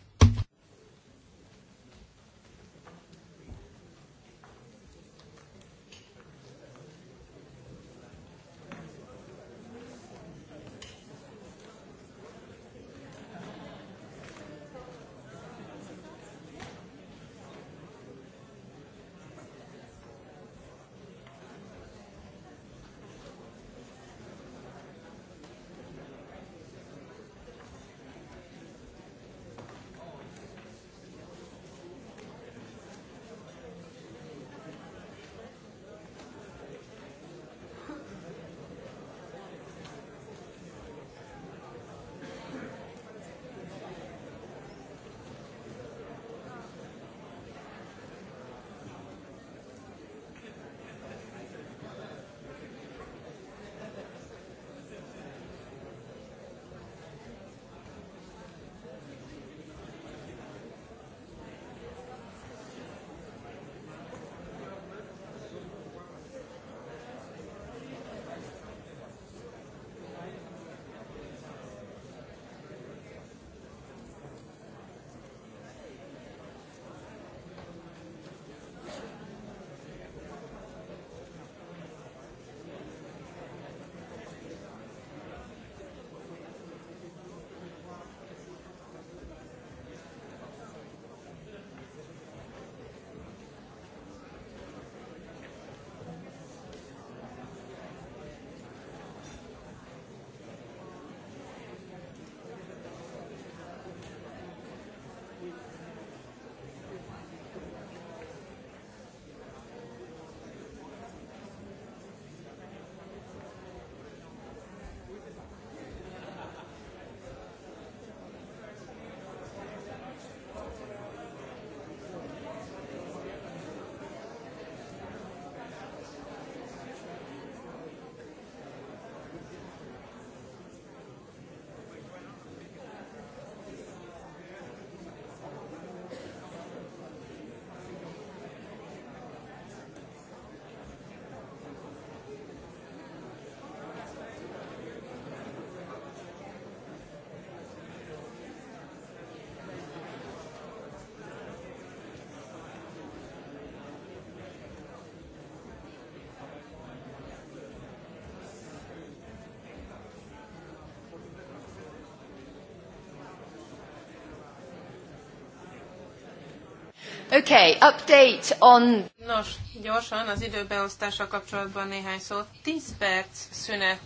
Okay, update on... Nos, gyorsan az időbeosztással kapcsolatban néhány szó. 10 perc szünet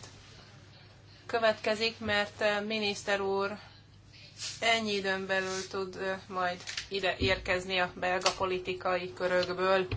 következik, mert eh, miniszter úr ennyi időn belül tud eh, majd ide érkezni a belga politikai körökből.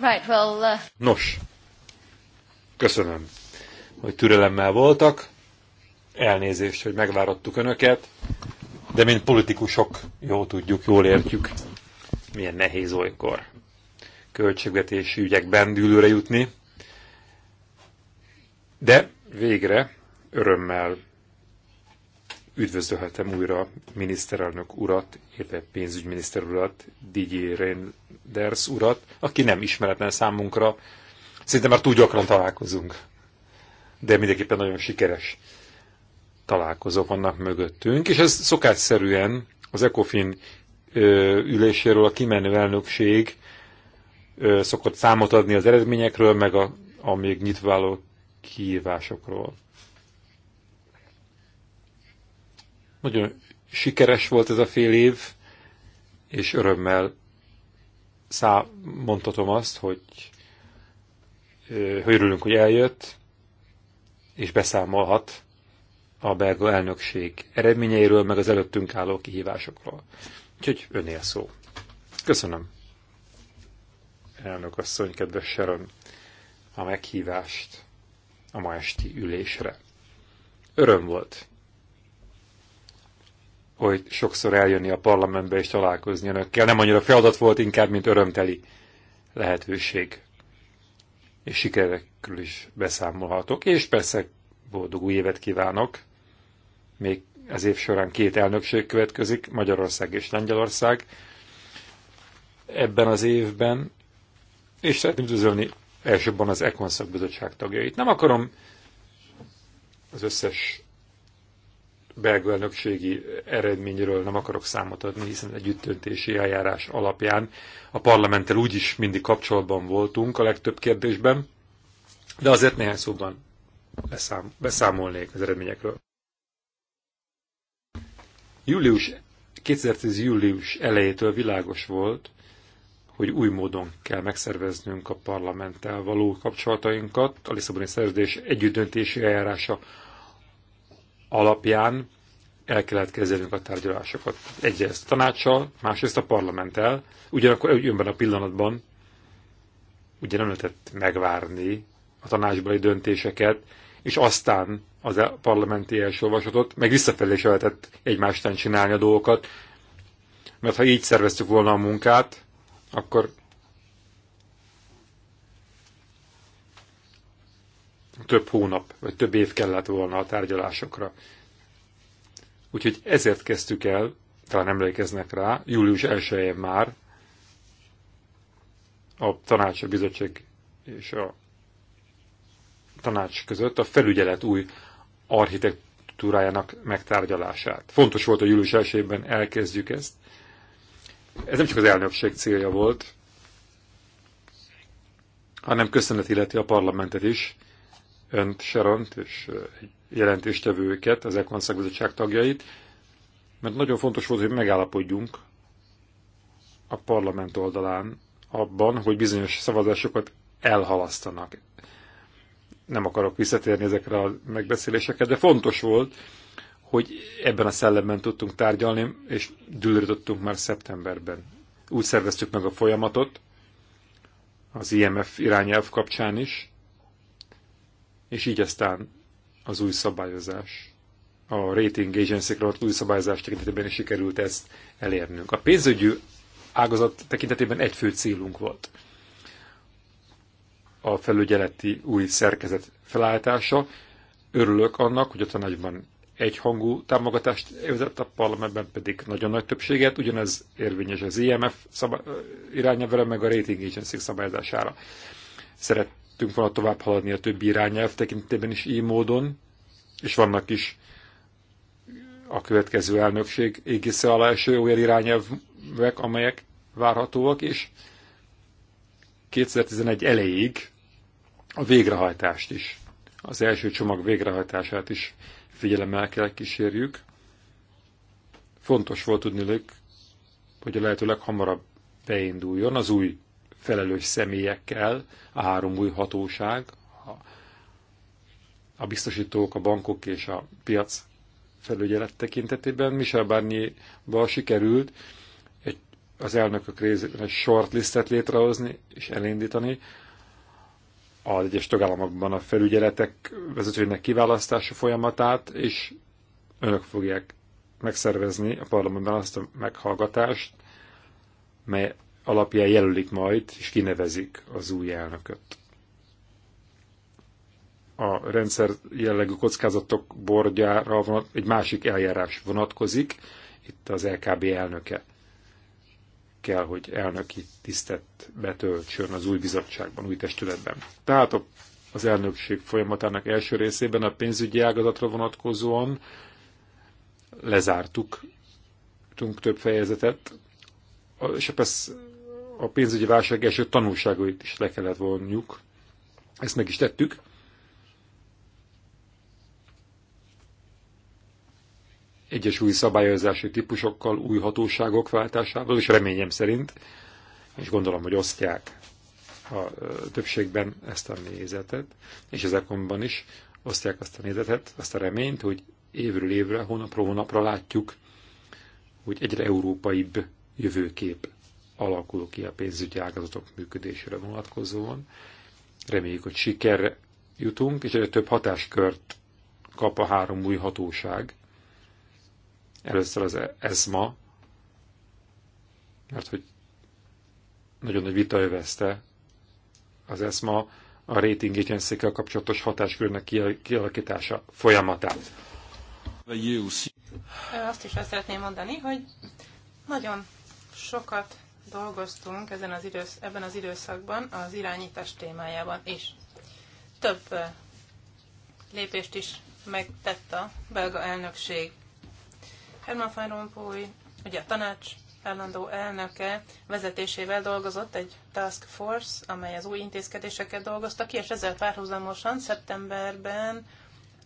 Right, well, uh... Nos, köszönöm, hogy türelemmel voltak. Elnézést, hogy megvárattuk Önöket, de mint politikusok jó tudjuk, jól értjük, milyen nehéz olykor költségvetési ügyekben bendülőre jutni. De végre örömmel üdvözölhetem újra miniszterelnök urat, illetve pénzügyminiszter urat, Didier Manders urat, aki nem ismeretlen számunkra, szinte már túl gyakran találkozunk, de mindenképpen nagyon sikeres találkozók vannak mögöttünk, és ez szokásszerűen az ECOFIN üléséről a kimenő elnökség szokott számot adni az eredményekről, meg a, a még nyitváló kihívásokról. Nagyon sikeres volt ez a fél év, és örömmel szá mondhatom azt, hogy, hogy örülünk, hogy eljött, és beszámolhat a belga elnökség eredményeiről, meg az előttünk álló kihívásokról. Úgyhogy önél szó. Köszönöm, elnök asszony, kedves Sharon, a meghívást a ma esti ülésre. Öröm volt hogy sokszor eljönni a parlamentbe és találkozni önökkel. Nem annyira feladat volt, inkább, mint örömteli lehetőség. És sikerekről is beszámolhatok. És persze boldog új évet kívánok. Még az év során két elnökség következik, Magyarország és Lengyelország ebben az évben, és szeretném üdvözölni elsőbben az Ekonszak bizottság tagjait. Nem akarom az összes belga elnökségi eredményről nem akarok számot adni, hiszen együttöntési eljárás alapján a parlamenttel úgyis mindig kapcsolatban voltunk a legtöbb kérdésben, de azért néhány szóban beszám, beszámolnék az eredményekről. Július, 2010. július elejétől világos volt, hogy új módon kell megszerveznünk a parlamenttel való kapcsolatainkat. A Lisszaboni szerződés együttdöntési eljárása alapján el kellett kezdenünk a tárgyalásokat. Egyrészt a tanácssal, másrészt a parlamenttel, ugyanakkor önben a pillanatban ugye nem lehetett megvárni a tanácsbeli döntéseket, és aztán az a e- parlamenti első olvasatot, meg visszafelé se lehetett egymástán csinálni a dolgokat, mert ha így szerveztük volna a munkát, akkor több hónap, vagy több év kellett volna a tárgyalásokra. Úgyhogy ezért kezdtük el, talán emlékeznek rá, július 1-én már a tanács, a bizottság és a tanács között a felügyelet új architektúrájának megtárgyalását. Fontos volt, hogy július 1-ben elkezdjük ezt. Ez nem csak az elnökség célja volt, hanem köszönet illeti a parlamentet is, önt, Saront és jelentéstevőket, az Ekon bizottság tagjait, mert nagyon fontos volt, hogy megállapodjunk a parlament oldalán abban, hogy bizonyos szavazásokat elhalasztanak. Nem akarok visszatérni ezekre a megbeszéléseket, de fontos volt, hogy ebben a szellemben tudtunk tárgyalni, és dűlődöttünk már szeptemberben. Úgy szerveztük meg a folyamatot, az IMF irányelv kapcsán is, és így aztán az új szabályozás, a rating agency új szabályozás tekintetében is sikerült ezt elérnünk. A pénzügyi ágazat tekintetében egy fő célunk volt. A felügyeleti új szerkezet felállítása. Örülök annak, hogy a tanácsban egyhangú támogatást érzett, a parlamentben pedig nagyon nagy többséget, ugyanez érvényes az IMF irányelvre, meg a rating agency szabályozására. Szeret, szerettünk volna tovább haladni a többi irányelv tekintetében is így módon, és vannak is a következő elnökség égisze alá eső olyan irányelvek, amelyek várhatóak, és 2011 elejéig a végrehajtást is, az első csomag végrehajtását is figyelemmel kell kísérjük. Fontos volt tudni, hogy a lehető leghamarabb beinduljon az új felelős személyekkel a három új hatóság, a biztosítók, a bankok és a piac felügyelet tekintetében. Michel barnier ba sikerült egy, az elnökök részében egy shortlistet létrehozni és elindítani. Az egyes tagállamokban a felügyeletek vezetőinek kiválasztása folyamatát, és önök fogják megszervezni a parlamentben azt a meghallgatást, mely alapján jelölik majd, és kinevezik az új elnököt. A rendszer jellegű kockázatok bordjára egy másik eljárás vonatkozik, itt az LKB elnöke kell, hogy elnöki tisztet betöltsön az új bizottságban, új testületben. Tehát az elnökség folyamatának első részében a pénzügyi ágazatra vonatkozóan lezártuk több fejezetet, és persze a pénzügyi válság első tanulságait is le kellett vonniuk. Ezt meg is tettük. Egyes új szabályozási típusokkal, új hatóságok váltásával, és reményem szerint, és gondolom, hogy osztják a többségben ezt a nézetet, és az ekonban is osztják azt a nézetet, azt a reményt, hogy évről évre, hónapról hónapra látjuk, hogy egyre európaibb jövőkép alakul ki a pénzügyi ágazatok működésére vonatkozóan. Reméljük, hogy sikerre jutunk, és egyre több hatáskört kap a három új hatóság. Először az ESMA, mert hogy nagyon nagy vita övezte az ESMA a rating agency kapcsolatos hatáskörnek kialakítása folyamatát. Azt is azt szeretném mondani, hogy nagyon sokat dolgoztunk ezen az idősz- ebben az időszakban az irányítás témájában is. Több lépést is megtett a belga elnökség. Herman van Rompuy, ugye a tanács állandó elnöke vezetésével dolgozott egy task force, amely az új intézkedéseket dolgozta ki, és ezzel párhuzamosan szeptemberben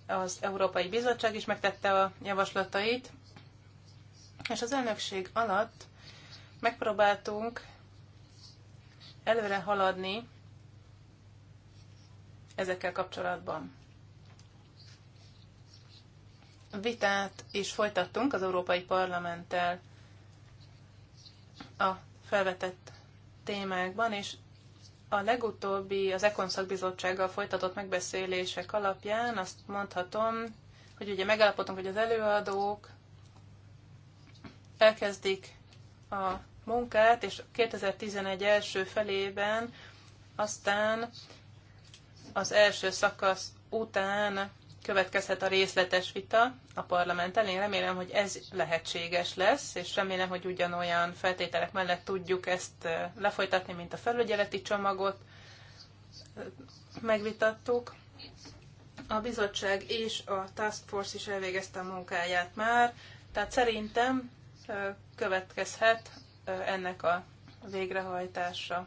az Európai Bizottság is megtette a javaslatait, és az elnökség alatt Megpróbáltunk előre haladni ezekkel kapcsolatban. Vitát is folytattunk az Európai Parlamenttel a felvetett témákban, és a legutóbbi az Ekon szakbizottsággal folytatott megbeszélések alapján azt mondhatom, hogy ugye megállapodtunk, hogy az előadók elkezdik a munkát, és 2011 első felében aztán az első szakasz után következhet a részletes vita a parlament elé. Remélem, hogy ez lehetséges lesz, és remélem, hogy ugyanolyan feltételek mellett tudjuk ezt lefolytatni, mint a felügyeleti csomagot megvitattuk. A bizottság és a Task Force is elvégezte a munkáját már, tehát szerintem következhet ennek a végrehajtása.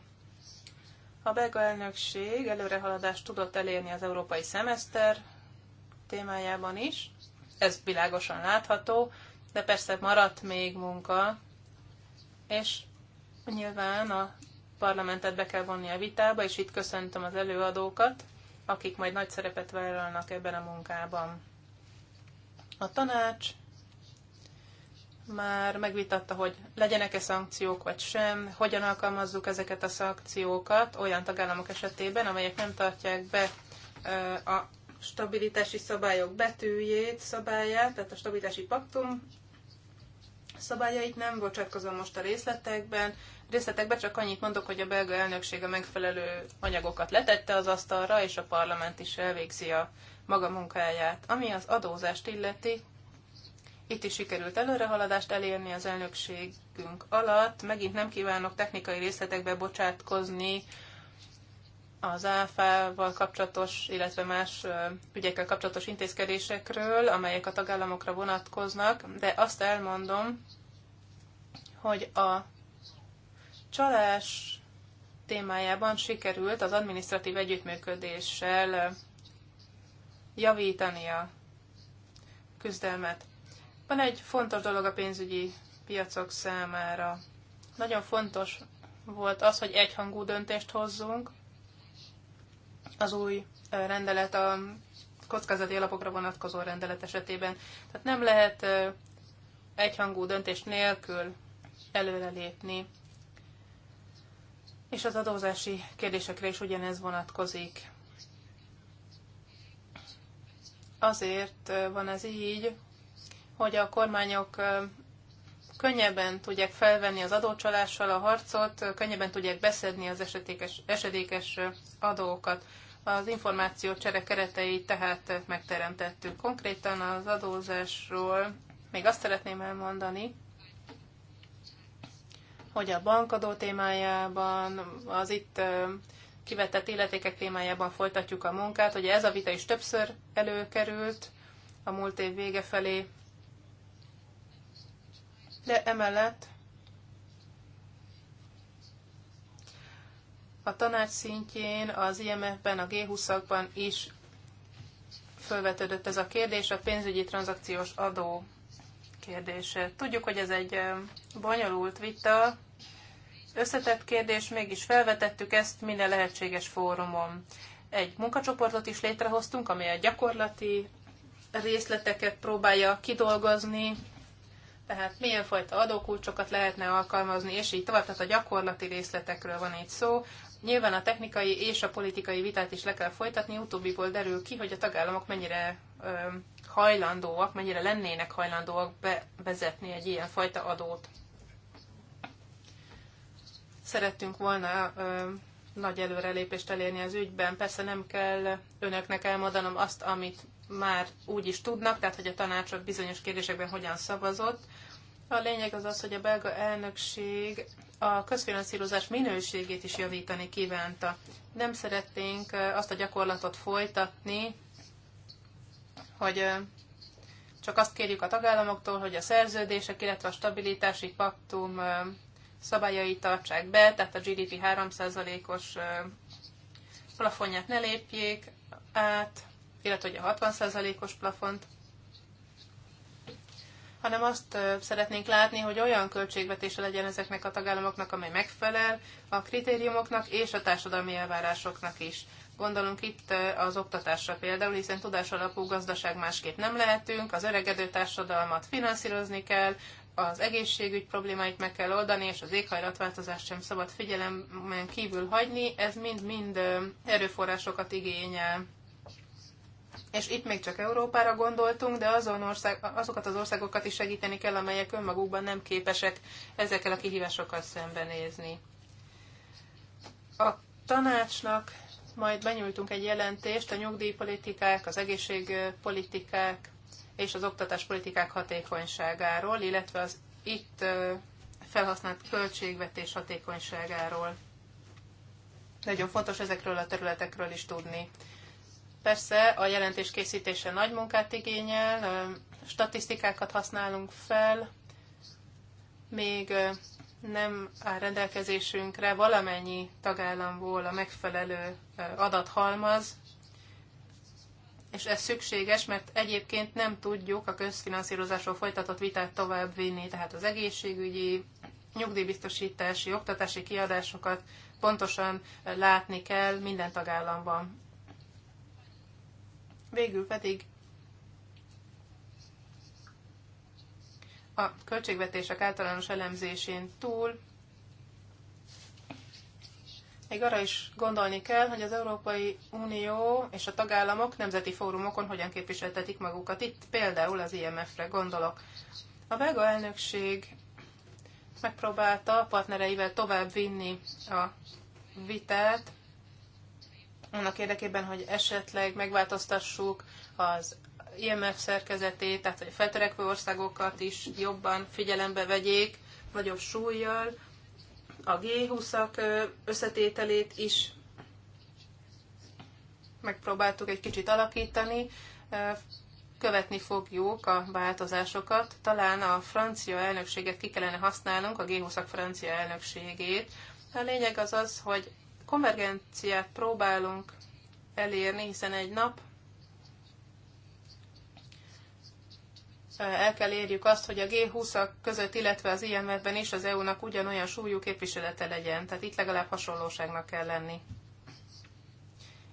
A belga elnökség előrehaladást tudott elérni az európai szemeszter témájában is, ez világosan látható, de persze maradt még munka, és nyilván a parlamentet be kell vonni a vitába, és itt köszöntöm az előadókat, akik majd nagy szerepet vállalnak ebben a munkában. A tanács már megvitatta, hogy legyenek-e szankciók vagy sem, hogyan alkalmazzuk ezeket a szankciókat olyan tagállamok esetében, amelyek nem tartják be a stabilitási szabályok betűjét, szabályát, tehát a stabilitási paktum szabályait nem bocsátkozom most a részletekben. Részletekben csak annyit mondok, hogy a belga elnökség a megfelelő anyagokat letette az asztalra, és a parlament is elvégzi a maga munkáját. Ami az adózást illeti, itt is sikerült előrehaladást elérni az elnökségünk alatt. Megint nem kívánok technikai részletekbe bocsátkozni az áfa-val kapcsolatos, illetve más ügyekkel kapcsolatos intézkedésekről, amelyek a tagállamokra vonatkoznak, de azt elmondom, hogy a csalás témájában sikerült az administratív együttműködéssel javítani a küzdelmet. Van egy fontos dolog a pénzügyi piacok számára. Nagyon fontos volt az, hogy egyhangú döntést hozzunk. Az új rendelet a kockázati alapokra vonatkozó rendelet esetében. Tehát nem lehet egyhangú döntés nélkül előrelépni. És az adózási kérdésekre is ugyanez vonatkozik. Azért van ez így, hogy a kormányok könnyebben tudják felvenni az adócsalással a harcot, könnyebben tudják beszedni az esetékes, esedékes adókat. Az csere kereteit tehát megteremtettük. Konkrétan az adózásról még azt szeretném elmondani, hogy a bankadó témájában, az itt kivetett illetékek témájában folytatjuk a munkát. Ugye ez a vita is többször előkerült a múlt év vége felé de emellett a tanács szintjén, az IMF-ben, a G20-akban is felvetődött ez a kérdés, a pénzügyi tranzakciós adó kérdése. Tudjuk, hogy ez egy bonyolult vita, összetett kérdés, mégis felvetettük ezt minden lehetséges fórumon. Egy munkacsoportot is létrehoztunk, amely a gyakorlati részleteket próbálja kidolgozni, tehát milyen fajta adókulcsokat lehetne alkalmazni, és így tovább, tehát a gyakorlati részletekről van egy szó. Nyilván a technikai és a politikai vitát is le kell folytatni, utóbbiból derül ki, hogy a tagállamok mennyire ö, hajlandóak, mennyire lennének hajlandóak bevezetni egy ilyen fajta adót. Szerettünk volna ö, nagy előrelépést elérni az ügyben. Persze nem kell önöknek elmondanom azt, amit már úgy is tudnak, tehát hogy a tanácsot bizonyos kérdésekben hogyan szavazott, a lényeg az az, hogy a belga elnökség a közfinanszírozás minőségét is javítani kívánta. Nem szeretnénk azt a gyakorlatot folytatni, hogy csak azt kérjük a tagállamoktól, hogy a szerződések, illetve a stabilitási paktum szabályait tartsák be, tehát a GDP 3%-os plafonját ne lépjék át, illetve hogy a 60%-os plafont hanem azt szeretnénk látni, hogy olyan költségvetése legyen ezeknek a tagállamoknak, amely megfelel a kritériumoknak és a társadalmi elvárásoknak is. Gondolunk itt az oktatásra például, hiszen tudásalapú gazdaság másképp nem lehetünk, az öregedő társadalmat finanszírozni kell, az egészségügy problémáit meg kell oldani, és az éghajlatváltozást sem szabad figyelemen kívül hagyni, ez mind-mind erőforrásokat igényel és itt még csak Európára gondoltunk, de azon ország, azokat az országokat is segíteni kell, amelyek önmagukban nem képesek ezekkel a kihívásokkal szembenézni. A tanácsnak majd benyújtunk egy jelentést a nyugdíjpolitikák, az egészségpolitikák és az oktatáspolitikák hatékonyságáról, illetve az itt felhasznált költségvetés hatékonyságáról. Nagyon fontos ezekről a területekről is tudni. Persze a jelentés készítése nagy munkát igényel, statisztikákat használunk fel, még nem áll rendelkezésünkre valamennyi tagállamból a megfelelő adathalmaz, és ez szükséges, mert egyébként nem tudjuk a közfinanszírozásról folytatott vitát tovább vinni, tehát az egészségügyi, nyugdíjbiztosítási, oktatási kiadásokat pontosan látni kell minden tagállamban. Végül pedig a költségvetések általános elemzésén túl még arra is gondolni kell, hogy az Európai Unió és a tagállamok nemzeti fórumokon hogyan képviseltetik magukat. Itt például az IMF-re gondolok. A belga elnökség megpróbálta partnereivel tovább vinni a vitát annak érdekében, hogy esetleg megváltoztassuk az IMF szerkezetét, tehát hogy feltörekvő országokat is jobban figyelembe vegyék, nagyobb súlyjal, a G20-ak összetételét is megpróbáltuk egy kicsit alakítani, követni fogjuk a változásokat. Talán a francia elnökséget ki kellene használnunk, a G20-ak francia elnökségét. A lényeg az az, hogy konvergenciát próbálunk elérni, hiszen egy nap el kell érjük azt, hogy a G20-ak között, illetve az IMF-ben is az EU-nak ugyanolyan súlyú képviselete legyen. Tehát itt legalább hasonlóságnak kell lenni.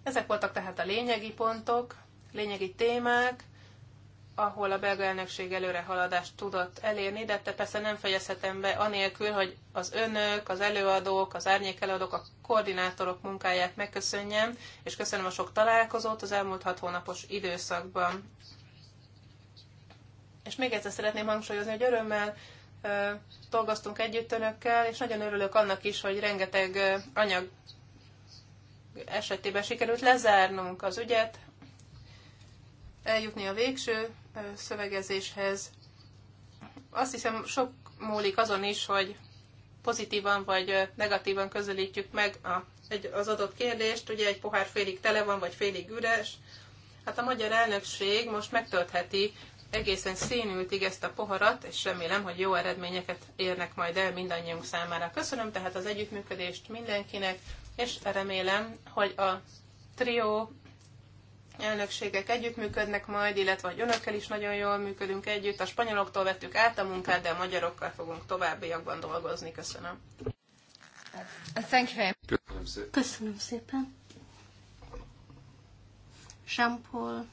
Ezek voltak tehát a lényegi pontok, lényegi témák ahol a belga elnökség előrehaladást tudott elérni, de te persze nem fejezhetem be anélkül, hogy az önök, az előadók, az árnyékelőadók, a koordinátorok munkáját megköszönjem, és köszönöm a sok találkozót az elmúlt hat hónapos időszakban. És még egyszer szeretném hangsúlyozni, hogy örömmel dolgoztunk együtt önökkel, és nagyon örülök annak is, hogy rengeteg anyag esetében sikerült lezárnunk az ügyet, eljutni a végső szövegezéshez. Azt hiszem, sok múlik azon is, hogy pozitívan vagy negatívan közelítjük meg a, egy, az adott kérdést. Ugye egy pohár félig tele van, vagy félig üres. Hát a magyar elnökség most megtöltheti egészen színültig ezt a poharat, és remélem, hogy jó eredményeket érnek majd el mindannyiunk számára. Köszönöm tehát az együttműködést mindenkinek, és remélem, hogy a trió elnökségek együttműködnek majd, illetve hogy önökkel is nagyon jól működünk együtt. A spanyoloktól vettük át a munkát, de a magyarokkal fogunk továbbiakban dolgozni. Köszönöm. Köszönöm szépen. Köszönöm szépen. Jean-Paul.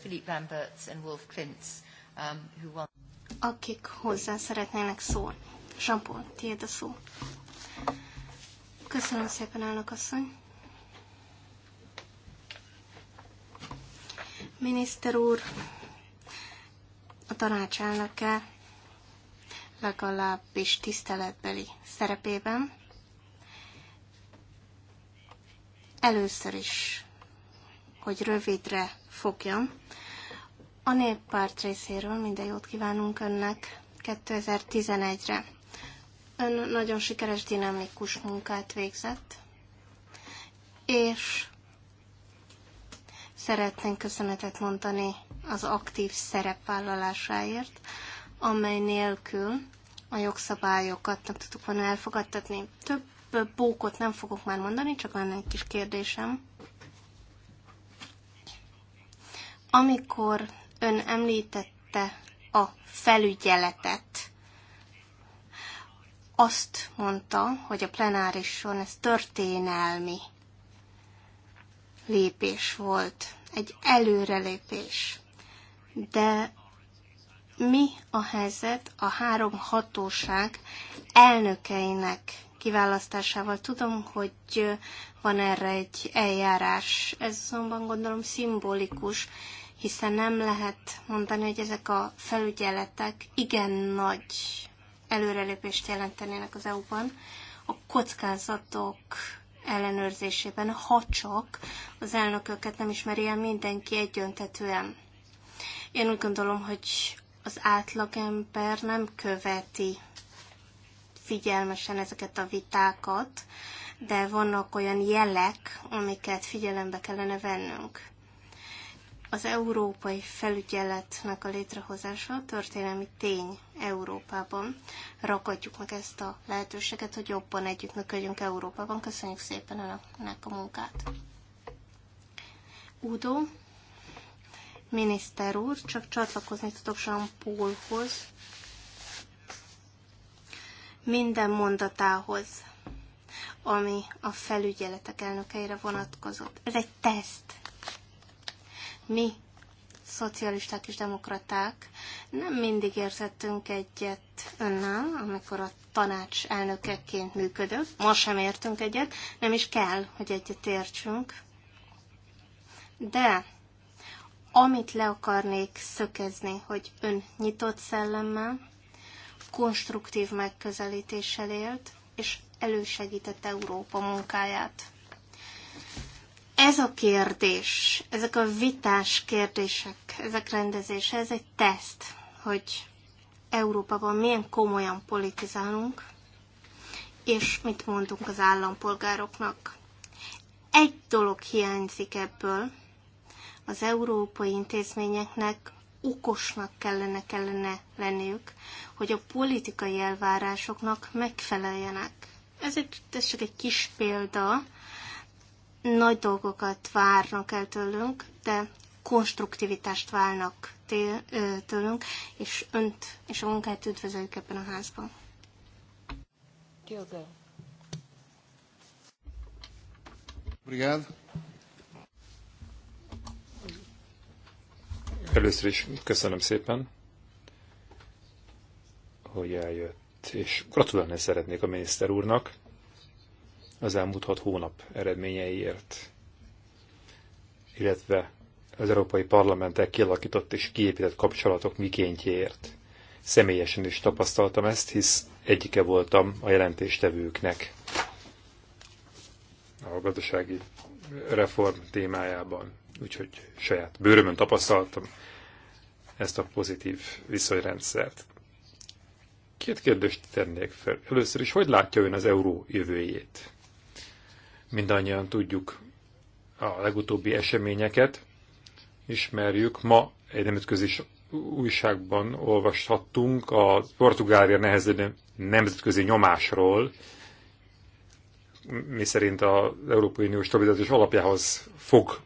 Philip Lamberts and Wolf Klintz, um, who want... Akik hozzá szeretnének szólni. Jean-Paul, tiéd a szó. Köszönöm szépen, elnök asszony. miniszter úr, a tanácselnöke legalábbis tiszteletbeli szerepében először is, hogy rövidre fogjam. A néppárt részéről minden jót kívánunk önnek 2011-re. Ön nagyon sikeres, dinamikus munkát végzett, és Szeretnénk köszönetet mondani az aktív szerepvállalásáért, amely nélkül a jogszabályokat nem tudtuk volna elfogadtatni. Több bókot nem fogok már mondani, csak van egy kis kérdésem. Amikor ön említette a felügyeletet, azt mondta, hogy a plenárison ez történelmi lépés volt, egy előrelépés. De mi a helyzet a három hatóság elnökeinek kiválasztásával? Tudom, hogy van erre egy eljárás. Ez azonban gondolom szimbolikus, hiszen nem lehet mondani, hogy ezek a felügyeletek igen nagy előrelépést jelentenének az EU-ban. A kockázatok ellenőrzésében, ha csak az elnököket nem ismeri el mindenki egyöntetően. Én úgy gondolom, hogy az átlagember nem követi figyelmesen ezeket a vitákat, de vannak olyan jelek, amiket figyelembe kellene vennünk az európai felügyeletnek a létrehozása történelmi tény Európában. Rakadjuk meg ezt a lehetőséget, hogy jobban együttműködjünk Európában. Köszönjük szépen önöknek a munkát. Udo, miniszter úr, csak csatlakozni tudok Jean Paulhoz, minden mondatához, ami a felügyeletek elnökeire vonatkozott. Ez egy teszt mi, szocialisták és demokraták, nem mindig értettünk egyet önnel, amikor a tanács elnökeként működött. Ma sem értünk egyet, nem is kell, hogy egyet értsünk. De amit le akarnék szökezni, hogy ön nyitott szellemmel, konstruktív megközelítéssel élt, és elősegített Európa munkáját ez a kérdés, ezek a vitás kérdések, ezek rendezése, ez egy teszt, hogy Európában milyen komolyan politizálunk, és mit mondunk az állampolgároknak. Egy dolog hiányzik ebből, az európai intézményeknek okosnak kellene, kellene lenniük, hogy a politikai elvárásoknak megfeleljenek. Ez, egy, ez csak egy kis példa, nagy dolgokat várnak el tőlünk, de konstruktivitást válnak tőlünk, és önt és a munkát üdvözöljük ebben a házban. Diogo. Először is köszönöm szépen, hogy eljött, és gratulálni szeretnék a miniszter úrnak az elmúlt hat hónap eredményeiért, illetve az Európai Parlamentek kialakított és kiépített kapcsolatok mikéntjéért. Személyesen is tapasztaltam ezt, hisz egyike voltam a jelentéstevőknek a gazdasági reform témájában. Úgyhogy saját bőrömön tapasztaltam ezt a pozitív viszonyrendszert. Két kérdést tennék fel. Először is, hogy látja ön az euró jövőjét? mindannyian tudjuk a legutóbbi eseményeket, ismerjük. Ma egy nemzetközi újságban olvashattunk a Portugália nehezedő nemzetközi nyomásról, mi szerint az Európai Unió stabilizációs alapjához fog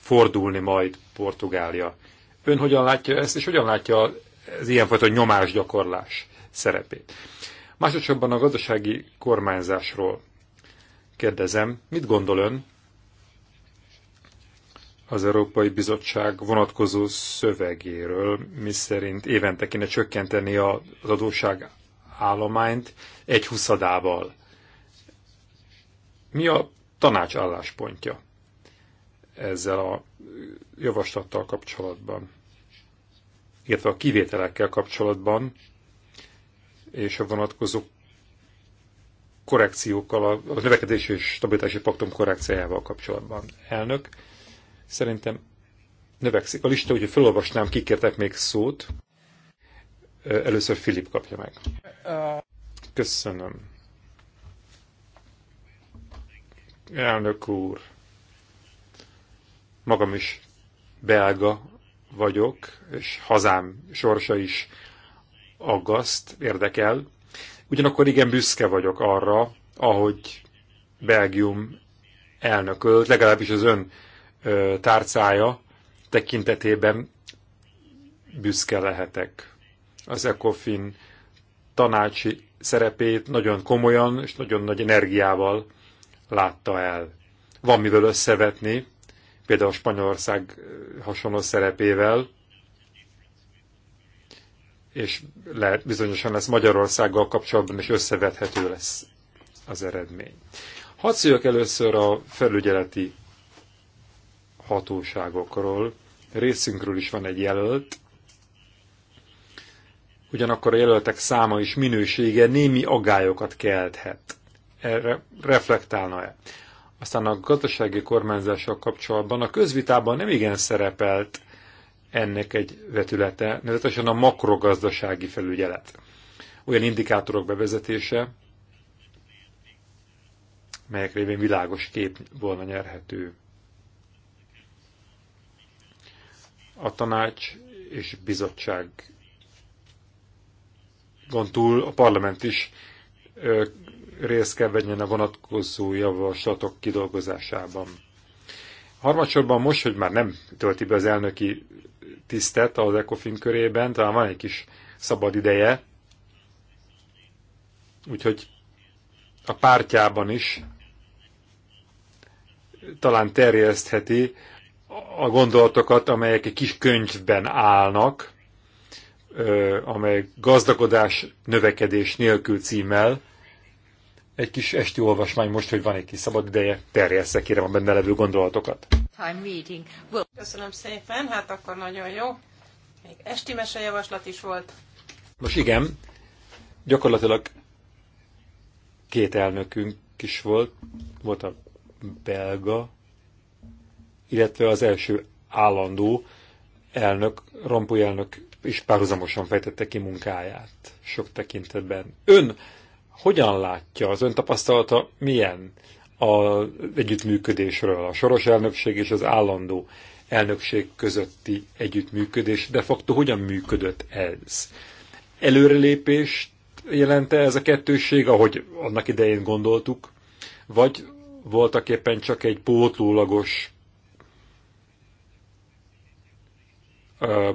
fordulni majd Portugália. Ön hogyan látja ezt, és hogyan látja az ilyenfajta nyomásgyakorlás szerepét? Másodszorban a gazdasági kormányzásról Kérdezem, mit gondol ön az Európai Bizottság vonatkozó szövegéről, miszerint évente kéne csökkenteni az adósság állományt egy huszadával. Mi a tanács álláspontja ezzel a javaslattal kapcsolatban, illetve a kivételekkel kapcsolatban, és a vonatkozó korrekciókkal, a, a növekedési és stabilitási paktum korrekciójával kapcsolatban. Elnök, szerintem növekszik a lista, úgyhogy felolvasnám, kikértek még szót. Először Filip kapja meg. Köszönöm. Elnök úr, magam is belga vagyok, és hazám sorsa is aggaszt, érdekel. Ugyanakkor igen büszke vagyok arra, ahogy Belgium elnökölt, legalábbis az ön tárcája tekintetében büszke lehetek. Az ECOFIN tanácsi szerepét nagyon komolyan és nagyon nagy energiával látta el. Van mivel összevetni, például a Spanyolország hasonló szerepével, és lehet, bizonyosan lesz Magyarországgal kapcsolatban is összevethető lesz az eredmény. Hadd szüljök először a felügyeleti hatóságokról. Részünkről is van egy jelölt, ugyanakkor a jelöltek száma és minősége némi agályokat kelthet. Erre reflektálna-e? Aztán a gazdasági kormányzással kapcsolatban a közvitában nem igen szerepelt ennek egy vetülete, nevezetesen a makrogazdasági felügyelet. Olyan indikátorok bevezetése, melyek révén világos kép volna nyerhető. A tanács és bizottság gond túl a parlament is részt kell vegyen a vonatkozó javaslatok kidolgozásában. Harmadsorban most, hogy már nem tölti be az elnöki tisztet az ECOFIN körében, talán van egy kis szabad ideje, úgyhogy a pártjában is talán terjesztheti a gondolatokat, amelyek egy kis könyvben állnak, amely gazdagodás növekedés nélkül címmel. Egy kis esti olvasmány most, hogy van egy kis szabad ideje, terjessze kérem a benne levő gondolatokat time reading. Well... Köszönöm szépen, hát akkor nagyon jó. Még esti mesejavaslat is volt. Most igen, gyakorlatilag két elnökünk is volt, volt a belga, illetve az első állandó elnök, Rampuy elnök is párhuzamosan fejtette ki munkáját sok tekintetben. Ön hogyan látja, az ön tapasztalata milyen? az együttműködésről, a soros elnökség és az állandó elnökség közötti együttműködés. De facto hogyan működött ez? Előrelépést jelente ez a kettőség, ahogy annak idején gondoltuk, vagy voltak éppen csak egy pótlólagos a, a,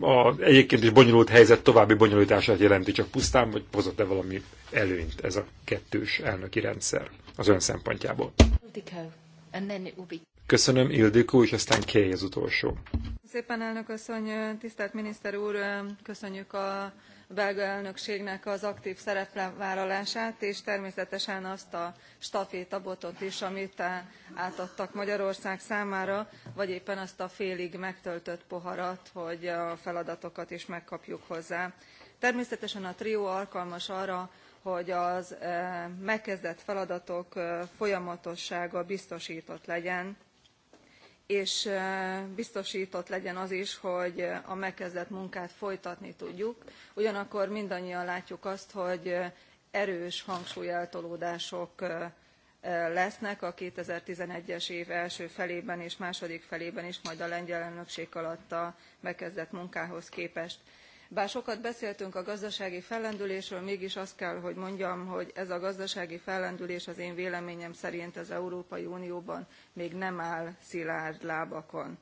a, egyébként is bonyolult helyzet további bonyolítását jelenti, csak pusztán, vagy hozott-e valami előnyt ez a kettős elnöki rendszer? az ön szempontjából. Köszönöm, Ildikó, és aztán Kay az utolsó. Szépen elnök asszony, tisztelt miniszter úr, köszönjük a belga elnökségnek az aktív szerepvállalását és természetesen azt a stafétabotot is amit átadtak magyarország számára vagy éppen azt a félig megtöltött poharat hogy a feladatokat is megkapjuk hozzá. természetesen a trió alkalmas arra hogy az eh, megkezdett feladatok eh, folyamatossága biztostott legyen és eh, biztostott legyen az is hogy a megkezdett munkát folytatni tudjuk ugyanakkor mindannyian látjuk azt hogy erős hangsúlyeltolódások lesznek a two thousand and eleven es év első felében és második felében is majd a lengyel elnökség alatt a megkezdett munkához képest bár sokat beszéltünk a gazdasági fellendülésről mégis azt kell hogy mondjam hogy ez a gazdasági fellendülés az én véleményem szerint az európai unióban még nem áll szilárd lábakon.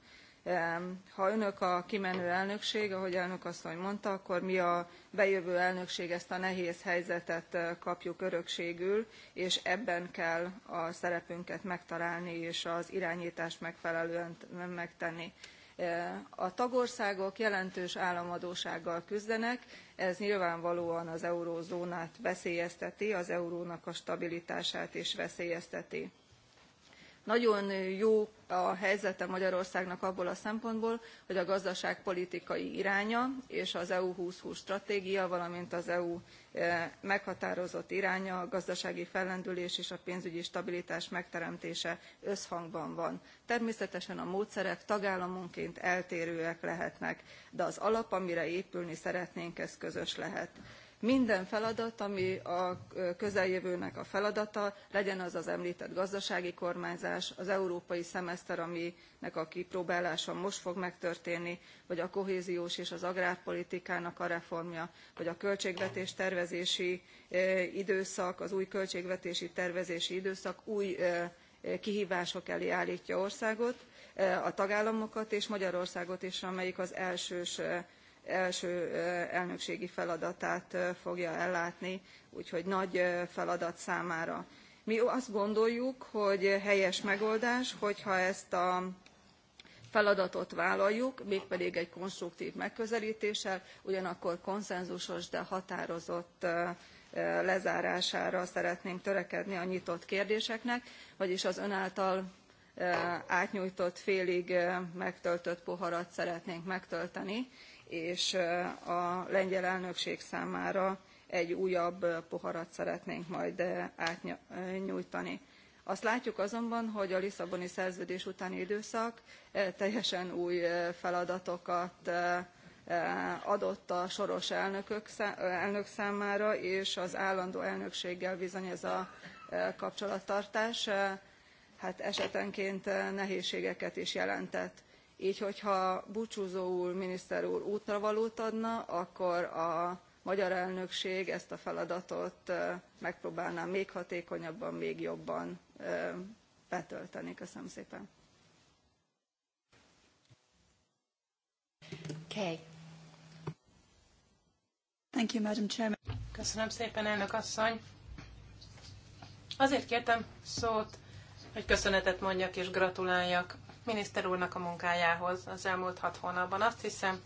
ha önök a kimenő elnökség ahogy elnök asszony mondta akkor mi a bejövő elnökség ezt a nehéz helyzetet kapjuk örökségül és ebben kell a szerepünket megtalálni és az iránytást megfelelően megtenni a tagországok jelentős államadóssággal küzdenek ez nyilvánvalóan az eurózónát veszélyezteti az eurónak a stabilitását is veszélyezteti nagyon jó a helyzete magyarországnak abból a szempontból hogy a gazdaságpolitikai iránya és az eu two thousand and twenty stratégia valamint az eu eh, meghatározott iránya a gazdasági fellendülés és a pénzügyi stabilitás megteremtése összhangban van. természetesen a módszerek tagállamonként eltérőek lehetnek de az alap amire épülni szeretnénk ez közös lehet minden feladat ami a közeljövőnek a feladata legyen az az emltett gazdasági kormányzás az európai szemeszter aminek a kipróbálása most fog megtörténni vagy a kohéziós és az agrárpolitikának a reformja vagy a költségvetés tervezési időszak az új költségvetési tervezési időszak új kihvások elé álltja országot a tagállamokat és magyarországot is amelyik az elsős első elnökségi feladatát fogja ellátni úgyhogy nagy feladat számára. mi azt gondoljuk hogy helyes megoldás hogyha ezt a feladatot vállaljuk mégpedig egy konstruktv megközeltéssel ugyanakkor konszenzusos de határozott lezárására szeretnénk törekedni a nyitott kérdéseknek vagyis az ön által átnyújtott félig megtöltött poharat szeretnénk megtölteni és a lengyel elnökség számára egy újabb poharat szeretnénk majd átnyújtani. Azt látjuk azonban, hogy a Lisszaboni szerződés utáni időszak teljesen új feladatokat adott a soros elnökök, elnök számára, és az állandó elnökséggel bizony ez a kapcsolattartás hát esetenként nehézségeket is jelentett gy hogyha búcsúzóul miniszter úr útravalót adna akkor a magyar elnökség ezt a feladatot megpróbálná még hatékonyabban még jobban betölteni. köszönöm szépen. Okay. Thank you, Madam Chairman. Köszönöm szépen, elnök asszony. Azért kértem szót, hogy köszönetet mondjak és gratuláljak miniszter úrnak a munkájához az elmúlt hat hónapban. Azt hiszem,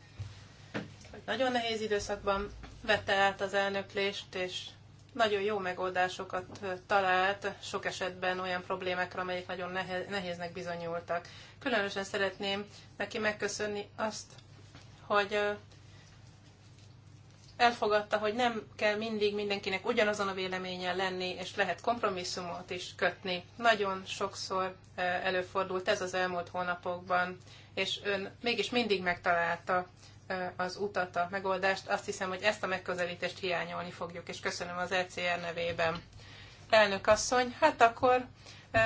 hogy nagyon nehéz időszakban vette át az elnöklést, és nagyon jó megoldásokat talált sok esetben olyan problémákra, amelyek nagyon nehéznek bizonyultak. Különösen szeretném neki megköszönni azt, hogy elfogadta, hogy nem kell mindig mindenkinek ugyanazon a véleményen lenni, és lehet kompromisszumot is kötni. Nagyon sokszor előfordult ez az elmúlt hónapokban, és ön mégis mindig megtalálta az utat, a megoldást. Azt hiszem, hogy ezt a megközelítést hiányolni fogjuk, és köszönöm az ECR nevében. Elnök asszony, hát akkor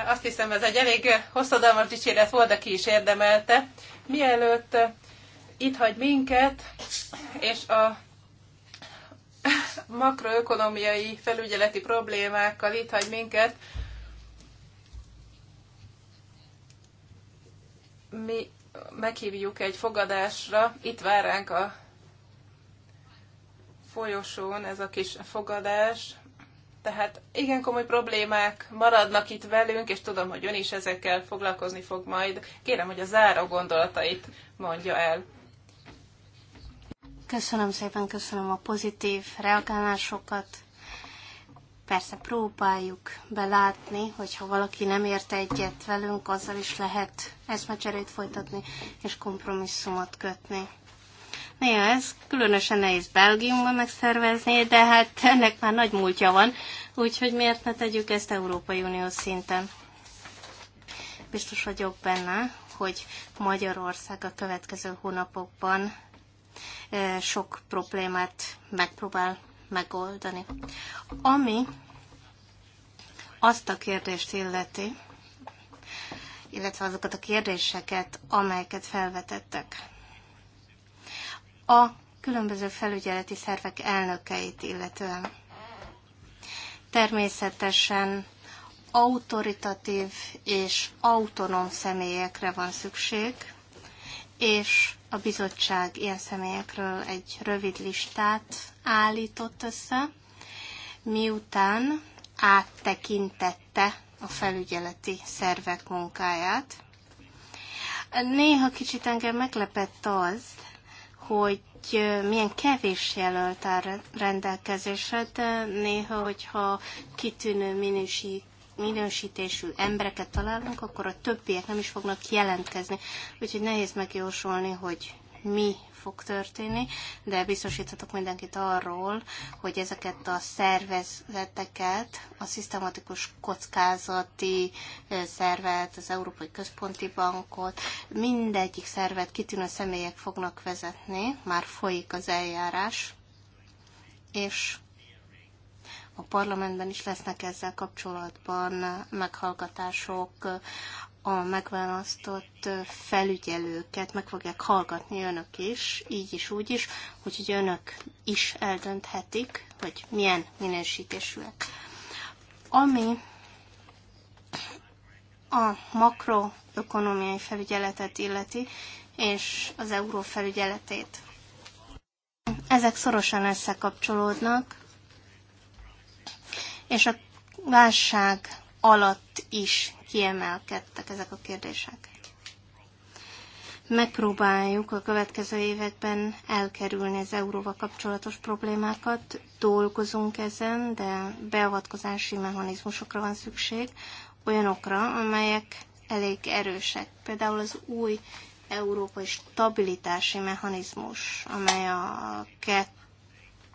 azt hiszem, ez egy elég hosszadalmas dicséret volt, aki is érdemelte. Mielőtt itt hagy minket, és a makroökonomiai felügyeleti problémákkal itt hagy minket. Mi meghívjuk egy fogadásra, itt vár ránk a folyosón ez a kis fogadás, tehát igen komoly problémák maradnak itt velünk, és tudom, hogy ön is ezekkel foglalkozni fog majd. Kérem, hogy a záró gondolatait mondja el. Köszönöm szépen, köszönöm a pozitív reagálásokat. Persze próbáljuk belátni, hogyha valaki nem ért egyet velünk, azzal is lehet eszmecserét folytatni és kompromisszumot kötni. Néha ez különösen nehéz Belgiumban megszervezni, de hát ennek már nagy múltja van, úgyhogy miért ne tegyük ezt Európai Unió szinten? Biztos vagyok benne, hogy Magyarország a következő hónapokban Eh, sok problémát megpróbál megoldani. Ami azt a kérdést illeti, illetve azokat a kérdéseket, amelyeket felvetettek. A különböző felügyeleti szervek elnökeit illetően. Természetesen autoritatív és autonóm személyekre van szükség, és a bizottság ilyen személyekről egy rövid listát állított össze, miután áttekintette a felügyeleti szervek munkáját. Néha kicsit engem meglepett az, hogy milyen kevés jelölt áll rendelkezésre, de néha, hogyha kitűnő minősít minősítésű embereket találunk, akkor a többiek nem is fognak jelentkezni. Úgyhogy nehéz megjósolni, hogy mi fog történni, de biztosíthatok mindenkit arról, hogy ezeket a szervezeteket, a szisztematikus kockázati eh, szervet, az Európai Központi Bankot, mindegyik szervet kitűnő személyek fognak vezetni, már folyik az eljárás, és a parlamentben is lesznek ezzel kapcsolatban meghallgatások, a megválasztott felügyelőket meg fogják hallgatni önök is, így is, úgy is, úgyhogy önök is eldönthetik, hogy milyen minősítésűek. Ami a makroökonomiai felügyeletet illeti, és az euró felügyeletét. Ezek szorosan összekapcsolódnak, és a válság alatt is kiemelkedtek ezek a kérdések. Megpróbáljuk a következő években elkerülni az euróval kapcsolatos problémákat, dolgozunk ezen, de beavatkozási mechanizmusokra van szükség, olyanokra, amelyek elég erősek. Például az új európai stabilitási mechanizmus, amely a kettő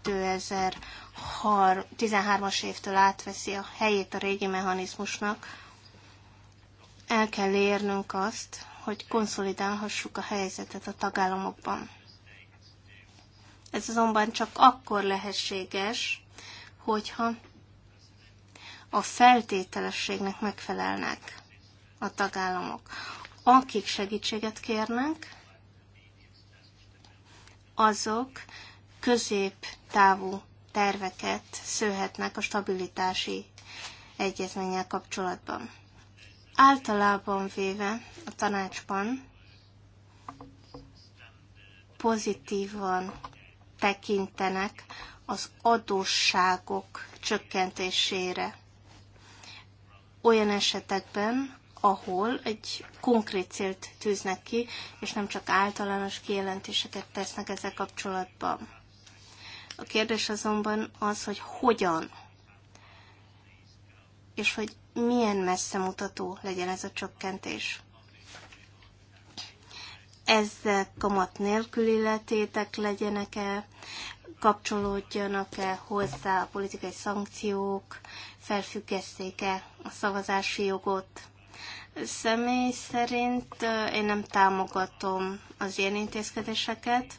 2013-as évtől átveszi a helyét a régi mechanizmusnak, el kell érnünk azt, hogy konszolidálhassuk a helyzetet a tagállamokban. Ez azonban csak akkor lehetséges, hogyha a feltételességnek megfelelnek a tagállamok. Akik segítséget kérnek, azok középtávú terveket szőhetnek a stabilitási egyezménnyel kapcsolatban. Általában véve a tanácsban pozitívan tekintenek az adósságok csökkentésére. Olyan esetekben, ahol egy konkrét célt tűznek ki, és nem csak általános kijelentéseket tesznek ezzel kapcsolatban. A kérdés azonban az, hogy hogyan, és hogy milyen messze mutató legyen ez a csökkentés. Ez kamat nélküli letétek legyenek-e, kapcsolódjanak-e hozzá a politikai szankciók, felfüggesszék-e a szavazási jogot. Személy szerint én nem támogatom az ilyen intézkedéseket,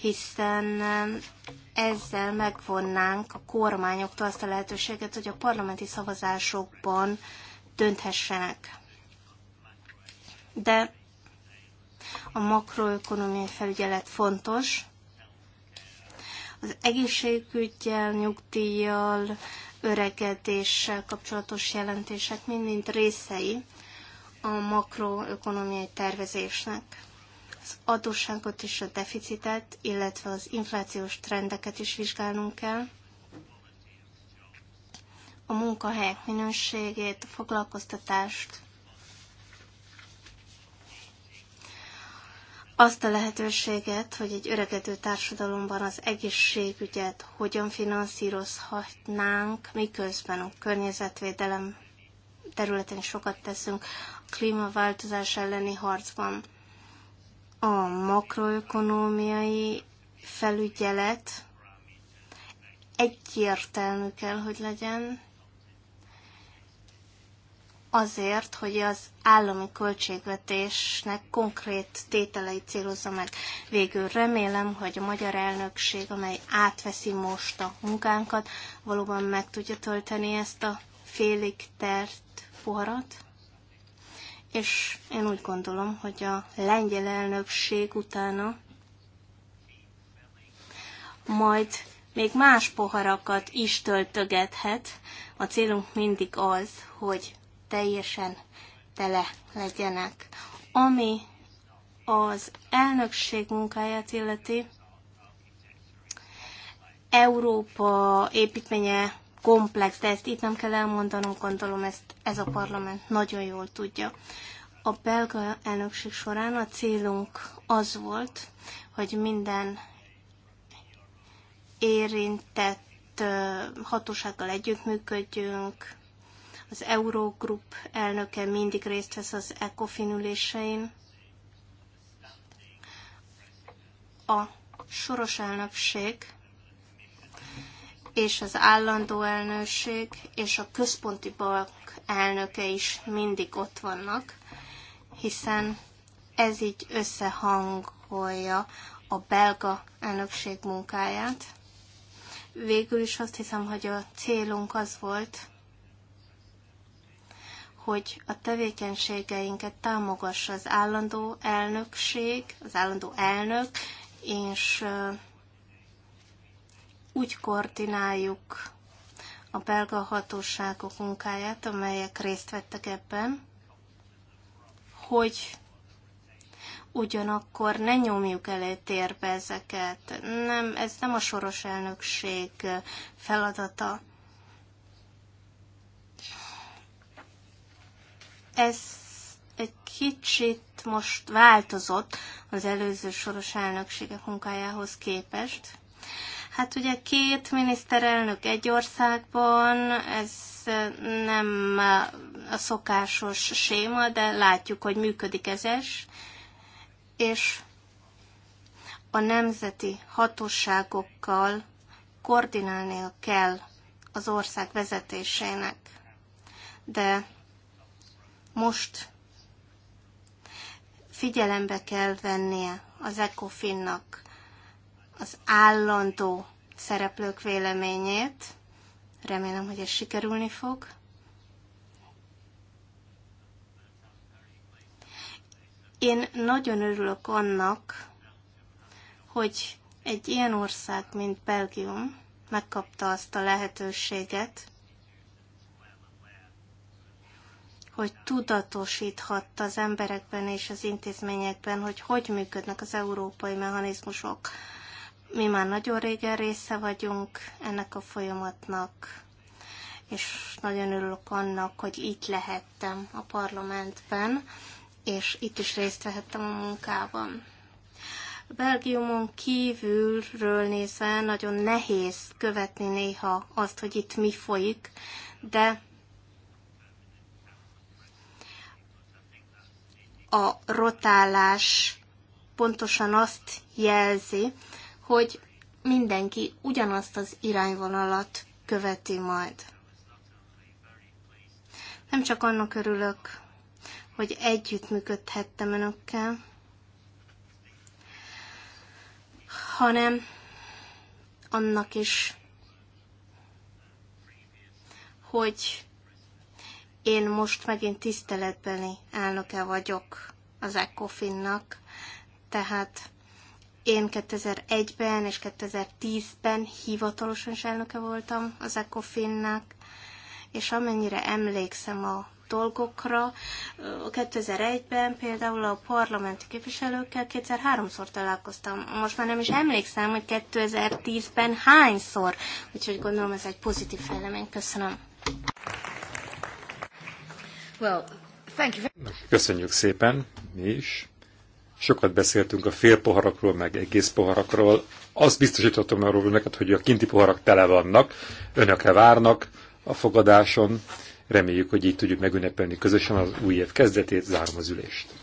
hiszen ezzel megvonnánk a kormányoktól azt a lehetőséget, hogy a parlamenti szavazásokban dönthessenek. De a makroökonomiai felügyelet fontos. Az egészségügyel, nyugdíjjal, öregedéssel kapcsolatos jelentések mind-mind részei a makroökonomiai tervezésnek adósságot és a deficitet, illetve az inflációs trendeket is vizsgálnunk kell. A munkahelyek minőségét, a foglalkoztatást, azt a lehetőséget, hogy egy öregedő társadalomban az egészségügyet hogyan finanszírozhatnánk, miközben a környezetvédelem területén sokat teszünk a klímaváltozás elleni harcban a makroökonómiai felügyelet egyértelmű kell, hogy legyen, azért, hogy az állami költségvetésnek konkrét tételeit célozza meg. Végül remélem, hogy a magyar elnökség, amely átveszi most a munkánkat, valóban meg tudja tölteni ezt a félig tert poharat és én úgy gondolom, hogy a lengyel elnökség utána majd még más poharakat is töltögethet. A célunk mindig az, hogy teljesen tele legyenek. Ami az elnökség munkáját illeti, Európa építménye komplex, de ezt itt nem kell elmondanom, gondolom ezt ez a parlament nagyon jól tudja. A belga elnökség során a célunk az volt, hogy minden érintett hatósággal együttműködjünk, az Eurogroup elnöke mindig részt vesz az ECOFIN ülésein. A soros elnökség és az állandó elnökség és a központi bank elnöke is mindig ott vannak, hiszen ez így összehangolja a belga elnökség munkáját. Végül is azt hiszem, hogy a célunk az volt, hogy a tevékenységeinket támogassa az állandó elnökség, az állandó elnök, és úgy koordináljuk a belga hatóságok munkáját, amelyek részt vettek ebben, hogy ugyanakkor ne nyomjuk térbe ezeket. Nem, ez nem a soros elnökség feladata. Ez egy kicsit most változott az előző soros elnökségek munkájához képest. Hát ugye két miniszterelnök egy országban, ez nem a szokásos séma, de látjuk, hogy működik ez is. És a nemzeti hatóságokkal koordinálnia kell az ország vezetésének. De most figyelembe kell vennie az ECOFIN-nak az állandó szereplők véleményét. Remélem, hogy ez sikerülni fog. Én nagyon örülök annak, hogy egy ilyen ország, mint Belgium megkapta azt a lehetőséget, hogy tudatosíthatta az emberekben és az intézményekben, hogy hogy működnek az európai mechanizmusok. Mi már nagyon régen része vagyunk ennek a folyamatnak, és nagyon örülök annak, hogy itt lehettem a parlamentben, és itt is részt vehettem a munkában. Belgiumon kívülről nézve nagyon nehéz követni néha azt, hogy itt mi folyik, de a rotálás pontosan azt jelzi, hogy mindenki ugyanazt az irányvonalat követi majd. Nem csak annak örülök, hogy együttműködhettem önökkel, hanem annak is, hogy én most megint tiszteletbeli elnöke vagyok az ECOFIN-nak, tehát én 2001-ben és 2010-ben hivatalosan is elnöke voltam az ECOFIN-nek, és amennyire emlékszem a dolgokra. 2001-ben például a parlamenti képviselőkkel kétszer-háromszor találkoztam. Most már nem is emlékszem, hogy 2010-ben hányszor. Úgyhogy gondolom ez egy pozitív fejlemény. Köszönöm. Well, thank you. Köszönjük szépen, mi is. Sokat beszéltünk a fél poharakról, meg egész poharakról. Azt biztosítottam arról neked, hogy a kinti poharak tele vannak, önökre várnak a fogadáson. Reméljük, hogy így tudjuk megünnepelni közösen az új év kezdetét, zárom az ülést.